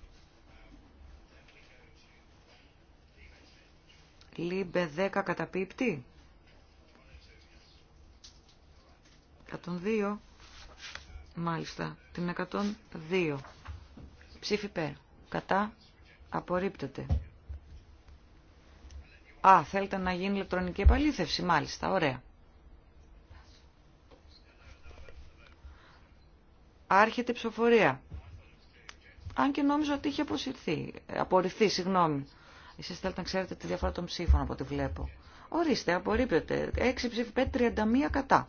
Λίμπε 10 καταπίπτει. 102. Μάλιστα. Την 102. Ψήφι υπέρ. Κατά. Απορρίπτεται. Α, θέλετε να γίνει ηλεκτρονική επαλήθευση. Μάλιστα. Ωραία. Άρχεται η ψηφοφορία. Αν και νόμιζα ότι είχε αποσυρθεί. Απορριφθεί, συγγνώμη. Εσεί θέλετε να ξέρετε τη διαφορά των ψήφων από ό,τι βλέπω. Ορίστε, απορρίπτεται. 6 ψήφι 5, 31 κατά.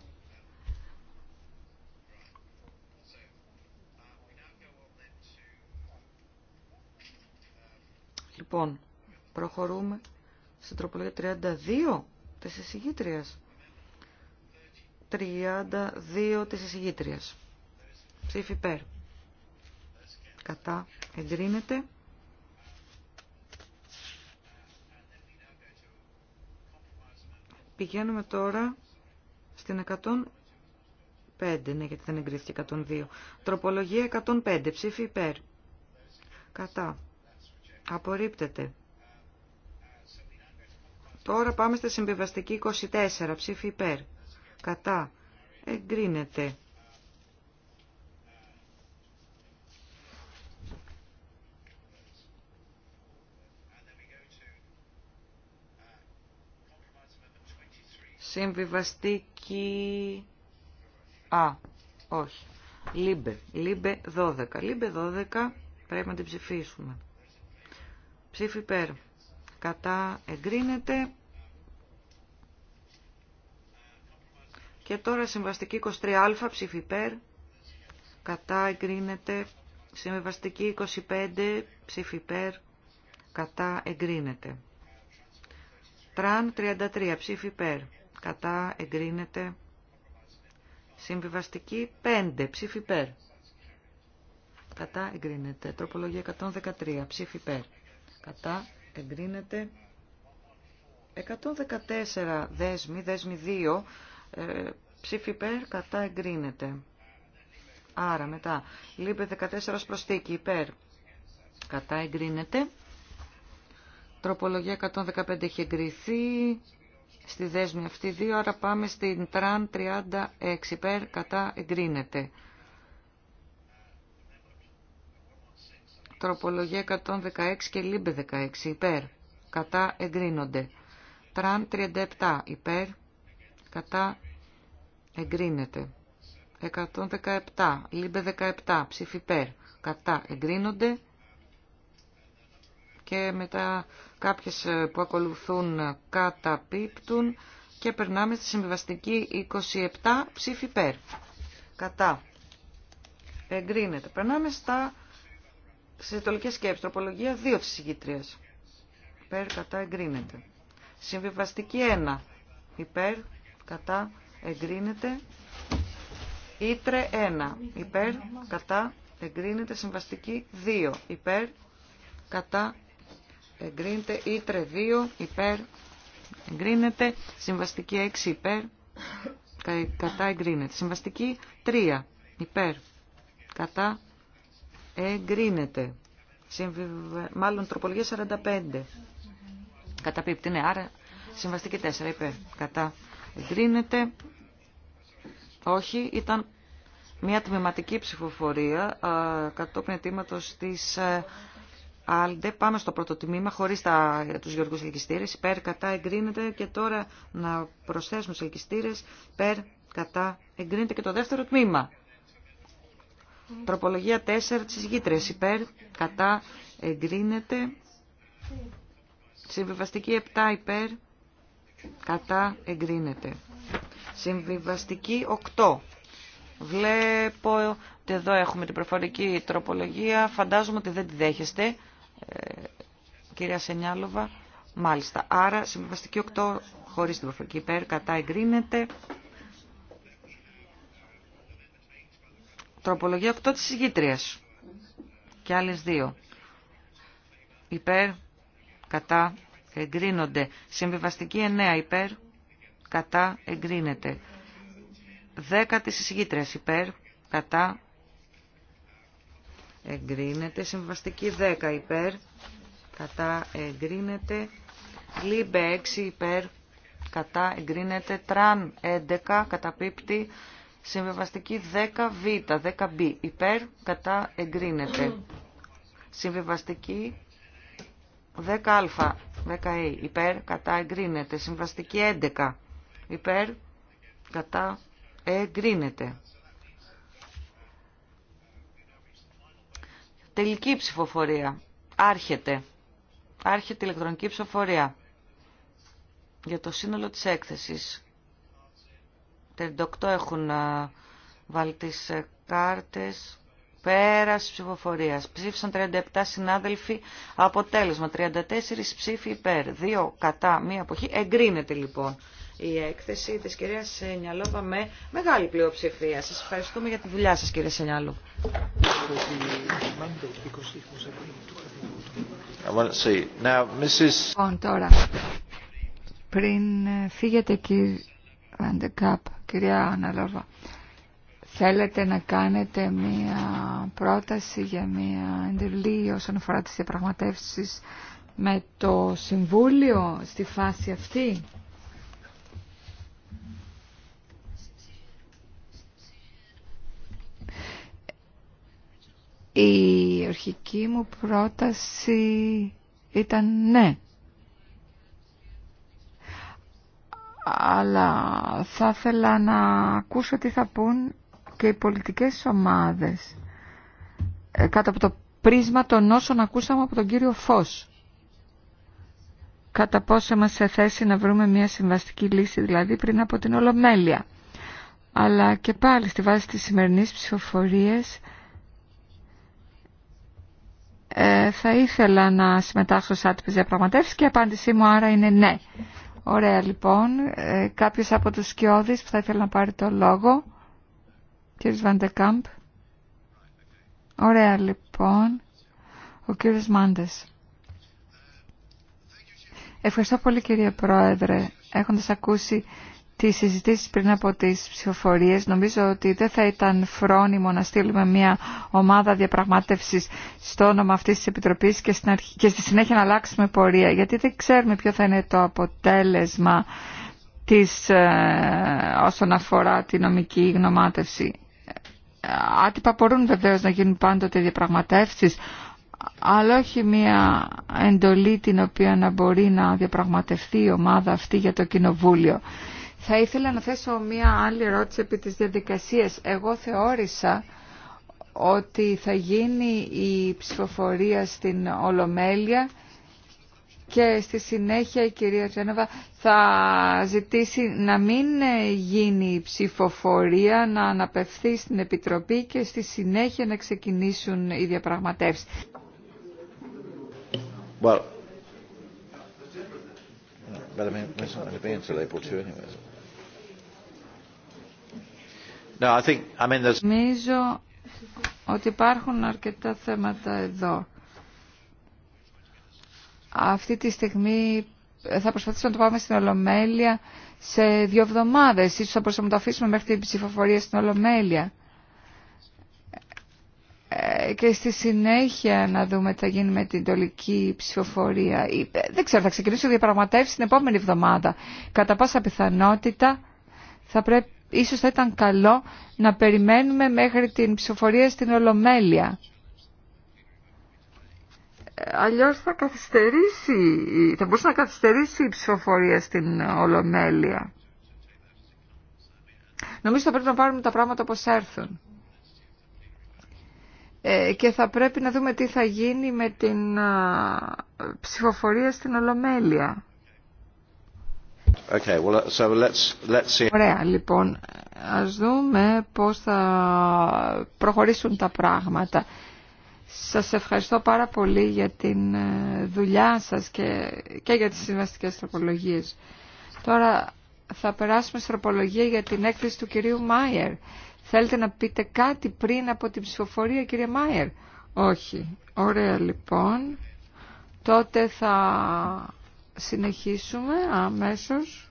Λοιπόν, προχωρούμε στην τροπολογία 32 της εισηγήτριας. 32 της εισηγήτριας. Ψήφι υπέρ. Κατά εγκρίνεται. Πηγαίνουμε τώρα στην 105, ναι, γιατί δεν εγκρίθηκε 102. Τροπολογία 105, ψήφι υπέρ. Κατά. Απορρίπτεται. Τώρα πάμε στη συμβιβαστική 24, ψήφι υπέρ. Κατά. Εγκρίνεται. Συμβιβαστική... Α, όχι. Λίμπε. Λίμπε 12. Λίμπε 12 πρέπει να την ψηφίσουμε. Ψήφι υπέρ. Κατά εγκρίνεται. Και τώρα συμβαστική 23α ψήφι υπέρ. Κατά εγκρίνεται. Συμβαστική 25 ψήφι υπέρ. Κατά εγκρίνεται. Τραν 33 ψήφι υπέρ. Κατά εγκρίνεται. Συμβιβαστική 5 ψήφι υπέρ. Κατά εγκρίνεται. Τροπολογία 113 ψήφι υπέρ κατά εγκρίνεται 114 δέσμη, δέσμη 2, ε, ψήφι υπέρ, κατά εγκρίνεται. Άρα μετά, λείπε 14 προστίκη, υπέρ, κατά εγκρίνεται. Τροπολογία 115 έχει εγκριθεί στη δέσμη αυτή 2, άρα πάμε στην τραν 36, υπέρ, κατά εγκρίνεται. Τροπολογία 116 και λίμπε 16 υπέρ. Κατά εγκρίνονται. Τραν 37 υπέρ. Κατά εγκρίνεται. 117 λίμπε 17 ψήφι υπέρ. Κατά εγκρίνονται. Και μετά κάποιες ε, που ακολουθούν ε, καταπίπτουν. Και περνάμε στη συμβιβαστική 27 ψήφι υπέρ. Κατά εγκρίνεται. Περνάμε στα στις σκέψη, τροπολογία 2 της συγκήτριας. Υπέρ, κατά, εγκρίνεται. Συμβιβαστική 1. Υπέρ, κατά, εγκρίνεται. Ήτρε 1. Υπέρ, κατά, εγκρίνεται. Συμβαστική 2. Υπέρ, κατά, εγκρίνεται. Ήτρε 2. Υπέρ, εγκρίνεται. Συμβαστική 6. Υπέρ, κατά, εγκρίνεται. Συμβαστική 3. Υπέρ, κατά, εγκρίνεται. Συμβιβα... Μάλλον τροπολογία 45. Καταπίπτει, ναι, άρα συμβαστική 4, είπε, κατά. Εγκρίνεται. Όχι, ήταν μια τμηματική ψηφοφορία κατόπιν αιτήματος της ε, Άλντε. Πάμε στο πρώτο τμήμα, χωρίς του τους ελκυστήρε. Υπέρ, κατά, εγκρίνεται. Και τώρα να προσθέσουμε του ελκυστήρε. Υπέρ, κατά, εγκρίνεται και το δεύτερο τμήμα. Τροπολογία 4 της γήτρες υπέρ, κατά, εγκρίνεται. Συμβιβαστική 7 υπέρ, κατά, εγκρίνεται. Συμβιβαστική 8. Βλέπω ότι εδώ έχουμε την προφορική τροπολογία. Φαντάζομαι ότι δεν τη δέχεστε, ε, κυρία Σενιάλοβα. Μάλιστα. Άρα, συμβιβαστική 8 χωρίς την προφορική υπέρ, κατά, εγκρίνεται. Τροπολογία 8 της ηγήτριας και άλλες δύο. Υπέρ, κατά, εγκρίνονται. Συμβιβαστική 9 υπέρ, κατά, εγκρίνεται. 10 της εισηγήτριας υπέρ, κατά, εγκρίνεται. Συμβαστική 10 υπέρ, κατά, εγκρίνεται. Λίμπε 6 υπέρ, κατά, εγκρίνεται. Τραν 11, καταπίπτει. Συμβιβαστική 10β, 10β, υπέρ, κατά, εγκρίνεται. Συμβιβαστική 10α, 10α, υπέρ, κατά, εγκρίνεται. Συμβαστική 11, υπέρ, κατά, εγκρίνεται. Τελική ψηφοφορία. Άρχεται. Άρχεται ηλεκτρονική ψηφοφορία για το σύνολο της έκθεσης. 38 έχουν βάλει τις ε, κάρτες. Πέρας ψηφοφορίας. Ψήφισαν 37 συνάδελφοι. Αποτέλεσμα 34 ψήφοι υπέρ. 2 κατά μία αποχή. Εγκρίνεται λοιπόν η έκθεση της κυρίας Σενιαλόβα με μεγάλη πλειοψηφία. Σας ευχαριστούμε για τη δουλειά σας κύριε Σενιαλόβα. Λοιπόν, τώρα, πριν ε, φύγετε κύριε κυρία Αναλόβα, θέλετε να κάνετε μία πρόταση για μία εντελή όσον αφορά τις διαπραγματεύσεις με το Συμβούλιο στη φάση αυτή. Η αρχική μου πρόταση ήταν ναι. αλλά θα ήθελα να ακούσω τι θα πούν και οι πολιτικές ομάδες ε, κάτω από το πρίσμα των όσων ακούσαμε από τον κύριο Φως. Κατά πόσο μας σε θέση να βρούμε μια συμβαστική λύση δηλαδή πριν από την Ολομέλεια. Αλλά και πάλι στη βάση της σημερινής ψηφοφορίας ε, θα ήθελα να συμμετάσχω σε άτυπες διαπραγματεύσεις και η απάντησή μου άρα είναι ναι. Ωραία λοιπόν. Ε, κάποιος από τους σκιώδεις που θα ήθελε να πάρει το λόγο. Κύριος Βαντεκάμπ. Ωραία λοιπόν. Ο κύριος Μάντες. Ευχαριστώ πολύ κύριε Πρόεδρε. Έχοντας ακούσει τις συζητήσεις πριν από τις ψηφοφορίες. Νομίζω ότι δεν θα ήταν φρόνιμο να στείλουμε μια ομάδα διαπραγμάτευσης στο όνομα αυτής της Επιτροπής και, στην στη συνέχεια να αλλάξουμε πορεία. Γιατί δεν ξέρουμε ποιο θα είναι το αποτέλεσμα της, ε, όσον αφορά τη νομική γνωμάτευση. Άτυπα μπορούν βεβαίως να γίνουν πάντοτε διαπραγματεύσεις, αλλά όχι μια εντολή την οποία να μπορεί να διαπραγματευτεί η ομάδα αυτή για το κοινοβούλιο. Θα ήθελα να θέσω μία άλλη ερώτηση επί της διαδικασίας. Εγώ θεώρησα ότι θα γίνει η ψηφοφορία στην Ολομέλεια και στη συνέχεια η κυρία Τσένοβα θα ζητήσει να μην γίνει η ψηφοφορία, να αναπευθεί στην Επιτροπή και στη συνέχεια να ξεκινήσουν οι διαπραγματεύσεις. Νομίζω ότι υπάρχουν αρκετά θέματα εδώ. Αυτή τη στιγμή θα προσπαθήσουμε να το πάμε στην Ολομέλεια σε δύο εβδομάδες. Ίσως θα μπορούσαμε να το αφήσουμε μέχρι την ψηφοφορία στην Ολομέλεια. Ε, και στη συνέχεια να δούμε τι θα γίνει με την τολική ψηφοφορία. Ε, δεν ξέρω, θα ξεκινήσω διαπραγματεύσει την επόμενη εβδομάδα. Κατά πάσα πιθανότητα θα πρέπει ίσως θα ήταν καλό να περιμένουμε μέχρι την ψηφοφορία στην Ολομέλεια. Ε, αλλιώς θα καθυστερήσει, θα μπορούσε να καθυστερήσει η ψηφοφορία στην Ολομέλεια. Νομίζω θα πρέπει να πάρουμε τα πράγματα όπως έρθουν. Ε, και θα πρέπει να δούμε τι θα γίνει με την ψηφοφορία στην Ολομέλεια. Uh, Ωραία, λοιπόν, ας δούμε πώς θα προχωρήσουν τα πράγματα. Σας ευχαριστώ πάρα πολύ για την ε, δουλειά σας και, και για τις συμβαστικές τροπολογίες. Τώρα θα περάσουμε στην τροπολογία για την έκθεση του κυρίου Μάιερ. Θέλετε να πείτε κάτι πριν από την ψηφοφορία, κύριε Μάιερ. Όχι. Ωραία, λοιπόν. Τότε θα συνεχίσουμε αμέσως.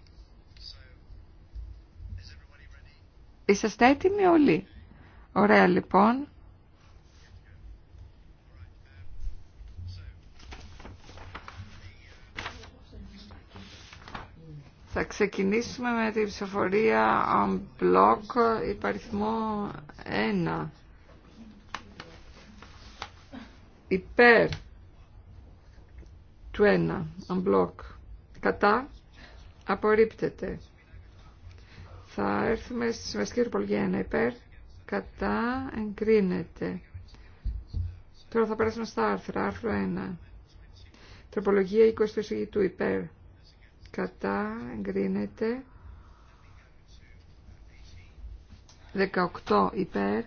Είσαστε έτοιμοι όλοι. Ωραία λοιπόν. Θα ξεκινήσουμε με την ψηφοφορία Unblock υπαριθμό 1. Υπέρ του 1, unblock, κατά, απορρίπτεται. Θα έρθουμε στη συμβαστική τροπολογία 1, υπέρ, κατά, εγκρίνεται. Τώρα θα περάσουμε στα άρθρα, άρθρο 1. Τροπολογία 20 του εισηγητού, υπέρ, κατά, εγκρίνεται. 18 υπέρ.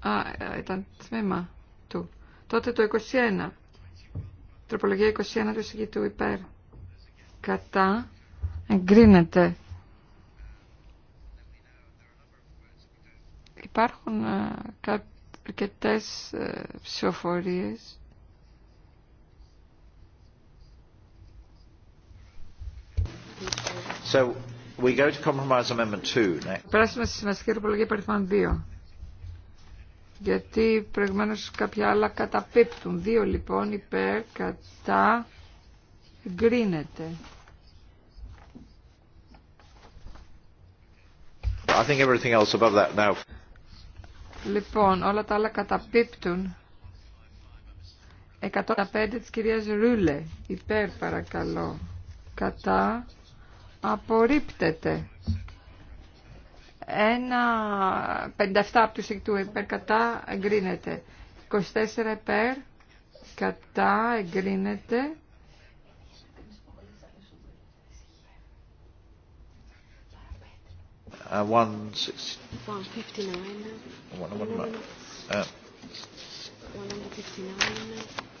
Α, ε, ήταν τμήμα του. Τότε το 21. Τροπολογία 21 του συγκητού υπέρ. Κατά. Εγκρίνεται. Υπάρχουν αρκετέ ψηφοφορίε. Περάσουμε στη σημαντική τροπολογία περιφάνου 2 γιατί προηγουμένως κάποια άλλα καταπίπτουν. Δύο λοιπόν υπέρ κατά γκρίνεται. I think everything else Λοιπόν, όλα τα άλλα καταπίπτουν. 105 της κυρίας Ρούλε, υπέρ παρακαλώ, κατά απορρίπτεται. 1.57 από του υπέρ κατά εγκρίνεται. 24 υπέρ κατά εγκρίνεται. 159. 159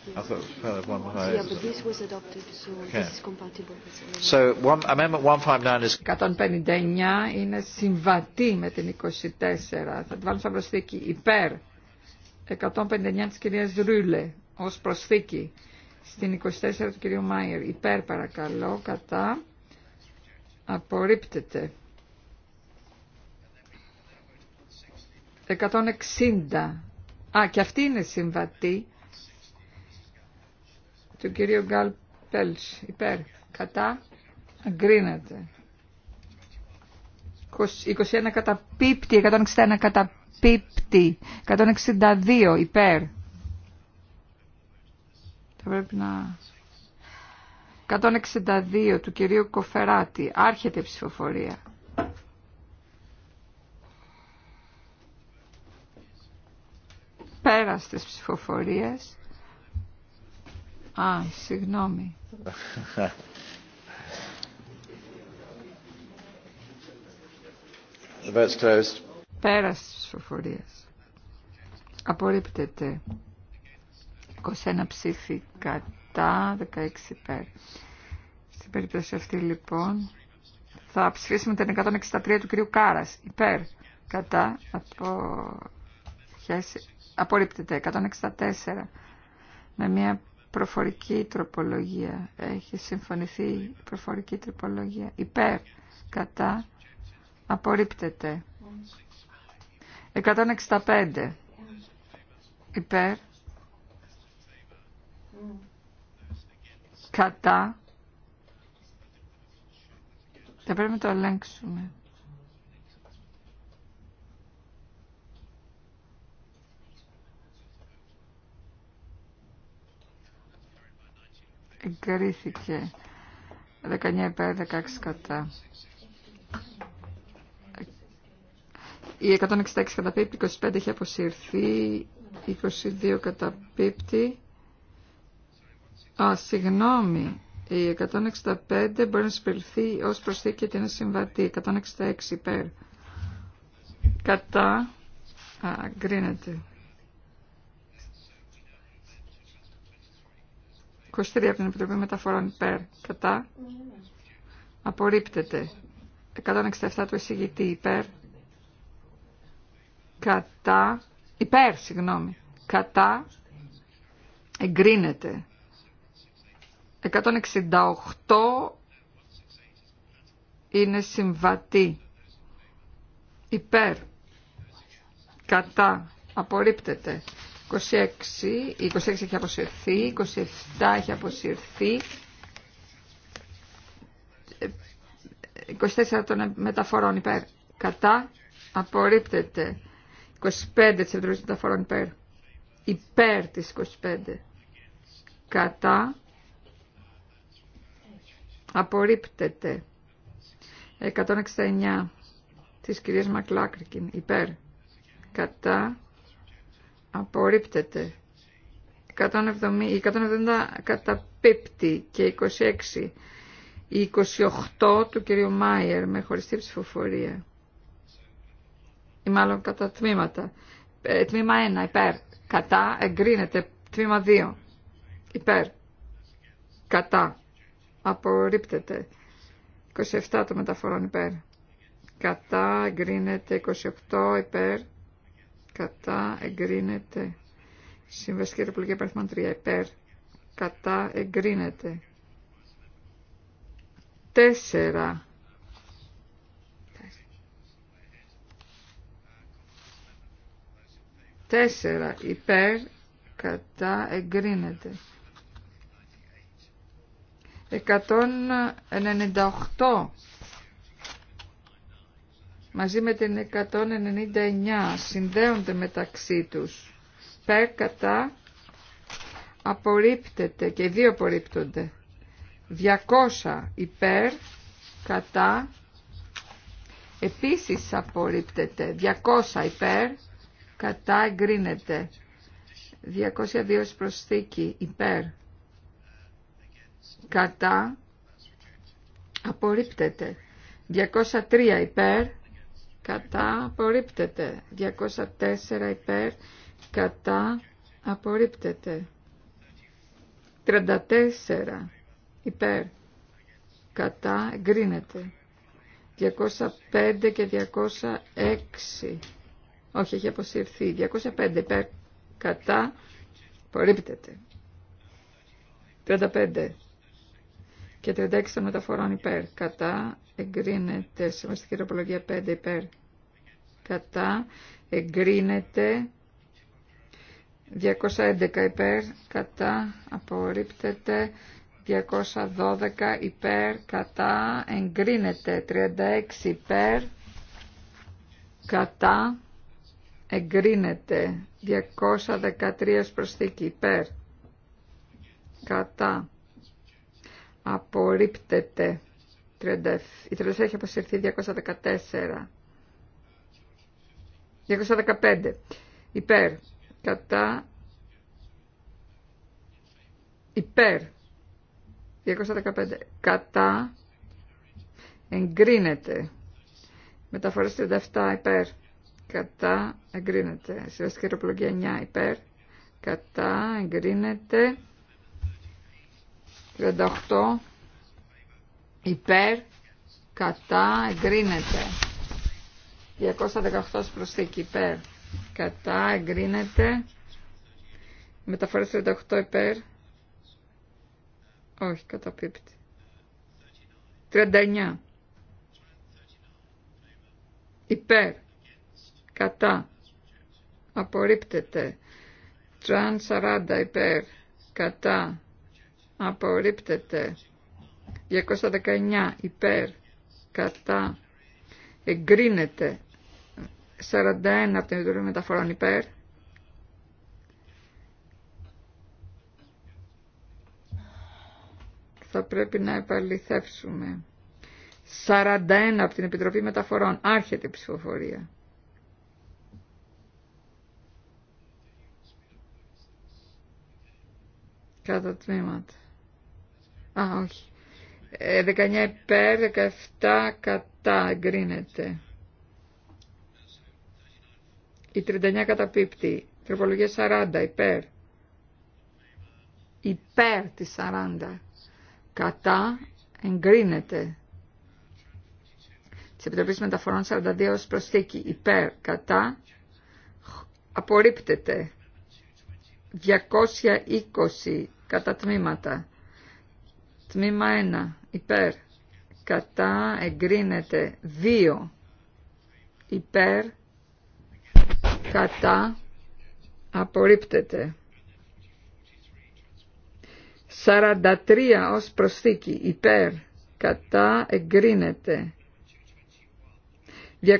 είναι συμβατή με την 24. Θα τη βάλουμε σαν προσθήκη υπέρ 159 της κυρίας Ρούλε ως προσθήκη στην 24 του κυρίου Μάιερ. Υπέρ παρακαλώ, κατά, απορρίπτεται. 160. Α, και αυτή είναι συμβατή του κυρίου Γκάλ Πέλς. Υπέρ. Κατά. Αγκρίνεται. 21 καταπίπτει. 161 καταπίπτει. 162 υπέρ. Θα πρέπει να... 162 του κυρίου Κοφεράτη. Άρχεται η ψηφοφορία. πέραστες ψηφοφορίες Α, συγγνώμη. The τη closed. Πέρας της Απορρίπτεται. 21 ψήφοι κατά, 16 υπέρ. Στην περίπτωση αυτή λοιπόν θα ψηφίσουμε την 163 του κυρίου Κάρας. Υπέρ. Κατά. Από... Απορρίπτεται. 164. Με μια προφορική τροπολογία. Έχει συμφωνηθεί προφορική τροπολογία. Υπέρ, κατά, απορρίπτεται. 165. Υπέρ, κατά. Θα πρέπει να το ελέγξουμε. εγκρίθηκε 19 υπέρ 16 κατά. Η 166 καταπίπτει, 25 είχε αποσυρθεί, 22 καταπίπτει. Α, συγγνώμη, η 165 μπορεί να συμπεριληφθεί ως προσθήκη ότι είναι συμβατή. 166 υπέρ. Κατά. Α, γκρίνεται. 23 από την Επιτροπή Μεταφορών υπέρ. Κατά. Απορρίπτεται. 167 του εισηγητή υπέρ. Κατά. Υπέρ, συγγνώμη. Κατά. Εγκρίνεται. 168 είναι συμβατή. Υπέρ. Κατά. Απορρίπτεται. 26, 26 έχει αποσυρθεί, 27 έχει αποσυρθεί, 24 των μεταφορών υπέρ, κατά, απορρίπτεται, 25 της Επιτροπής Μεταφορών υπέρ, υπέρ της 25, κατά, απορρίπτεται, 169 της κυρίας Μακλάκρικιν υπέρ, κατά, απορρίπτεται. 170, 170 καταπίπτει και 26. Η 28 του κυρίου Μάιερ με χωριστή ψηφοφορία. Ή μάλλον κατά τμήματα. Ε, τμήμα 1 υπέρ. Κατά εγκρίνεται. Τμήμα 2 υπέρ. Κατά. Απορρίπτεται. 27 το μεταφορών υπέρ. Κατά εγκρίνεται. 28 υπέρ κατά εγκρίνεται. Συμβαστική τροπολογία παριθμών 3 υπέρ κατά εγκρίνεται. 4 4 υπέρ κατά εγκρίνεται. 198 μαζί με την 199 συνδέονται μεταξύ τους. Περ κατά απορρίπτεται και οι δύο απορρίπτονται. 200 υπέρ κατά επίσης απορρίπτεται. 200 υπέρ κατά εγκρίνεται. 202 προσθήκη υπέρ κατά απορρίπτεται. 203 υπέρ κατά απορρίπτεται. 204 υπέρ κατά απορρίπτεται. 34 υπέρ κατά εγκρίνεται. 205 και 206 όχι έχει αποσυρθεί. 205 υπέρ κατά απορρίπτεται. 35 και 36 των μεταφορών υπέρ. Κατά εγκρίνεται. σημαντική τροπολογία 5 υπέρ κατά εγκρίνεται 211 υπέρ κατά απορρίπτεται 212 υπέρ κατά εγκρίνεται 36 υπέρ κατά εγκρίνεται 213 προσθήκη υπέρ κατά απορρίπτεται 30, η τελευταία έχει αποσυρθεί 214 215 υπέρ κατά υπέρ 215 κατά εγκρίνεται μεταφορές 37 υπέρ κατά εγκρίνεται συμβαστική αεροπλογία 9 υπέρ κατά εγκρίνεται 38 υπέρ κατά εγκρίνεται 218 προσθήκη υπέρ κατά εγκρίνεται μεταφορές 38 υπέρ όχι καταπίπτει 39 υπέρ κατά απορρίπτεται τραν 40 υπέρ κατά απορρίπτεται 219 υπέρ κατά εγκρίνεται 41 από την Επιτροπή Μεταφορών υπέρ. Θα πρέπει να επαληθεύσουμε. 41 από την Επιτροπή Μεταφορών. Άρχεται η ψηφοφορία. Κατά τμήματα. Α, όχι. 19 ε, υπέρ, 17 κατά εγκρίνεται. Η 39 καταπίπτει. Τροπολογία 40 υπέρ. Υπέρ τη 40. Κατά εγκρίνεται. Τη Επιτροπή Μεταφορών 42 ω προσθήκη. Υπέρ. Κατά απορρίπτεται. 220 κατά τμήματα. Τμήμα 1. Υπέρ. Κατά εγκρίνεται. 2. Υπέρ κατά απορρίπτεται. 43 ως προσθήκη υπέρ κατά εγκρίνεται. 221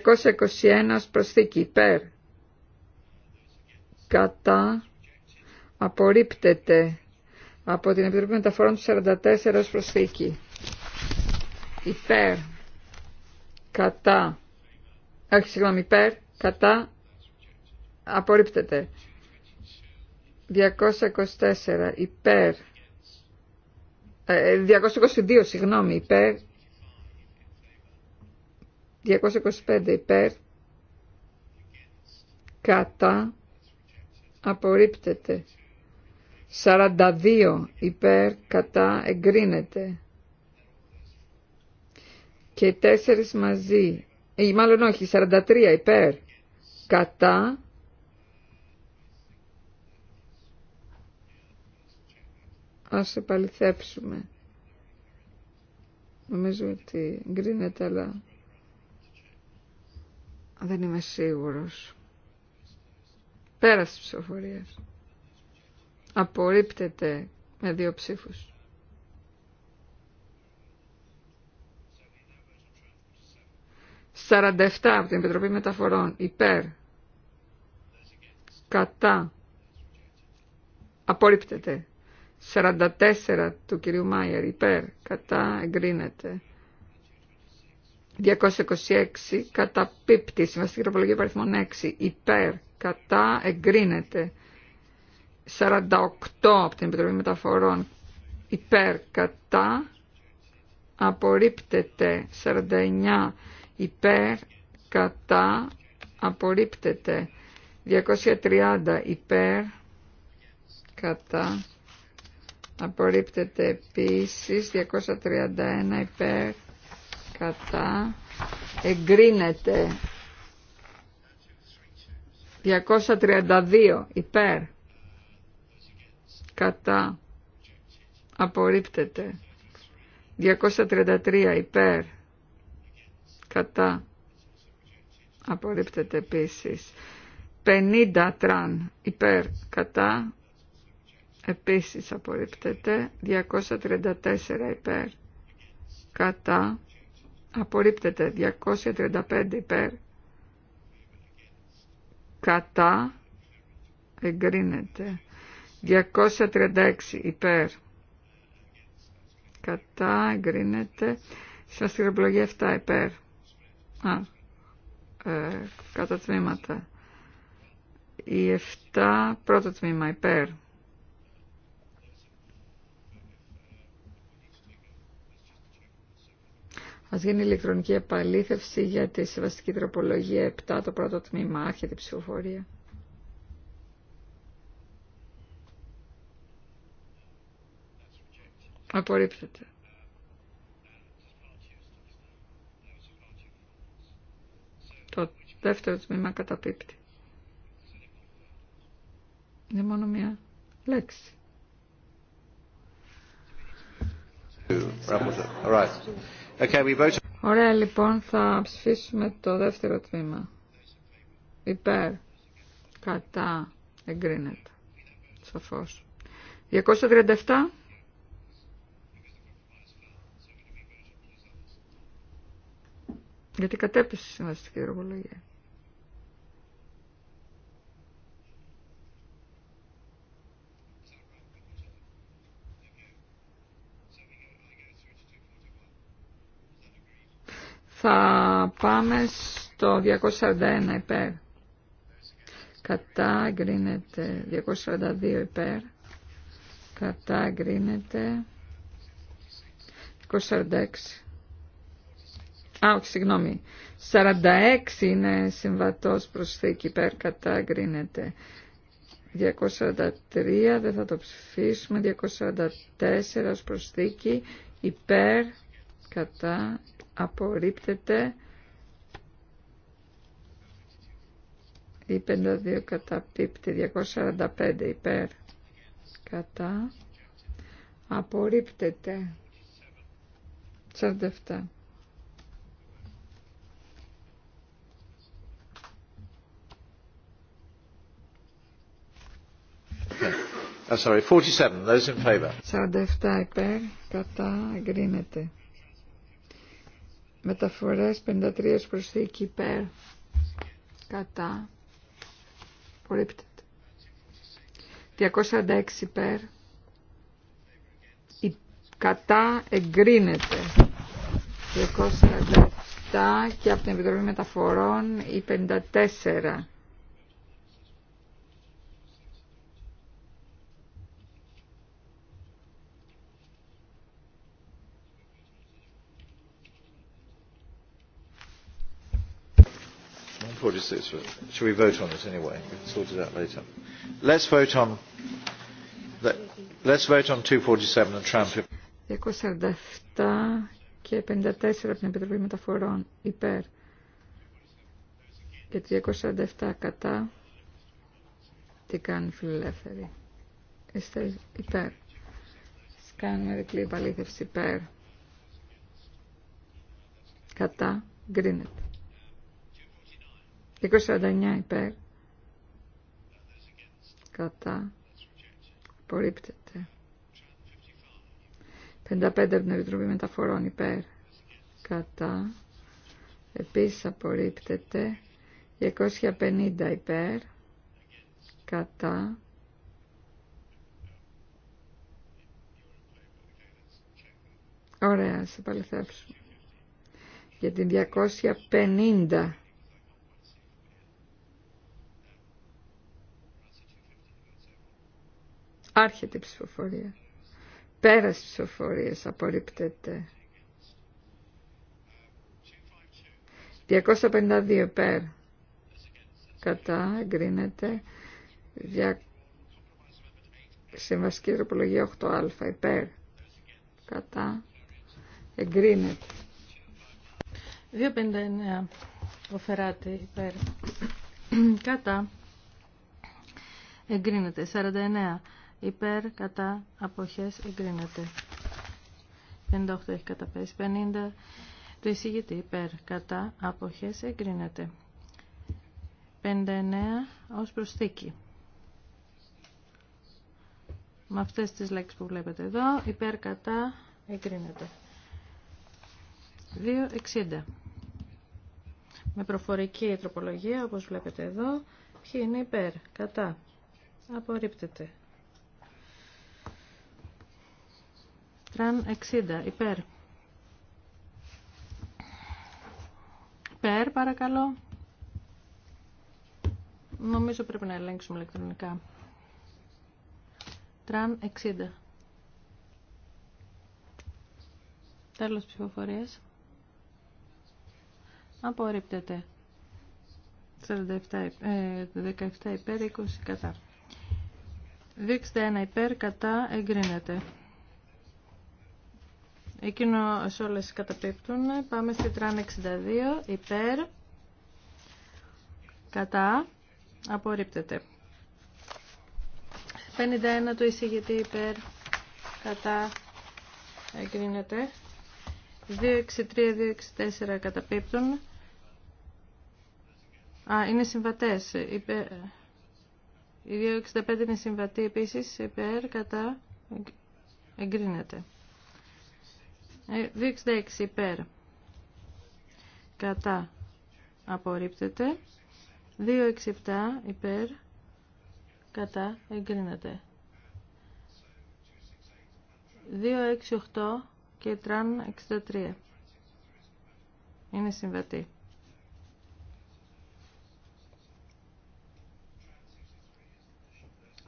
ως προσθήκη υπέρ κατά απορρίπτεται από την Επιτροπή Μεταφορών του 44 ως προσθήκη. Υπέρ κατά όχι συγγνώμη υπέρ κατά Απορρίπτεται. 224 υπέρ. 222 ε, ε, συγγνώμη υπέρ. 225 υπέρ. Κατά. Απορρίπτεται. 42 υπέρ κατά εγκρίνεται. Και τέσσερις μαζί, ή ε, μάλλον όχι, 43 υπέρ κατά Ας επαληθέψουμε. Νομίζω ότι γκρίνεται, αλλά δεν είμαι σίγουρος. Πέρασε τη ψηφοφορία. Απορρίπτεται με δύο ψήφους. «47 από την Επιτροπή Μεταφορών υπέρ κατά απορρίπτεται». 44 του κυρίου Μάιερ υπέρ κατά εγκρίνεται 226 κατά πίπτη συμβαστική τροπολογία παριθμών 6 υπέρ κατά εγκρίνεται 48 από την Επιτροπή Μεταφορών υπέρ κατά απορρίπτεται 49 υπέρ κατά απορρίπτεται 230 υπέρ κατά Απορρίπτεται επίσης 231 υπέρ κατά. Εγκρίνεται 232 υπέρ κατά. Απορρίπτεται 233 υπέρ κατά. Απορρίπτεται επίσης 50 τραν υπέρ κατά επίσης απορρίπτεται 234 υπέρ κατά απορρίπτεται 235 υπέρ κατά εγκρίνεται 236 υπέρ κατά εγκρίνεται στραπλογία 7 υπέρ Α, ε, κατά τμήματα η 7 πρώτο τμήμα υπέρ Α γίνει ηλεκτρονική επαλήθευση για τη συμβαστική τροπολογία 7, το πρώτο τμήμα, άρχεται η ψηφοφορία. Απορρίπτεται. Το δεύτερο τμήμα καταπίπτει. Είναι μόνο μία λέξη. Ωραία, λοιπόν, θα ψηφίσουμε το δεύτερο τμήμα. Υπέρ. Κατά. Εγκρίνεται. Σαφώς. 237. Γιατί κατέπεσε η συμβαστική ρομολογία. Θα πάμε στο 241 υπέρ. Κατά εγκρίνεται 242 υπέρ. Κατά εγκρίνεται 246. Α, όχι, συγγνώμη. 46 είναι συμβατός προσθήκη υπέρ. Κατά εγκρίνεται 243. Δεν θα το ψηφίσουμε. 244 ως προσθήκη υπέρ. Κατά απορρίπτεται η 52 κατά πίπτη 245 υπέρ κατά απορρίπτεται 47 uh, sorry, 47, those in 47 υπέρ, κατά, εγκρίνεται. Μεταφορές 53 προσθήκη υπέρ. Κατά. Απορρίπτεται. 246 υπέρ. Η κατά εγκρίνεται. 247 και από την Επιτροπή Μεταφορών η 54 46. Should we vote on it anyway? We can sort it out later. Let's vote on. Let's vote on 247 and tram. 247 και 54 από την Επιτροπή Μεταφορών υπέρ και 247 κατά τι κάνει φιλελεύθερη. Είστε υπέρ. Κάνουμε διπλή επαλήθευση υπέρ. Κατά γκρίνεται. 249 υπέρ. Κατά. Απορρίπτεται. 55 από την Επιτροπή Μεταφορών υπέρ. Κατά. Επίσης απορρίπτεται. 250 υπέρ. Κατά. Ωραία, σε παληθεύσουμε. Για την 250 Άρχεται η ψηφοφορία. Πέρας ψηφοφορίες απορρίπτεται. 252 πέρ. Κατά εγκρίνεται. Δια... Συμβασική τροπολογία 8α υπέρ. Κατά εγκρίνεται. 259 οφεράτη υπέρ. Κατά εγκρίνεται. 49 υπέρ κατά αποχές εγκρίνεται. 58 έχει καταπέσει. 50 Το εισηγητή υπέρ κατά αποχές εγκρίνεται. 59 ως προσθήκη. Με αυτές τις λέξεις που βλέπετε εδώ, υπέρ κατά εγκρίνεται. 2.60 με προφορική τροπολογία όπως βλέπετε εδώ ποιοι είναι υπέρ, κατά απορρίπτεται Τραν 60. Υπέρ. Υπέρ, παρακαλώ. Νομίζω πρέπει να ελέγξουμε ηλεκτρονικά. Τραν 60. Τέλος ψηφοφορίας. Απορρίπτεται. 47, ε, 17 υπέρ, 20 κατά. ένα υπέρ, κατά, εγκρίνεται. Εκείνο σε όλες καταπίπτουν. Πάμε στη τράν 62. Υπέρ. Κατά. Απορρίπτεται. 51 του εισηγητή υπέρ. Κατά. Εγκρίνεται. 263-264 καταπίπτουν. Α, είναι συμβατές. Υπέ... Η 265 είναι συμβατή επίσης. Υπέρ. Κατά. Εγκρίνεται. 266 ε, υπέρ. Κατά. Απορρίπτεται. 267 υπέρ. Κατά. Εγκρίνεται. 268 και τραν 63. Είναι συμβατή.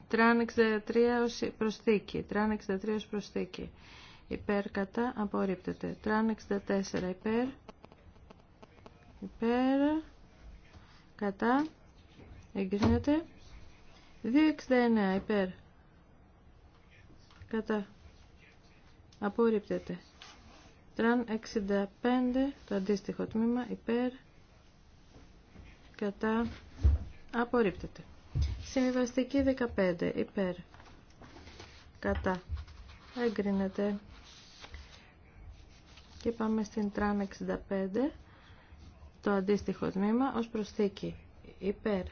Τραν 63 ως προσθήκη. Τραν 63 ως προσθήκη υπέρ κατά απορρίπτεται. Τραν 64 υπέρ υπέρ κατά εγκρίνεται. 269 υπέρ κατά απορρίπτεται. Τραν 65 το αντίστοιχο τμήμα υπέρ κατά απορρίπτεται. Συμβιβαστική 15 υπέρ κατά εγκρίνεται. Και πάμε στην τραν 65, το αντίστοιχο τμήμα, ως προσθήκη. Υπέρ.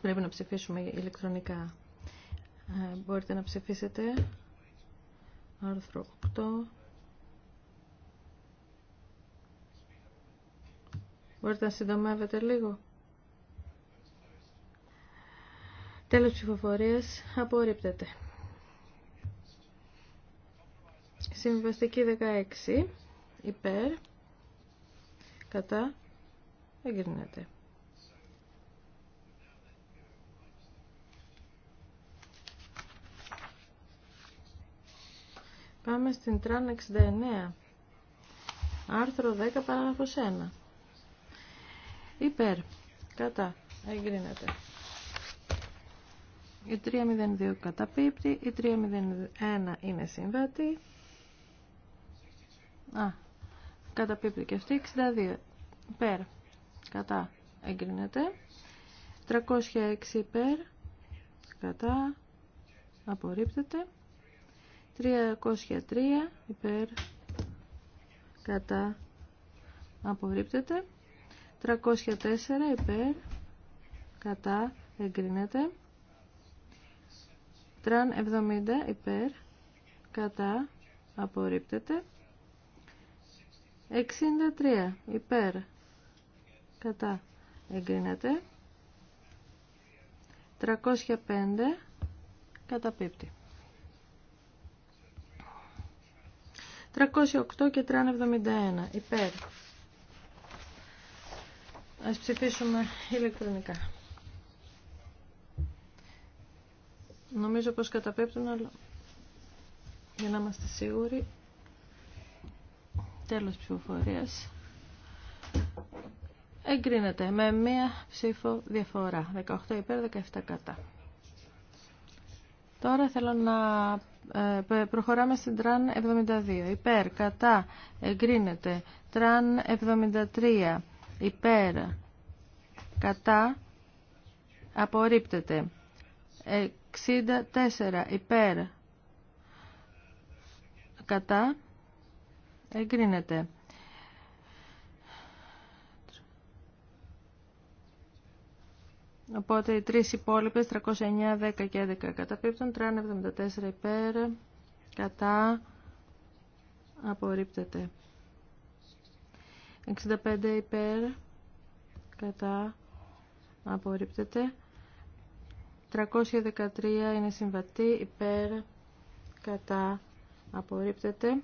Πρέπει να ψηφίσουμε ηλεκτρονικά. Ε, μπορείτε να ψηφίσετε. Άρθρο 8. Μπορείτε να συντομεύετε λίγο. Τέλος ψηφοφορίας απορρίπτεται. Συμβαστική 16 υπέρ κατά εγκρίνεται. Πάμε στην τραν 69. Άρθρο 10 παράγραφος 1. Υπέρ. Κατά. Εγκρίνεται. Η 302 καταπίπτει, η 301 είναι συμβατή, Α, καταπίπτει και αυτή. 62 υπέρ. Κατά. Εγκρίνεται. 306 υπέρ. Κατά. Απορρίπτεται. 303 υπέρ. Κατά. Απορρίπτεται. 304 υπέρ. Κατά. Εγκρίνεται. 370 70 υπέρ. Κατά. Απορρίπτεται. 63 υπέρ κατά εγκρίνεται 305 καταπίπτει 308 και 371 υπέρ ας ψηφίσουμε ηλεκτρονικά νομίζω πως καταπίπτουν, αλλά για να είμαστε σίγουροι Τέλος ψηφοφορίας. Εγκρίνεται με μία ψήφο διαφορά. 18 υπέρ, 17 κατά. Τώρα θέλω να ε, προχωράμε στην τραν 72. Υπέρ, κατά, εγκρίνεται. Τραν 73. Υπέρ, κατά, απορρίπτεται. 64. Υπέρ, κατά, Εγκρίνεται. Οπότε οι τρεις υπόλοιπες, 309, 10 και 11 καταπίπτουν, 374 υπέρ, κατά, απορρίπτεται. 65 υπέρ, κατά, απορρίπτεται. 313 είναι συμβατή, υπέρ, κατά, απορρίπτεται.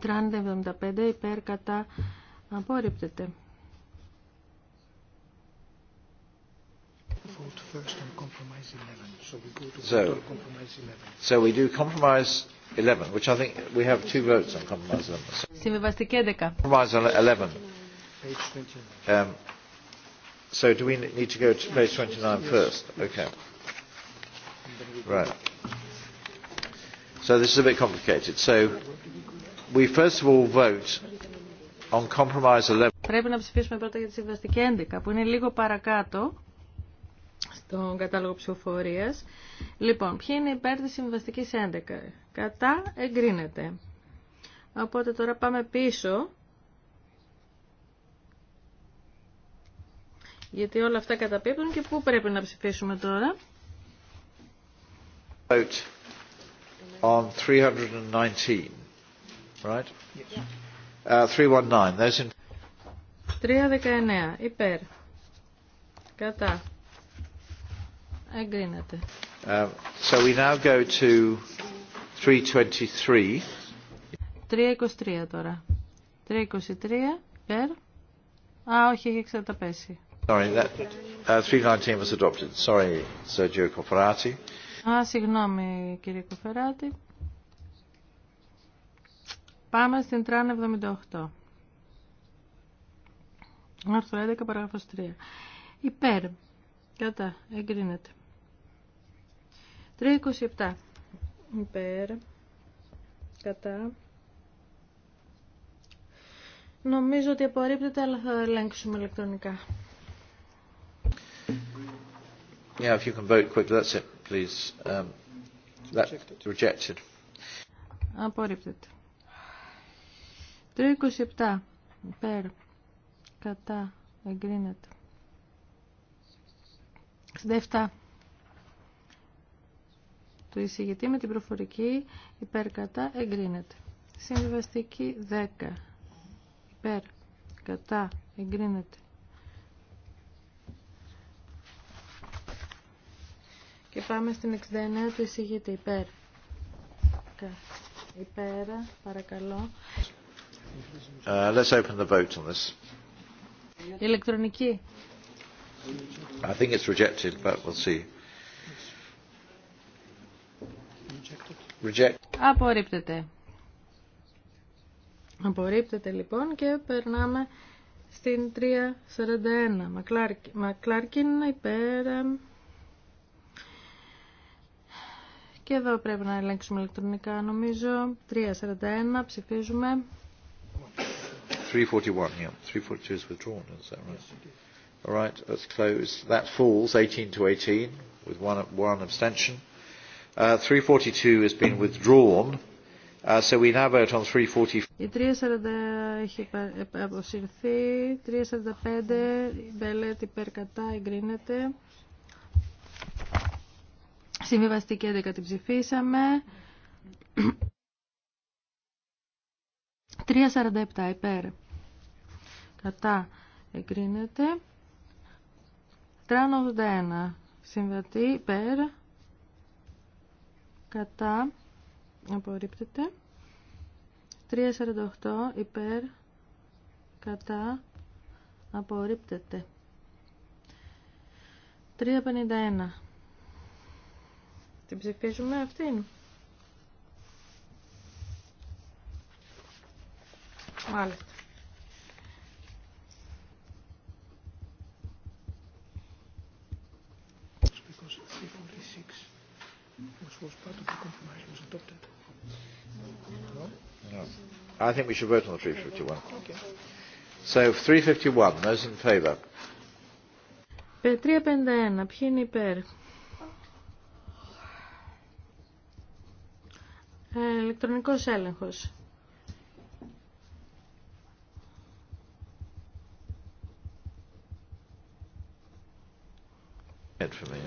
30, 75 υπέρ κατά απορρίπτεται. So, so we do compromise 11, which I think we have two votes on compromise 11. Συμβιβαστική 11. Compromise 11. Um, so do we need to go to page 29 first? Okay. Right. So this is a bit complicated. So Πρέπει να ψηφίσουμε πρώτα για τη συμβαστική 11 που είναι λίγο παρακάτω στον κατάλογο ψηφοφορία. Λοιπόν, ποιοι είναι υπέρ τη συμβαστική 11. Κατά εγκρίνεται. Οπότε τώρα πάμε πίσω. Γιατί όλα αυτά καταπίπτουν και πού πρέπει να ψηφίσουμε τώρα. Vote on Right? 319. Uh, those in... 319. Υπέρ. Κατά. Εγκρίνεται. Uh, so we now go to 323. 323 τώρα. 323. Υπέρ. Α, όχι, έχει εξαταπέσει. Sorry, that, uh, 319 was adopted. Sorry, Sergio Cofferati. Α, συγγνώμη, κύριε Κοφεράτη. Πάμε στην τραν 78. Άρθρο 11, παράγραφος 3. Υπέρ. Κατά. Εγκρίνεται. 327. Υπέρ. Κατά. Νομίζω ότι απορρίπτεται, αλλά θα ελέγξουμε ηλεκτρονικά. Yeah, if you can vote quickly, that's it, please. Um, rejected. Απορρίπτεται. 327 υπέρ κατά εγκρίνεται 67 Το εισηγητή με την προφορική υπέρ κατά εγκρίνεται συμβιβαστική 10 υπέρ κατά εγκρίνεται και πάμε στην 69 του εισηγητή υπέρ υπέρα παρακαλώ Uh, let's open the vote on this. Ηλεκτρονική. I think it's rejected, but we'll see. Απορρίπτεται. Απορρίπτεται λοιπόν και περνάμε στην 341. Μακλάρκιν υπέρ... Και εδώ πρέπει να ελέγξουμε ηλεκτρονικά νομίζω. 341 ψηφίζουμε. 341, yeah. 342 is withdrawn, is that right? Yes, All right, that's closed. That falls, 18 to 18, with one, one abstention. Uh, 342 has been withdrawn. Uh, so we now vote on 340. Συμβιβαστική 11 την ψηφίσαμε. 347 υπέρ κατά εγκρίνεται. Τραν 81 συμβατή υπέρ κατά απορρίπτεται. 348 υπέρ κατά απορρίπτεται. 351 την ψηφίζουμε αυτήν. Μάλιστα. forms part of the compromise was adopted. No? No. I think we should vote on the 351. Okay. So 351, those in favour. 351, ποιοι είναι υπέρ. Ε, ηλεκτρονικός έλεγχος. For me,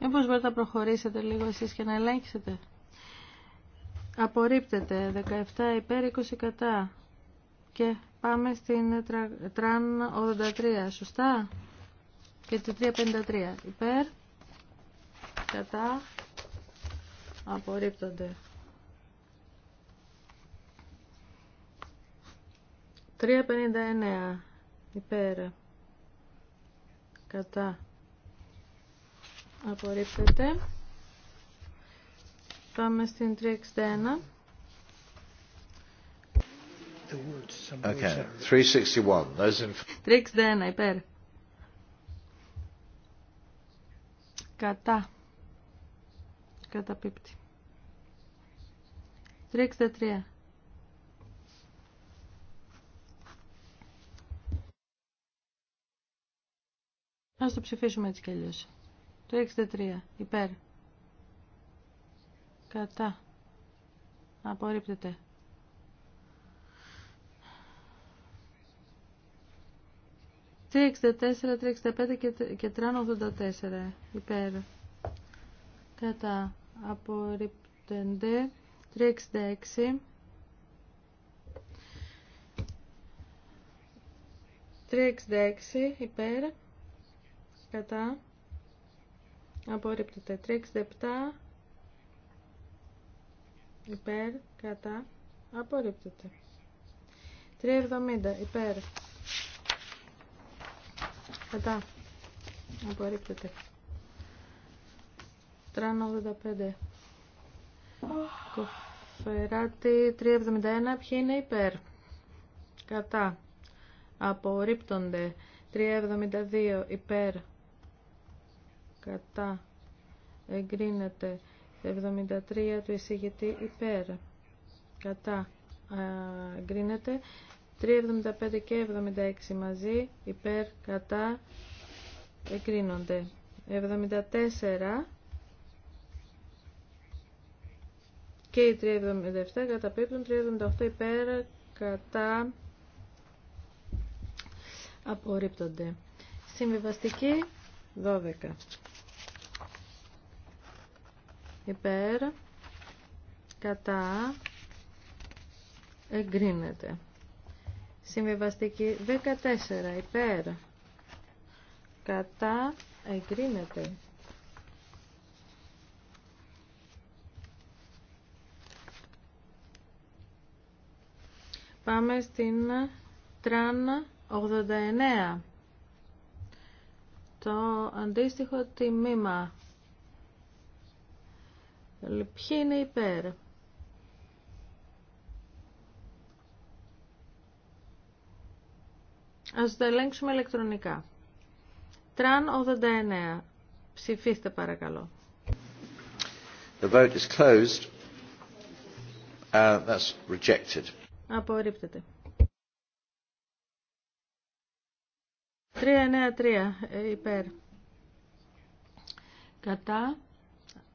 Μήπως μπορείτε να προχωρήσετε λίγο εσείς και να ελέγξετε. Απορρίπτεται 17 υπέρ 20 κατά. Και πάμε στην τραν 83, σωστά. Και το 353 υπέρ, κατά, απορρίπτονται. 359 υπέρ, κατά απορρίπτεται. Πάμε στην 361. Okay. 361. Those υπέρ. Κατά. Καταπίπτει. 363. Ας το ψηφίσουμε έτσι κι αλλιώς. Το 63. Υπέρ. Κατά. Απορρίπτεται. 364, 64, 365 και, και 84. Υπέρ. Κατά. Απορρίπτεται. 366. 366 υπέρ κατά Απορρίπτεται. 367 υπέρ, κατά, απορρίπτεται. 370 υπέρ, κατά, απορρίπτεται. 385 Κοφεράτη 371 ποιοι είναι υπέρ κατά απορρίπτονται 372 υπέρ κατά εγκρίνεται 73 του εισηγητή υπέρ κατά εγκρίνεται 375 και 76 μαζί υπέρ κατά εγκρίνονται 74 και οι 377 καταπίπτουν 378 υπέρ κατά απορρίπτονται συμβιβαστική 12 υπέρ κατά εγκρίνεται συμβιβαστική 14 υπέρ κατά εγκρίνεται Πάμε στην τραν 89. Το αντίστοιχο τιμήμα Ποιοι είναι υπέρ. Ας το ελέγξουμε ηλεκτρονικά. Τραν 89. Ψηφίστε παρακαλώ. The vote is closed. Uh, that's rejected. Απορρίπτεται. 393 ε, υπέρ. Κατά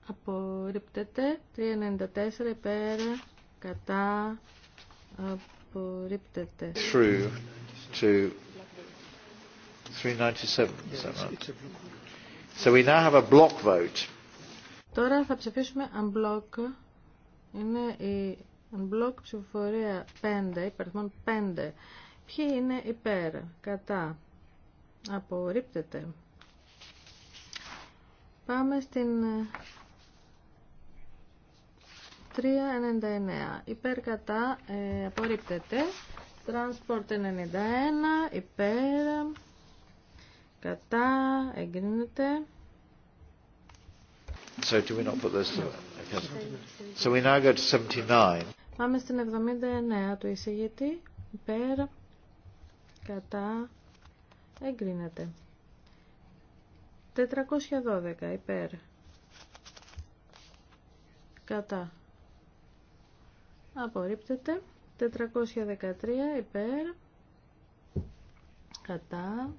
απορρίπτεται 394 υπέρ κατά απορρίπτεται to 397 so we now have a block vote τώρα θα ψηφίσουμε unblock είναι η unblock ψηφοφορία 5 υπερθμών 5 ποιοι είναι υπέρ κατά απορρίπτεται Πάμε στην 399. Υπέρ κατά ε, απορρίπτεται. Transport 91. Υπέρ κατά εγκρίνεται. So do we not put So we now go to 79. Πάμε στην 79 του εισηγητή. Υπέρ κατά εγκρίνεται. 412 υπέρ κατά απορρίπτεται 413 υπέρ κατά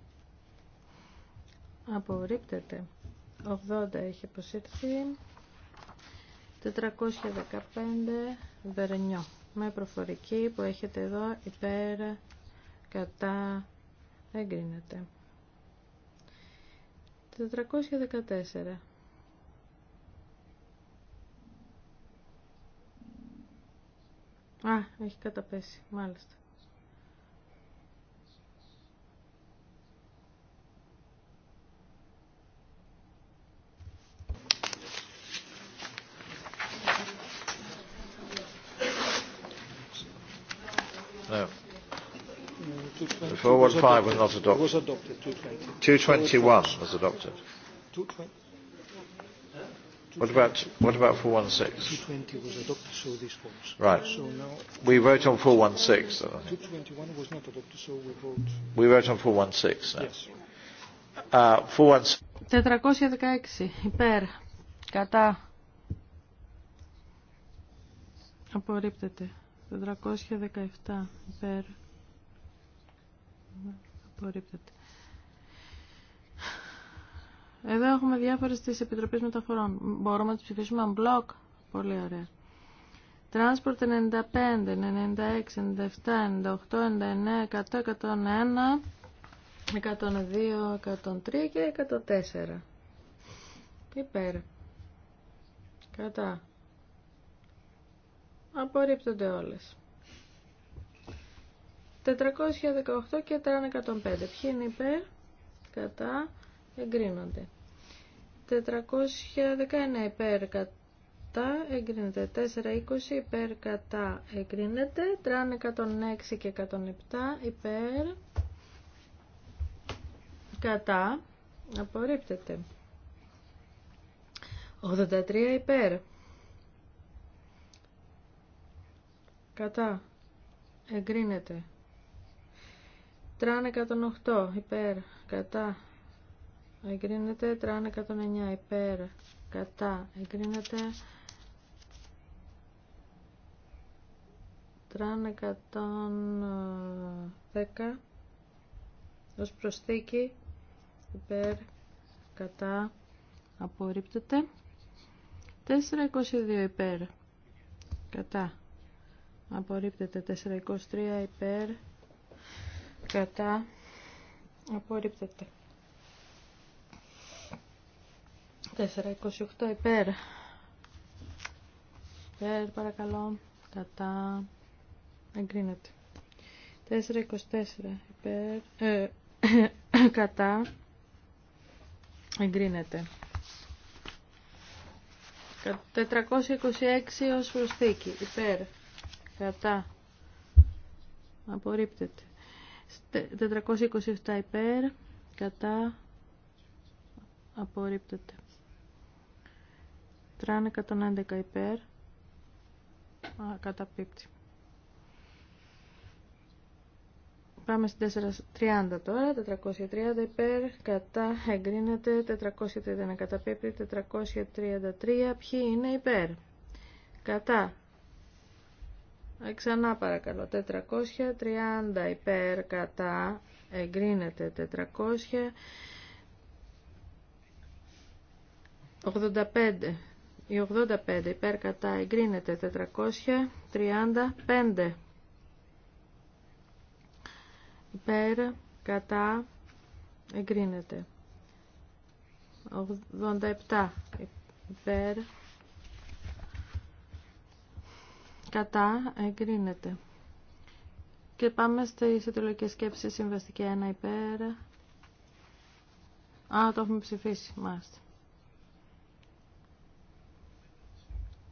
απορρίπτεται 80 έχει αποσύρθει 415 βερνιό με προφορική που έχετε εδώ υπέρ κατά εγκρίνεται 414 Α, έχει καταπέσει, μάλιστα. No. The 415 was not adopted. was adopted, 221. was adopted. What about what about 416? was adopted, so this falls. Right. So now we vote on 416. 221 was not adopted, so we vote. We vote on 416. Yes. Uh, 416 υπέρ κατά απορρίπτεται 417 υπέρ απορρίπτεται εδώ έχουμε διάφορε της επιτροπή Μεταφορών. Μπορούμε να τι ψηφίσουμε μπλοκ. Πολύ ωραία. Transport 95, 96, 97, 98, 99, 100, 101, 102, 103 και 104. Υπέρ. Κατά. Απορρίπτονται όλες. 418 και 105. Ποιοι είναι υπέρ. Κατά εγκρίνονται. 419 υπέρ κατά εγκρίνεται. 420 υπέρ κατά εγκρίνεται. Τραν και 107 υπέρ κατά απορρίπτεται. 83 υπέρ. Κατά. Εγκρίνεται. 308 υπέρ. Κατά εγκρίνεται. Τραν 109 υπέρ κατά εγκρίνεται. Τραν 110 ως προσθήκη υπέρ κατά απορρίπτεται. 422 υπέρ κατά απορρίπτεται 423 υπέρ κατά απορρίπτεται 428 υπέρ. Υπέρ παρακαλώ. Κατά. Εγκρίνεται. 424 υπέρ. Ε, κατά. Εγκρίνεται. 426 ως προσθήκη. Υπέρ. Κατά. Απορρίπτεται. 427 υπέρ. Κατά. Απορρίπτεται τράνε 111 υπέρ. Α, καταπίπτει. Πάμε στην 430 τώρα, 430 υπέρ, κατά, εγκρίνεται, 431 καταπίπτει, 433, ποιοι είναι υπέρ, κατά, ε, ξανά παρακαλώ, 430 υπέρ, κατά, εγκρίνεται, 485 η 85 υπέρ κατά εγκρίνεται 435 υπέρ κατά εγκρίνεται 87 υπέρ κατά εγκρίνεται και πάμε στις αιτιολογικές σκέψη, συμβαστική 1 υπέρ α το έχουμε ψηφίσει μάλιστα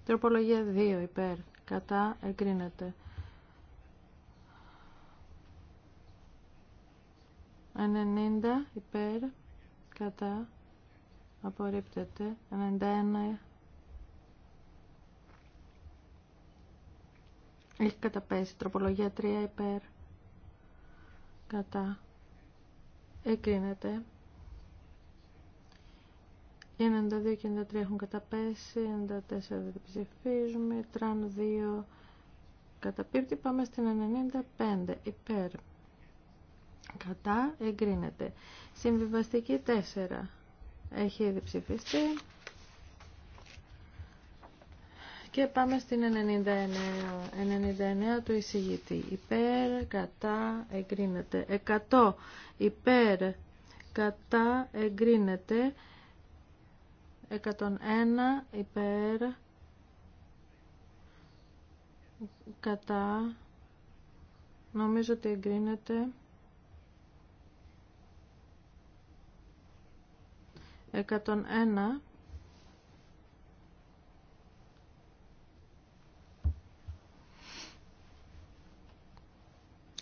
Τροπολογία 2 υπέρ. Κατά εγκρίνεται. 90 υπέρ. Κατά απορρίπτεται. 91 Έχει καταπέσει. Τροπολογία 3 υπέρ. Κατά. Εγκρίνεται. 92 και 93 έχουν καταπέσει, 94 δεν ψηφίζουμε, τραν 2 καταπίπτει, πάμε στην 95, υπέρ. Κατά, εγκρίνεται. Συμβιβαστική 4, έχει ήδη ψηφιστεί. Και πάμε στην 99, 99 του εισηγητή. Υπέρ, κατά, εγκρίνεται. 100, υπέρ, κατά, εγκρίνεται. 101 υπέρ κατά νομίζω ότι εγκρίνεται 101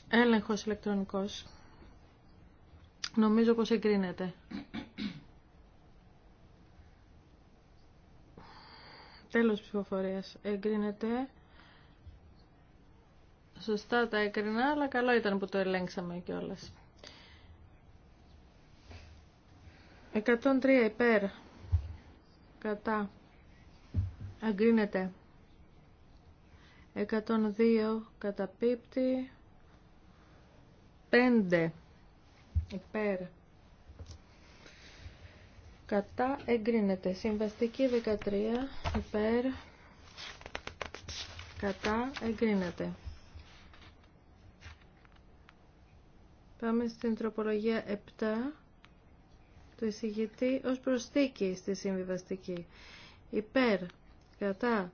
Έλεγχος ηλεκτρονικός. Νομίζω πως εγκρίνεται. Τέλος ψηφοφορίας. Εγκρίνεται. Σωστά τα έκρινα, αλλά καλό ήταν που το ελέγξαμε κιόλας. 103 υπέρ. Κατά. Αγκρίνεται. 102 καταπίπτει. 5 υπέρ κατά εγκρίνεται. Συμβαστική 13 υπέρ κατά εγκρίνεται. Πάμε στην τροπολογία 7 Το εισηγητή ως προσθήκη στη συμβιβαστική. Υπέρ, κατά,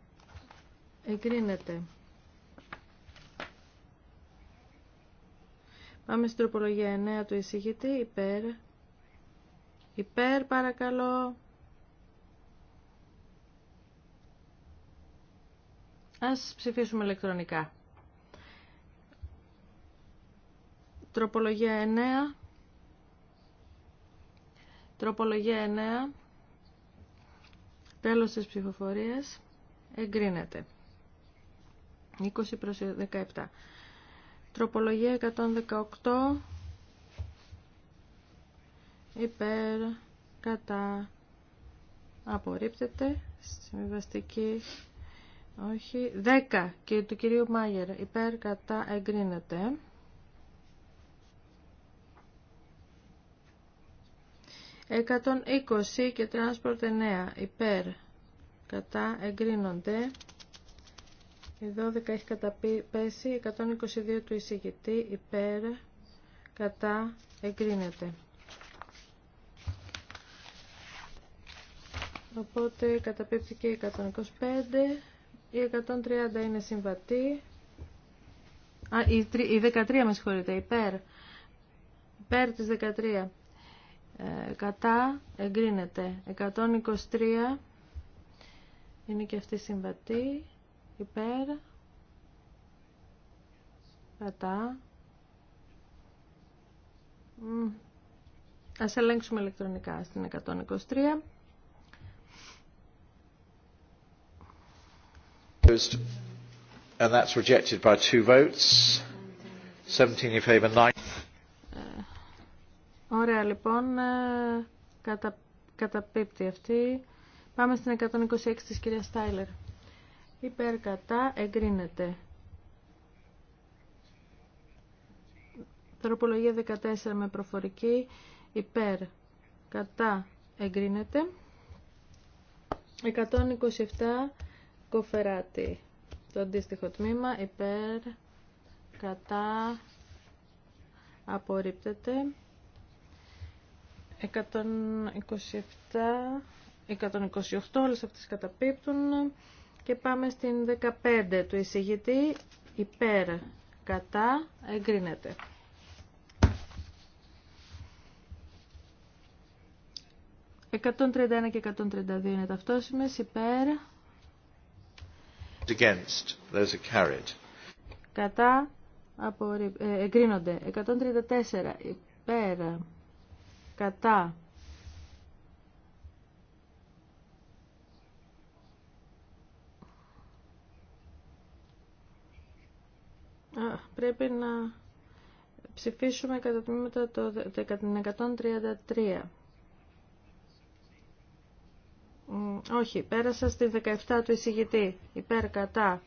εγκρίνεται. Πάμε στην τροπολογία 9 του εισηγητή. Υπέρ, Υπέρ παρακαλώ. Ας ψηφίσουμε ηλεκτρονικά. Τροπολογία 9. Τροπολογία 9. Τέλος της ψηφοφορίας. Εγκρίνεται. 20 προς 17. Τροπολογία 118 υπέρ κατά απορρίπτεται συμβιβαστική όχι 10 και του κυρίου Μάγερ υπέρ κατά εγκρίνεται Εκατόν είκοσι και τρανσπορτ 9 υπέρ κατά εγκρίνονται η 12 έχει καταπέσει 122 του εισηγητή υπέρ κατά εγκρίνεται Οπότε καταπίπτει και 125. Η 130 είναι συμβατή. Α, η, 13 με συγχωρείτε, υπέρ. Υπέρ της 13. Ε, κατά εγκρίνεται. 123 είναι και αυτή συμβατή. Υπέρ. Κατά. Ας ελέγξουμε ηλεκτρονικά στην 123. And that's rejected by two votes. 17 in favor, 9. Ε, ωραία, λοιπόν, ε, κατα, καταπίπτει αυτή. Πάμε στην 126 της κυρίας Στάιλερ. Υπέρ κατά εγκρίνεται. Τροπολογία 14 με προφορική. Υπέρ κατά εγκρίνεται. 127 Κοφεράτη. Το αντίστοιχο τμήμα υπέρ, κατά, απορρίπτεται. 127, 128, όλες αυτές καταπίπτουν. Και πάμε στην 15 του εισηγητή, υπέρ, κατά, εγκρίνεται. «131 και 132 είναι ταυτόσιμες, υπέρ, Against. Those are carried. Κατά ε, εγκρίνονται. 134 υπέρ. Κατά. πρέπει να ψηφίσουμε κατά τμήματα το, το, 133 όχι, πέρασα στη 17 του εισηγητή. Υπέρ, κατά.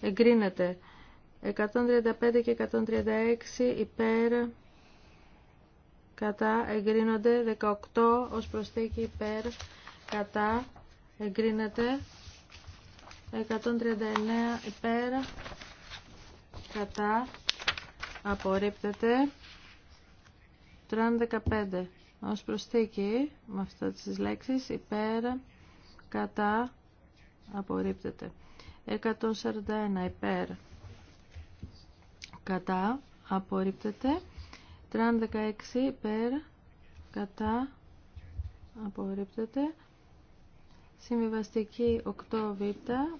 Εγκρίνεται. 135 και 136 υπέρ, κατά. Εγκρίνονται. 18 ως προσθήκη υπέρ, κατά. Εγκρίνεται. 139 υπέρ, κατά. Απορρίπτεται. 315 ως προσθήκη με αυτά τις λέξεις υπέρ, κατά απορρίπτεται 141 υπέρ κατά απορρίπτεται 316 υπέρ κατά απορρίπτεται Συμβιβαστική 8β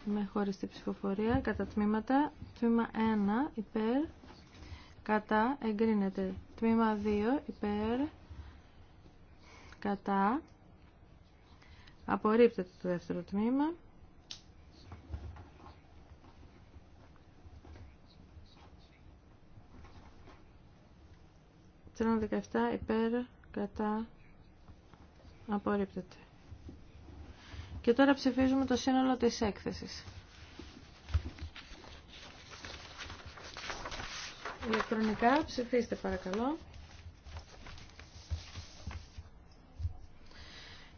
με χωριστή ψηφοφορία κατά τμήματα. Τμήμα 1 υπέρ, κατά εγκρίνεται. Τμήμα 2 υπέρ, κατά Απορρίπτεται το δεύτερο τμήμα. Τρανο 17 υπέρ κατά απορρίπτεται. Και τώρα ψηφίζουμε το σύνολο της έκθεσης. Ηλεκτρονικά ψηφίστε παρακαλώ.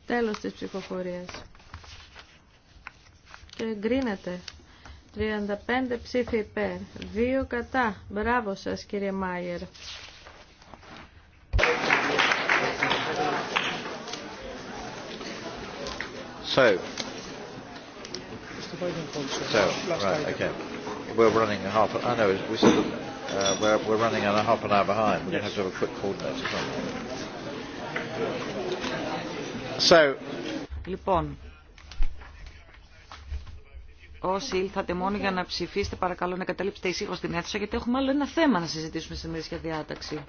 Τέλος της ψηφοφορίας. Και εγκρίνεται. 35 ψήφοι υπέρ, 2 κατά. Μπράβο σας κύριε Μάιερ. So, so right, okay. We're running a half. I know we said uh, we're we're running a half an hour behind. We're going to have to have a quick coordinator. Λοιπόν, όσοι ήλθατε μόνο για να ψηφίσετε, παρακαλώ να καταλήψετε εισήγω στην αίθουσα, γιατί έχουμε άλλο ένα θέμα να συζητήσουμε σε για διάταξη.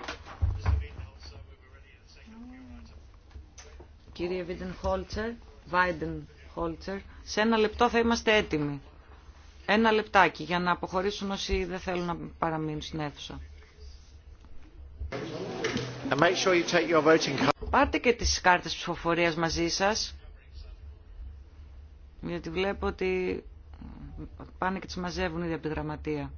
Κύριε Βίντεν Χόλτσερ, Βάιντεν Χόλτσερ, σε ένα λεπτό θα είμαστε έτοιμοι. Ένα λεπτάκι για να αποχωρήσουν όσοι δεν θέλουν να παραμείνουν στην αίθουσα. Πάρτε και τις κάρτες ψηφοφορίας μαζί σας. Γιατί βλέπω ότι πάνε και τις μαζεύουν ήδη από